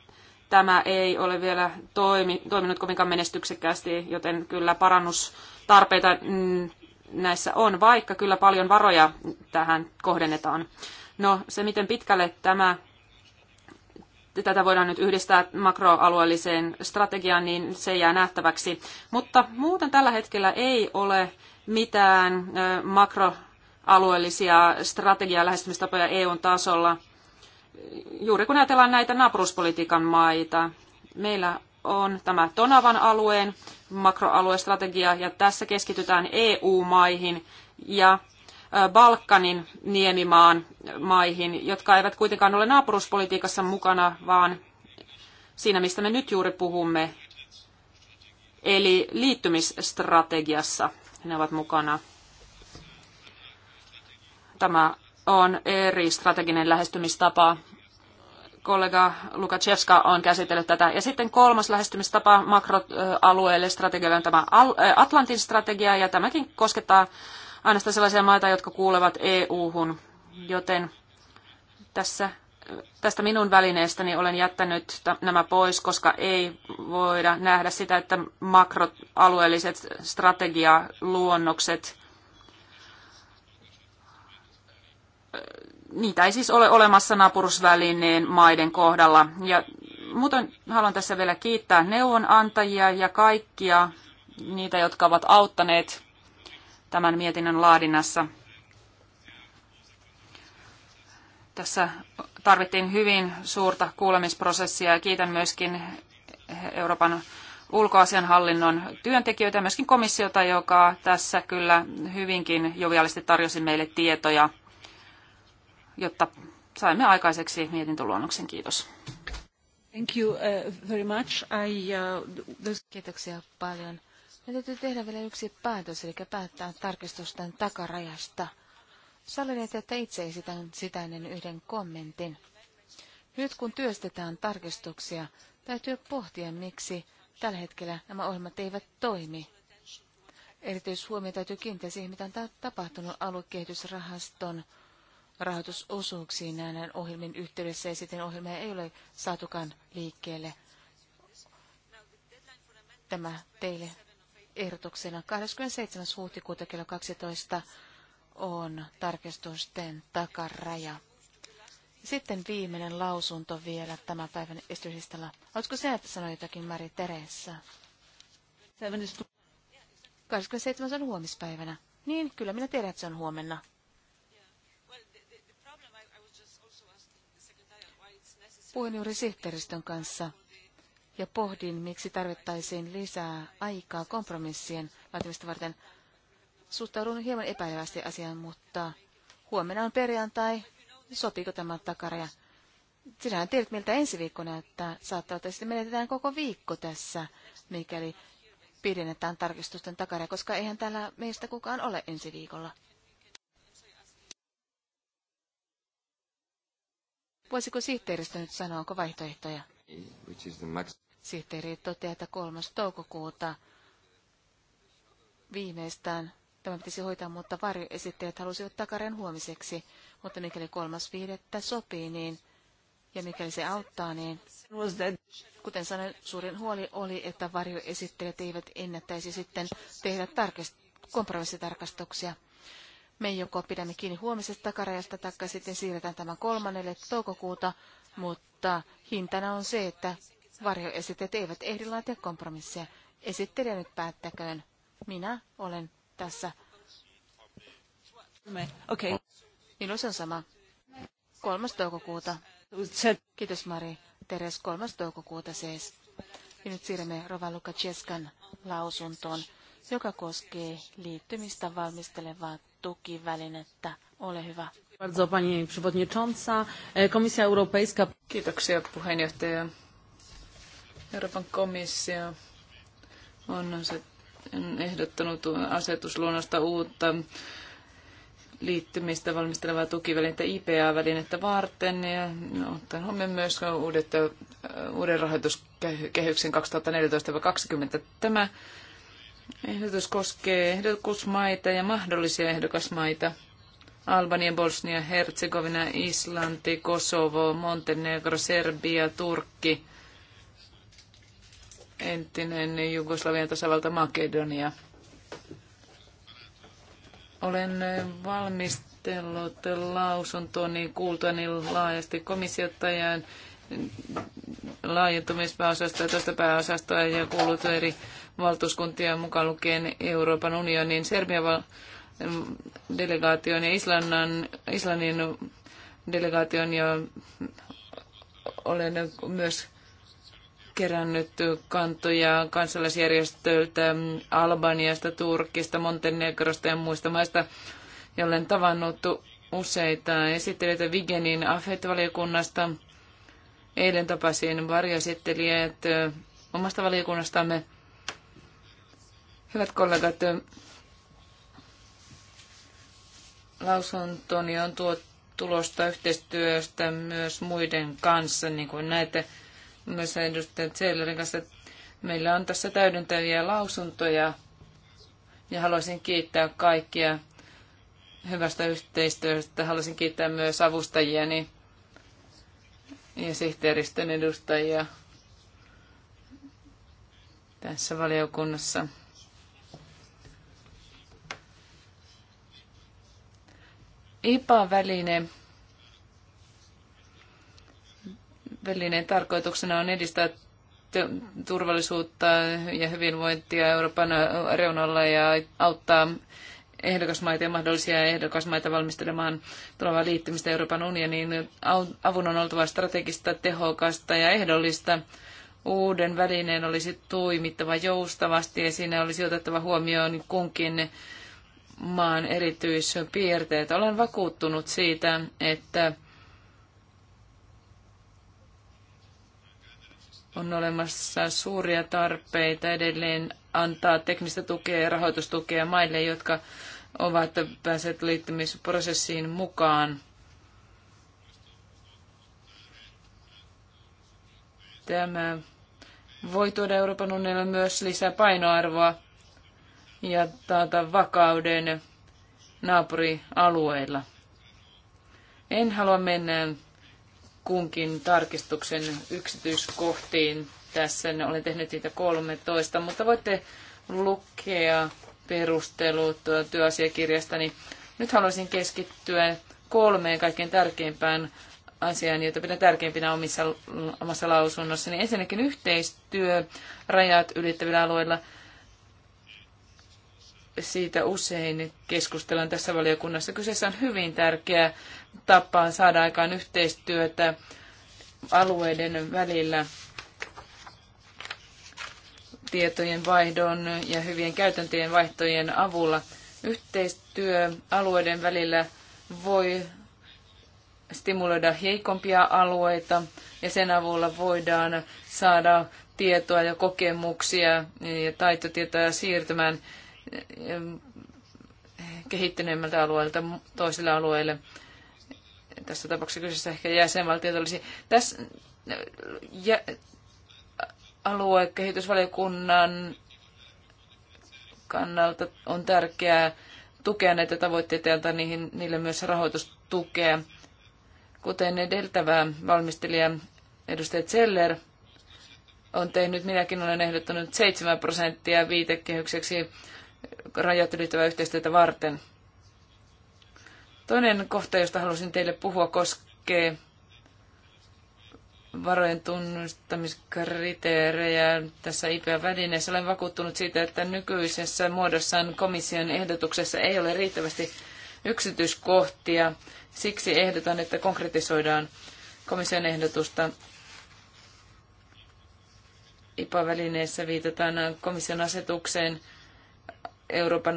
tämä ei ole vielä toimi, toiminut kovinkaan menestyksekkäästi, joten kyllä parannustarpeita mm, näissä on, vaikka kyllä paljon varoja tähän kohdennetaan. No se, miten pitkälle tämä, tätä voidaan nyt yhdistää makroalueelliseen strategiaan, niin se jää nähtäväksi. Mutta muuten tällä hetkellä ei ole mitään makroalueellisia strategiaa lähestymistapoja EUn tasolla. Juuri kun ajatellaan näitä naapuruspolitiikan maita, meillä on tämä Tonavan alueen makroaluestrategia ja tässä keskitytään EU-maihin ja Balkanin niemimaan maihin, jotka eivät kuitenkaan ole naapuruspolitiikassa mukana, vaan siinä, mistä me nyt juuri puhumme, eli liittymisstrategiassa ne ovat mukana. Tämä on eri strateginen lähestymistapa. Kollega Lukaczewska on käsitellyt tätä. Ja sitten kolmas lähestymistapa makroalueelle strategialle on tämä äh, Atlantin strategia, ja tämäkin koskettaa ainoastaan sellaisia maita, jotka kuulevat EU-hun, joten tässä tästä minun välineestäni olen jättänyt nämä pois, koska ei voida nähdä sitä, että makroalueelliset strategialuonnokset, niitä ei siis ole olemassa naapurusvälineen maiden kohdalla. Ja muuten haluan tässä vielä kiittää neuvonantajia ja kaikkia niitä, jotka ovat auttaneet tämän mietinnön laadinnassa. Tässä tarvittiin hyvin suurta kuulemisprosessia ja kiitän myöskin Euroopan ulkoasianhallinnon työntekijöitä ja myöskin komissiota, joka tässä kyllä hyvinkin joviallisesti tarjosi meille tietoja, jotta saimme aikaiseksi mietintöluonnoksen. Kiitos. Thank you uh, very much. I, uh, Kiitoksia paljon. Me täytyy tehdä vielä yksi päätös, eli päättää tarkistusten takarajasta. Sallineet, että itse esitän sitä ennen yhden kommentin. Nyt kun työstetään tarkistuksia, täytyy pohtia, miksi tällä hetkellä nämä ohjelmat eivät toimi. Erityishuomio täytyy kiinnittää siihen, mitä on tapahtunut aluekehitysrahaston rahoitusosuuksiin näiden ohjelmin yhteydessä, ja sitten ohjelmia ei ole saatukaan liikkeelle. Tämä teille ehdotuksena 27. huhtikuuta kello 12 on tarkistusten takaraja. Sitten viimeinen lausunto vielä tämän päivän esityslistalla. Oletko sinä, että sanoi jotakin Mari Teressa? 27. on huomispäivänä. Niin, kyllä minä tiedän, että se on huomenna. Puhuin juuri sihteeristön kanssa ja pohdin, miksi tarvittaisiin lisää aikaa kompromissien laatimista varten suhtaudun hieman epäilevästi asiaan, mutta huomenna on perjantai. Sopiiko tämä takaraja? Sinähän tiedät, miltä ensi viikko näyttää. Saattaa, että menetetään koko viikko tässä, mikäli pidennetään tarkistusten takaraja, koska eihän täällä meistä kukaan ole ensi viikolla. Voisiko sihteeristö nyt sanoa, onko vaihtoehtoja? Sihteeri toteaa, että 3. toukokuuta viimeistään tämä pitäisi hoitaa, mutta varjoesittäjät halusivat takaren huomiseksi. Mutta mikäli kolmas viidettä sopii, niin ja mikäli se auttaa, niin kuten sanoin, suurin huoli oli, että varjoesittelijät eivät ennättäisi sitten tehdä tarkist- kompromissitarkastuksia. Me joko pidämme kiinni huomisesta takarajasta, taikka sitten siirretään tämä kolmannelle toukokuuta, mutta hintana on se, että varjoesittelijät eivät ehdi laatia kompromisseja. Esittelijä nyt päättäköön. Minä olen tässä. Okei, okay. minulla se on sama. 3. toukokuuta. Kiitos Mari. Teres 3. toukokuuta siis. Ja nyt siirrymme Rovaluka Cheskan lausuntoon, joka koskee liittymistä valmistelevaa tukivälinettä. Ole hyvä. Bardzo e, Europejska. Kiitoksia puheenjohtaja. Euroopan komissio on asettanut ehdottanut asetusluonnosta uutta liittymistä valmistelevaa tukivälinettä IPA-välinettä varten ja ottaen huomioon myös uudet, uuden rahoituskehyksen 2014-2020. Tämä ehdotus koskee ehdokusmaita ja mahdollisia ehdokasmaita. Albania, Bosnia, Herzegovina, Islanti, Kosovo, Montenegro, Serbia, Turkki – entinen Jugoslavian tasavalta Makedonia. Olen valmistellut lausuntoni kuultani laajasti komissiota ja laajentumispääosastoa ja toista pääosastoa ja kuullut eri valtuuskuntia mukaan lukien Euroopan unionin, Serbian delegaation ja Islannan, Islannin delegaation ja olen myös kerännyt kantoja kansalaisjärjestöiltä Albaniasta, Turkista, Montenegrosta ja muista maista, ja olen tavannut useita esittelijöitä Vigenin AFET-valiokunnasta. Eilen tapasin varjoesittelijät omasta valiokunnastamme. Hyvät kollegat, lausuntoni on tuo tulosta yhteistyöstä myös muiden kanssa, niin kuin näette noissa edustaja Zellerin kanssa. Meillä on tässä täydentäviä lausuntoja ja haluaisin kiittää kaikkia hyvästä yhteistyöstä. Haluaisin kiittää myös avustajieni ja sihteeristön edustajia tässä valiokunnassa. IPA-väline Välineen tarkoituksena on edistää turvallisuutta ja hyvinvointia Euroopan reunalla ja auttaa ehdokasmaita ja mahdollisia ehdokasmaita valmistelemaan tulevaa liittymistä Euroopan unioniin. Avun on oltava strategista, tehokasta ja ehdollista. Uuden välineen olisi toimittava joustavasti ja siinä olisi otettava huomioon kunkin maan erityispiirteet. Olen vakuuttunut siitä, että on olemassa suuria tarpeita edelleen antaa teknistä tukea ja rahoitustukea maille, jotka ovat päässeet liittymisprosessiin mukaan. Tämä voi tuoda Euroopan unionille myös lisää painoarvoa ja taata vakauden naapurialueilla. En halua mennä kunkin tarkistuksen yksityiskohtiin. Tässä olen tehnyt niitä 13, mutta voitte lukea perustelut työasiakirjastani. Nyt haluaisin keskittyä kolmeen kaikkein tärkeimpään asiaan, jota pidän tärkeimpinä omissa, omassa lausunnossani. Ensinnäkin yhteistyö rajat ylittävillä alueilla. Siitä usein keskustellaan tässä valiokunnassa. Kyseessä on hyvin tärkeä tapaa saada aikaan yhteistyötä alueiden välillä tietojen vaihdon ja hyvien käytäntöjen vaihtojen avulla. Yhteistyö alueiden välillä voi stimuloida heikompia alueita ja sen avulla voidaan saada tietoa ja kokemuksia ja taitotietoja siirtymään eh, kehittyneemmältä alueelta toiselle alueelle tässä tapauksessa kyseessä ehkä jäsenvaltiot olisi. Tässä ja, aluekehitysvaliokunnan kannalta on tärkeää tukea näitä tavoitteita ja antaa niihin, niille myös rahoitustukea. Kuten edeltävä valmistelija edustaja Zeller on tehnyt, minäkin olen ehdottanut 7 prosenttia viitekehykseksi rajat ylittävää yhteistyötä varten – Toinen kohta, josta halusin teille puhua, koskee varojen tunnustamiskriteerejä tässä IPA-välineessä. Olen vakuuttunut siitä, että nykyisessä muodossaan komission ehdotuksessa ei ole riittävästi yksityiskohtia. Siksi ehdotan, että konkretisoidaan komission ehdotusta. IPA-välineessä viitataan komission asetukseen Euroopan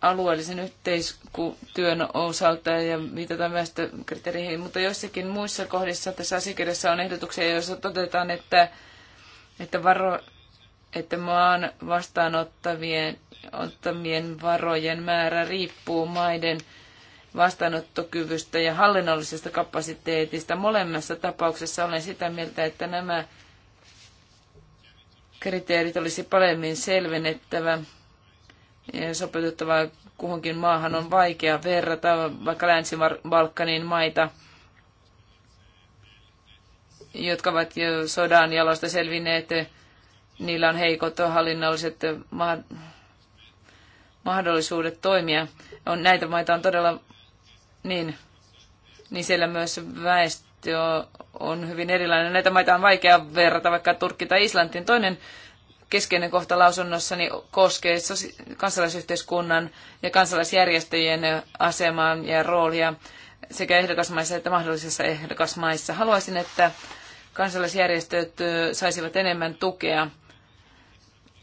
alueellisen yhteistyön osalta ja viitataan väestökriteereihin, mutta joissakin muissa kohdissa tässä asiakirjassa on ehdotuksia, joissa todetaan, että, että, varo, että maan vastaanottavien ottamien varojen määrä riippuu maiden vastaanottokyvystä ja hallinnollisesta kapasiteetista. Molemmassa tapauksessa olen sitä mieltä, että nämä kriteerit olisi paremmin selvennettävä sopeutettava kuhunkin maahan on vaikea verrata, vaikka Länsi-Balkanin maita, jotka ovat jo sodan jalosta selvinneet, niillä on heikot hallinnolliset mahdollisuudet toimia. On, näitä maita on todella niin, niin siellä myös väestö on hyvin erilainen. Näitä maita on vaikea verrata vaikka Turkki tai Islantiin. Toinen keskeinen kohta lausunnossani koskee kansalaisyhteiskunnan ja kansalaisjärjestöjen asemaa ja roolia sekä ehdokasmaissa että mahdollisissa ehdokasmaissa. Haluaisin, että kansalaisjärjestöt saisivat enemmän tukea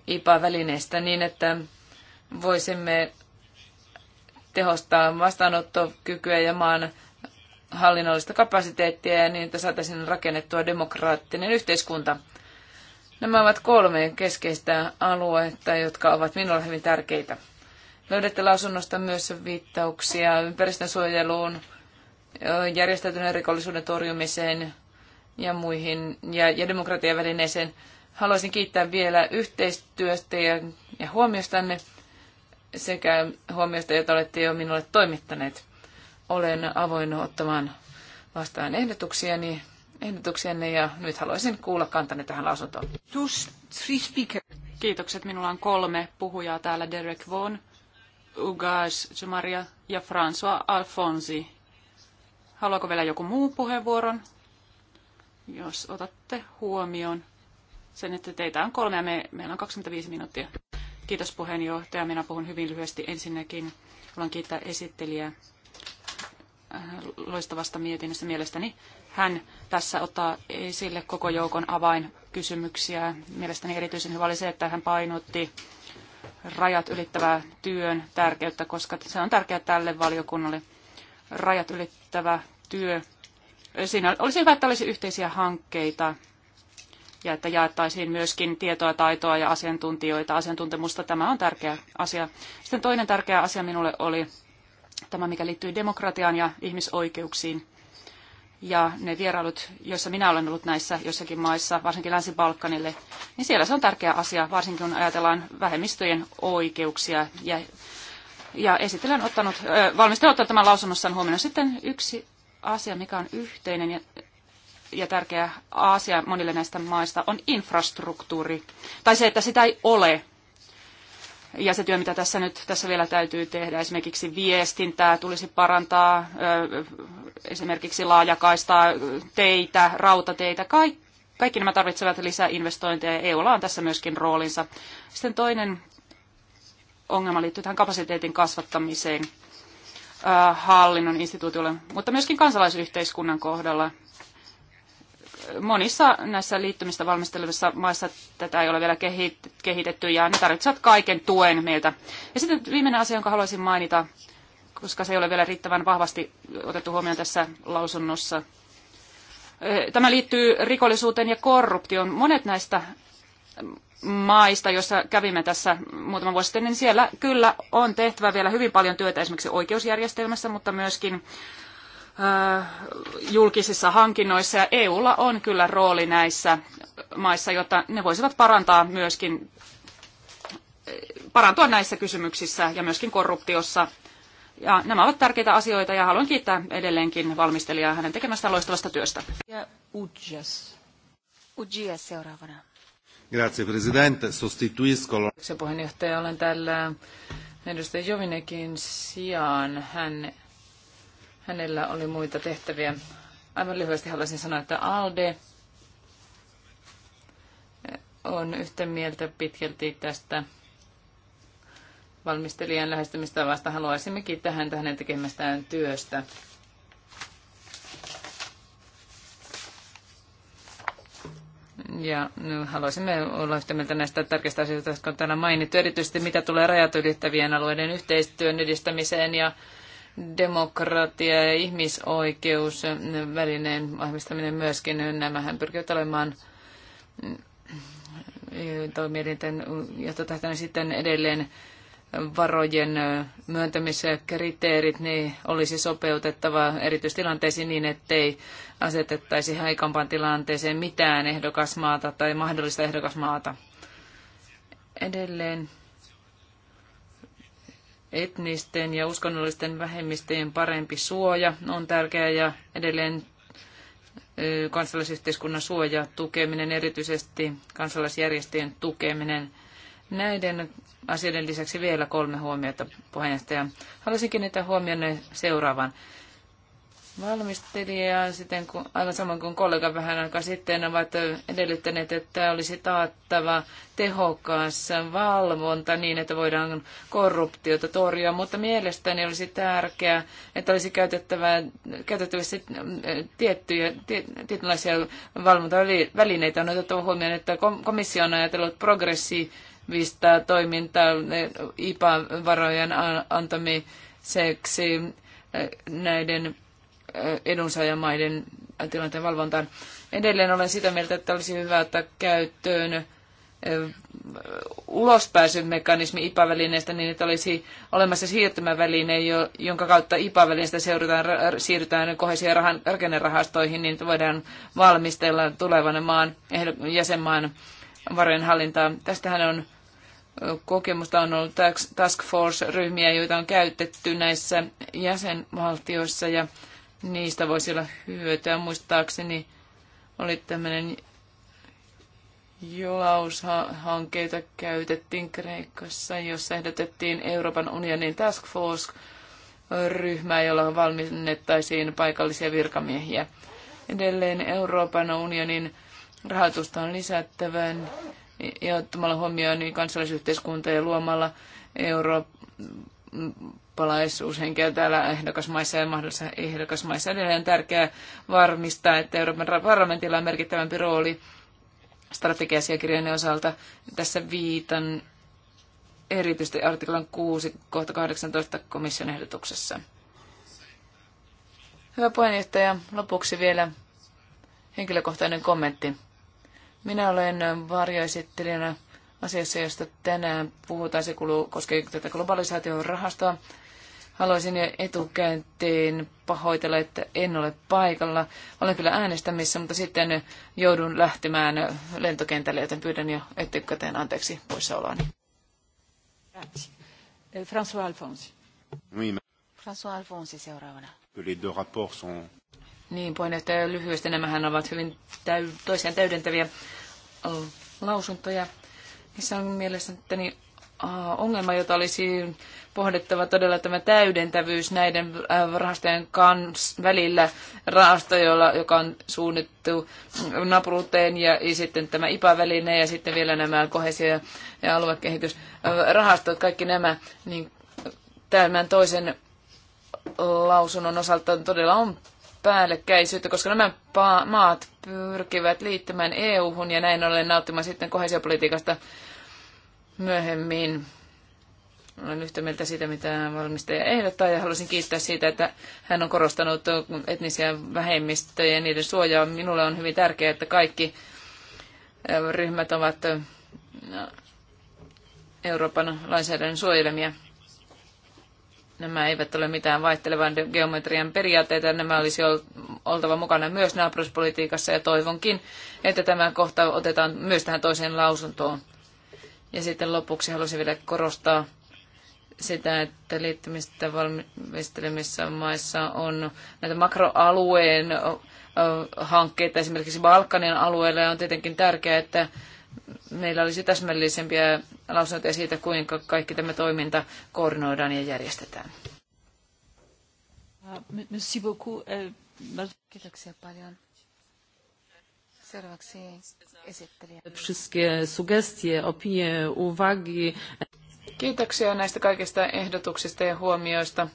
IPA-välineistä niin, että voisimme tehostaa vastaanottokykyä ja maan hallinnollista kapasiteettia ja niin, että saataisiin rakennettua demokraattinen yhteiskunta. Nämä ovat kolme keskeistä aluetta, jotka ovat minulle hyvin tärkeitä. Löydätte lausunnosta myös viittauksia ympäristönsuojeluun, järjestäytyneen rikollisuuden torjumiseen ja muihin ja, ja demokratian välineeseen. Haluaisin kiittää vielä yhteistyöstä ja, ja huomiostanne sekä huomiosta, jota olette jo minulle toimittaneet. Olen avoin ottamaan vastaan ehdotuksiani ehdotuksenne ja nyt haluaisin kuulla kantanne tähän lausuntoon. Kiitokset. Minulla on kolme puhujaa täällä. Derek Vaughan, Ugas Jumaria ja François Alfonsi. Haluaako vielä joku muu puheenvuoron? Jos otatte huomioon sen, että teitä on kolme ja me, meillä on 25 minuuttia. Kiitos puheenjohtaja. Minä puhun hyvin lyhyesti ensinnäkin. Haluan kiittää esittelijää äh, loistavasta mietinnöstä mielestäni hän tässä ottaa esille koko joukon avainkysymyksiä. Mielestäni erityisen hyvä oli se, että hän painotti rajat ylittävää työn tärkeyttä, koska se on tärkeää tälle valiokunnalle. Rajat ylittävä työ. Siinä olisi hyvä, että olisi yhteisiä hankkeita ja että jaettaisiin myöskin tietoa, taitoa ja asiantuntijoita, asiantuntemusta. Tämä on tärkeä asia. Sitten toinen tärkeä asia minulle oli tämä, mikä liittyy demokratiaan ja ihmisoikeuksiin ja ne vierailut, joissa minä olen ollut näissä jossakin maissa, varsinkin Länsi-Balkanille, niin siellä se on tärkeä asia, varsinkin kun ajatellaan vähemmistöjen oikeuksia. Ja, ja esittelen ottanut, äh, valmistelen ottanut tämän lausunnossaan huomioon. Sitten yksi asia, mikä on yhteinen ja, ja tärkeä asia monille näistä maista, on infrastruktuuri. Tai se, että sitä ei ole. Ja se työ, mitä tässä nyt tässä vielä täytyy tehdä, esimerkiksi viestintää tulisi parantaa, esimerkiksi laajakaistaa, teitä, rautateitä, kaikki kaikki nämä tarvitsevat lisää investointeja ja EUlla on tässä myöskin roolinsa. Sitten toinen ongelma liittyy tähän kapasiteetin kasvattamiseen äh, hallinnon instituutiolle, mutta myöskin kansalaisyhteiskunnan kohdalla. Monissa näissä liittymistä valmistelevissa maissa tätä ei ole vielä kehitetty ja ne tarvitsevat kaiken tuen meiltä. Ja sitten viimeinen asia, jonka haluaisin mainita, koska se ei ole vielä riittävän vahvasti otettu huomioon tässä lausunnossa. Tämä liittyy rikollisuuteen ja korruptioon. Monet näistä maista, joissa kävimme tässä muutama vuosi sitten, niin siellä kyllä on tehtävä vielä hyvin paljon työtä esimerkiksi oikeusjärjestelmässä, mutta myöskin julkisissa hankinnoissa ja EUlla on kyllä rooli näissä maissa, jotta ne voisivat parantaa myöskin parantua näissä kysymyksissä ja myöskin korruptiossa ja nämä ovat tärkeitä asioita ja haluan kiittää edelleenkin valmistelijaa hänen tekemästä loistavasta työstä. Ja Ugias. Ugias seuraavana. Grazie Presidente, sostituisco... Se puheenjohtaja, olen täällä edustaja Jovinekin sijaan. Hän, hänellä oli muita tehtäviä. Aivan lyhyesti haluaisin sanoa, että ALDE on yhtä mieltä pitkälti tästä valmistelijan lähestymistavasta. Haluaisimme kiittää häntä hänen tekemästään työstä. Ja no, haluaisimme olla yhtä mieltä näistä tärkeistä asioista, jotka on täällä mainittu, erityisesti mitä tulee rajat ylittävien alueiden yhteistyön edistämiseen ja demokratia ja ihmisoikeus välineen vahvistaminen myöskin. Nämähän pyrkivät olemaan toimielinten johtotähtänä sitten edelleen varojen kriteerit, niin olisi sopeutettava erityistilanteisiin niin, ettei asetettaisi haikampaan tilanteeseen mitään ehdokasmaata tai mahdollista ehdokasmaata. Edelleen etnisten ja uskonnollisten vähemmistöjen parempi suoja on tärkeää ja edelleen kansalaisyhteiskunnan suoja, tukeminen, erityisesti kansalaisjärjestöjen tukeminen – Näiden asioiden lisäksi vielä kolme huomiota, puheenjohtaja. Haluaisin kiinnittää huomionne seuraavan Valmistelija, sitten kun, aivan samoin kuin kollega vähän aikaa sitten, ovat edellyttäneet, että olisi taattava tehokas valvonta niin, että voidaan korruptiota torjua, mutta mielestäni olisi tärkeää, että olisi käytettävä, käytettävissä eh, tiettyjä, tietynlaisia valvontavälineitä. On otettava huomioon, että komissio on ajatellut progressi viistaa toimintaa IPA-varojen antamiseksi eh, näiden eh, edunsaajamaiden tilanteen valvontaan. Edelleen olen sitä mieltä, että olisi hyvä ottaa käyttöön eh, ulospääsymekanismi IPA-välineestä niin, että olisi olemassa siirtymäväline, jonka kautta IPA-välineestä seurataan, siirrytään koheisia rahan, rakennerahastoihin, niin että voidaan valmistella tulevan maan jäsenmaan varojen hallintaa. Tästähän on kokemusta on ollut task force-ryhmiä, joita on käytetty näissä jäsenvaltioissa ja niistä voisi olla hyötyä. Muistaakseni oli tämmöinen jolaushankkeita käytettiin Kreikassa, jossa ehdotettiin Euroopan unionin task force ryhmää, jolla valmennettaisiin paikallisia virkamiehiä. Edelleen Euroopan unionin Rahoitusta on lisättävä ja ottamalla huomioon niin kansallisyhteiskunta ja luomalla eurooppalaisuushenkeä täällä ehdokasmaissa ja mahdollisissa ehdokasmaissa. Edelleen on tärkeää varmistaa, että Euroopan parlamentilla on merkittävämpi rooli strategiasiakirjojen osalta. Tässä viitan erityisesti artiklan 6 kohta 18 komission ehdotuksessa. Hyvä puheenjohtaja, lopuksi vielä henkilökohtainen kommentti. Minä olen varjoesittelijänä asiassa, josta tänään puhutaan. Se kuluu, koskee tätä globalisaation rahastoa. Haluaisin jo etukäteen pahoitella, että en ole paikalla. Olen kyllä äänestämissä, mutta sitten joudun lähtemään lentokentälle, joten pyydän jo etukäteen anteeksi poissaoloani. François Alfonsi. François Alfonsi seuraavana. Niin, puheenjohtaja, lyhyesti nämähän ovat hyvin täy- toisiaan täydentäviä lausuntoja. Niissä on mielestäni ongelma, jota olisi pohdittava todella tämä täydentävyys näiden rahastojen kans välillä jolla joka on suunnittu napruuteen ja, sitten tämä IPA-väline ja sitten vielä nämä kohesio- ja aluekehitysrahastot, kaikki nämä, niin tämän toisen lausunnon osalta todella on päällekkäisyyttä, koska nämä maat pyrkivät liittymään EU-hun ja näin ollen nauttimaan sitten kohesiopolitiikasta myöhemmin. Olen yhtä mieltä siitä, mitä valmistaja ehdottaa ja haluaisin kiittää siitä, että hän on korostanut etnisiä vähemmistöjä ja niiden suojaa. Minulle on hyvin tärkeää, että kaikki ryhmät ovat Euroopan lainsäädännön suojelemia. Nämä eivät ole mitään vaihtelevan geometrian periaatteita. Nämä olisi oltava mukana myös naapuruspolitiikassa ja toivonkin, että tämä kohta otetaan myös tähän toiseen lausuntoon. Ja sitten lopuksi haluaisin vielä korostaa sitä, että liittymistä valmistelemissa maissa on näitä makroalueen hankkeita esimerkiksi Balkanin alueella. Ja on tietenkin tärkeää, että meillä olisi täsmällisempiä lausuntoja siitä, kuinka kaikki tämä toiminta koordinoidaan ja järjestetään. Uh, uh, Kiitoksia paljon. Seuraavaksi esittelijä. sugestie, opinie, uwagi. Kiitoksia näistä kaikista ehdotuksista ja huomioista.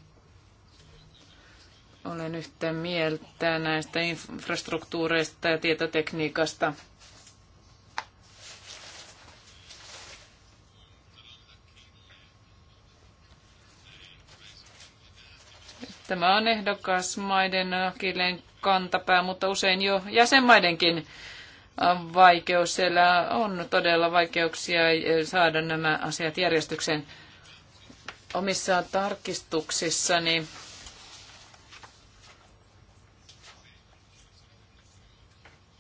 Olen yhtä mieltä näistä infrastruktuureista ja tietotekniikasta. Tämä on ehdokasmaiden akilleen kantapää, mutta usein jo jäsenmaidenkin vaikeus. Siellä on todella vaikeuksia saada nämä asiat järjestykseen omissa tarkistuksissani.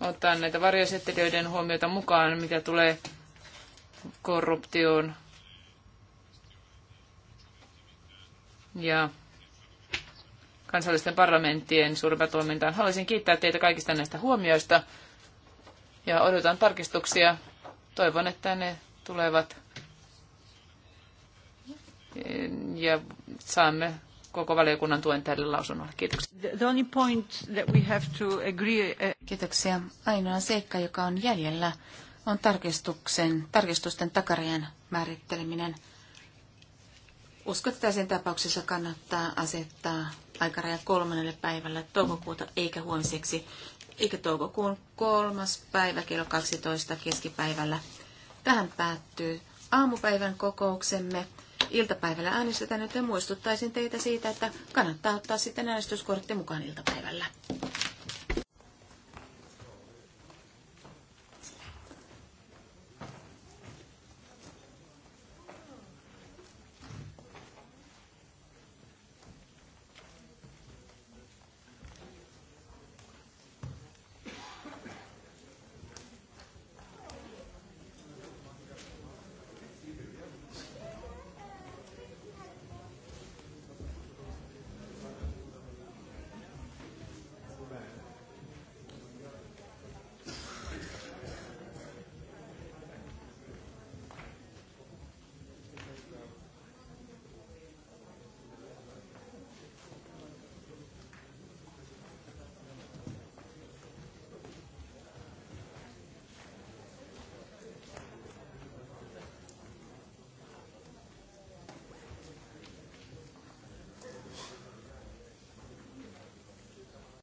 Otan näitä varjoesittelijöiden huomiota mukaan, mitä tulee korruptioon. Ja kansallisten parlamenttien suurempaan toimintaan. Haluaisin kiittää teitä kaikista näistä huomioista ja odotan tarkistuksia. Toivon, että ne tulevat ja saamme koko valiokunnan tuen tälle lausunnolle. Kiitoksia. The only point that we have to agree... Uh, Kiitoksia. Ainoa seikka, joka on jäljellä, on tarkistuksen, tarkistusten takarajan määritteleminen. sen tapauksessa kannattaa asettaa aikaraja kolmannelle päivälle toukokuuta eikä huomiseksi, eikä toukokuun kolmas päivä kello 12 keskipäivällä. Tähän päättyy aamupäivän kokouksemme. Iltapäivällä äänestetään, joten muistuttaisin teitä siitä, että kannattaa ottaa sitten äänestyskortti mukaan iltapäivällä.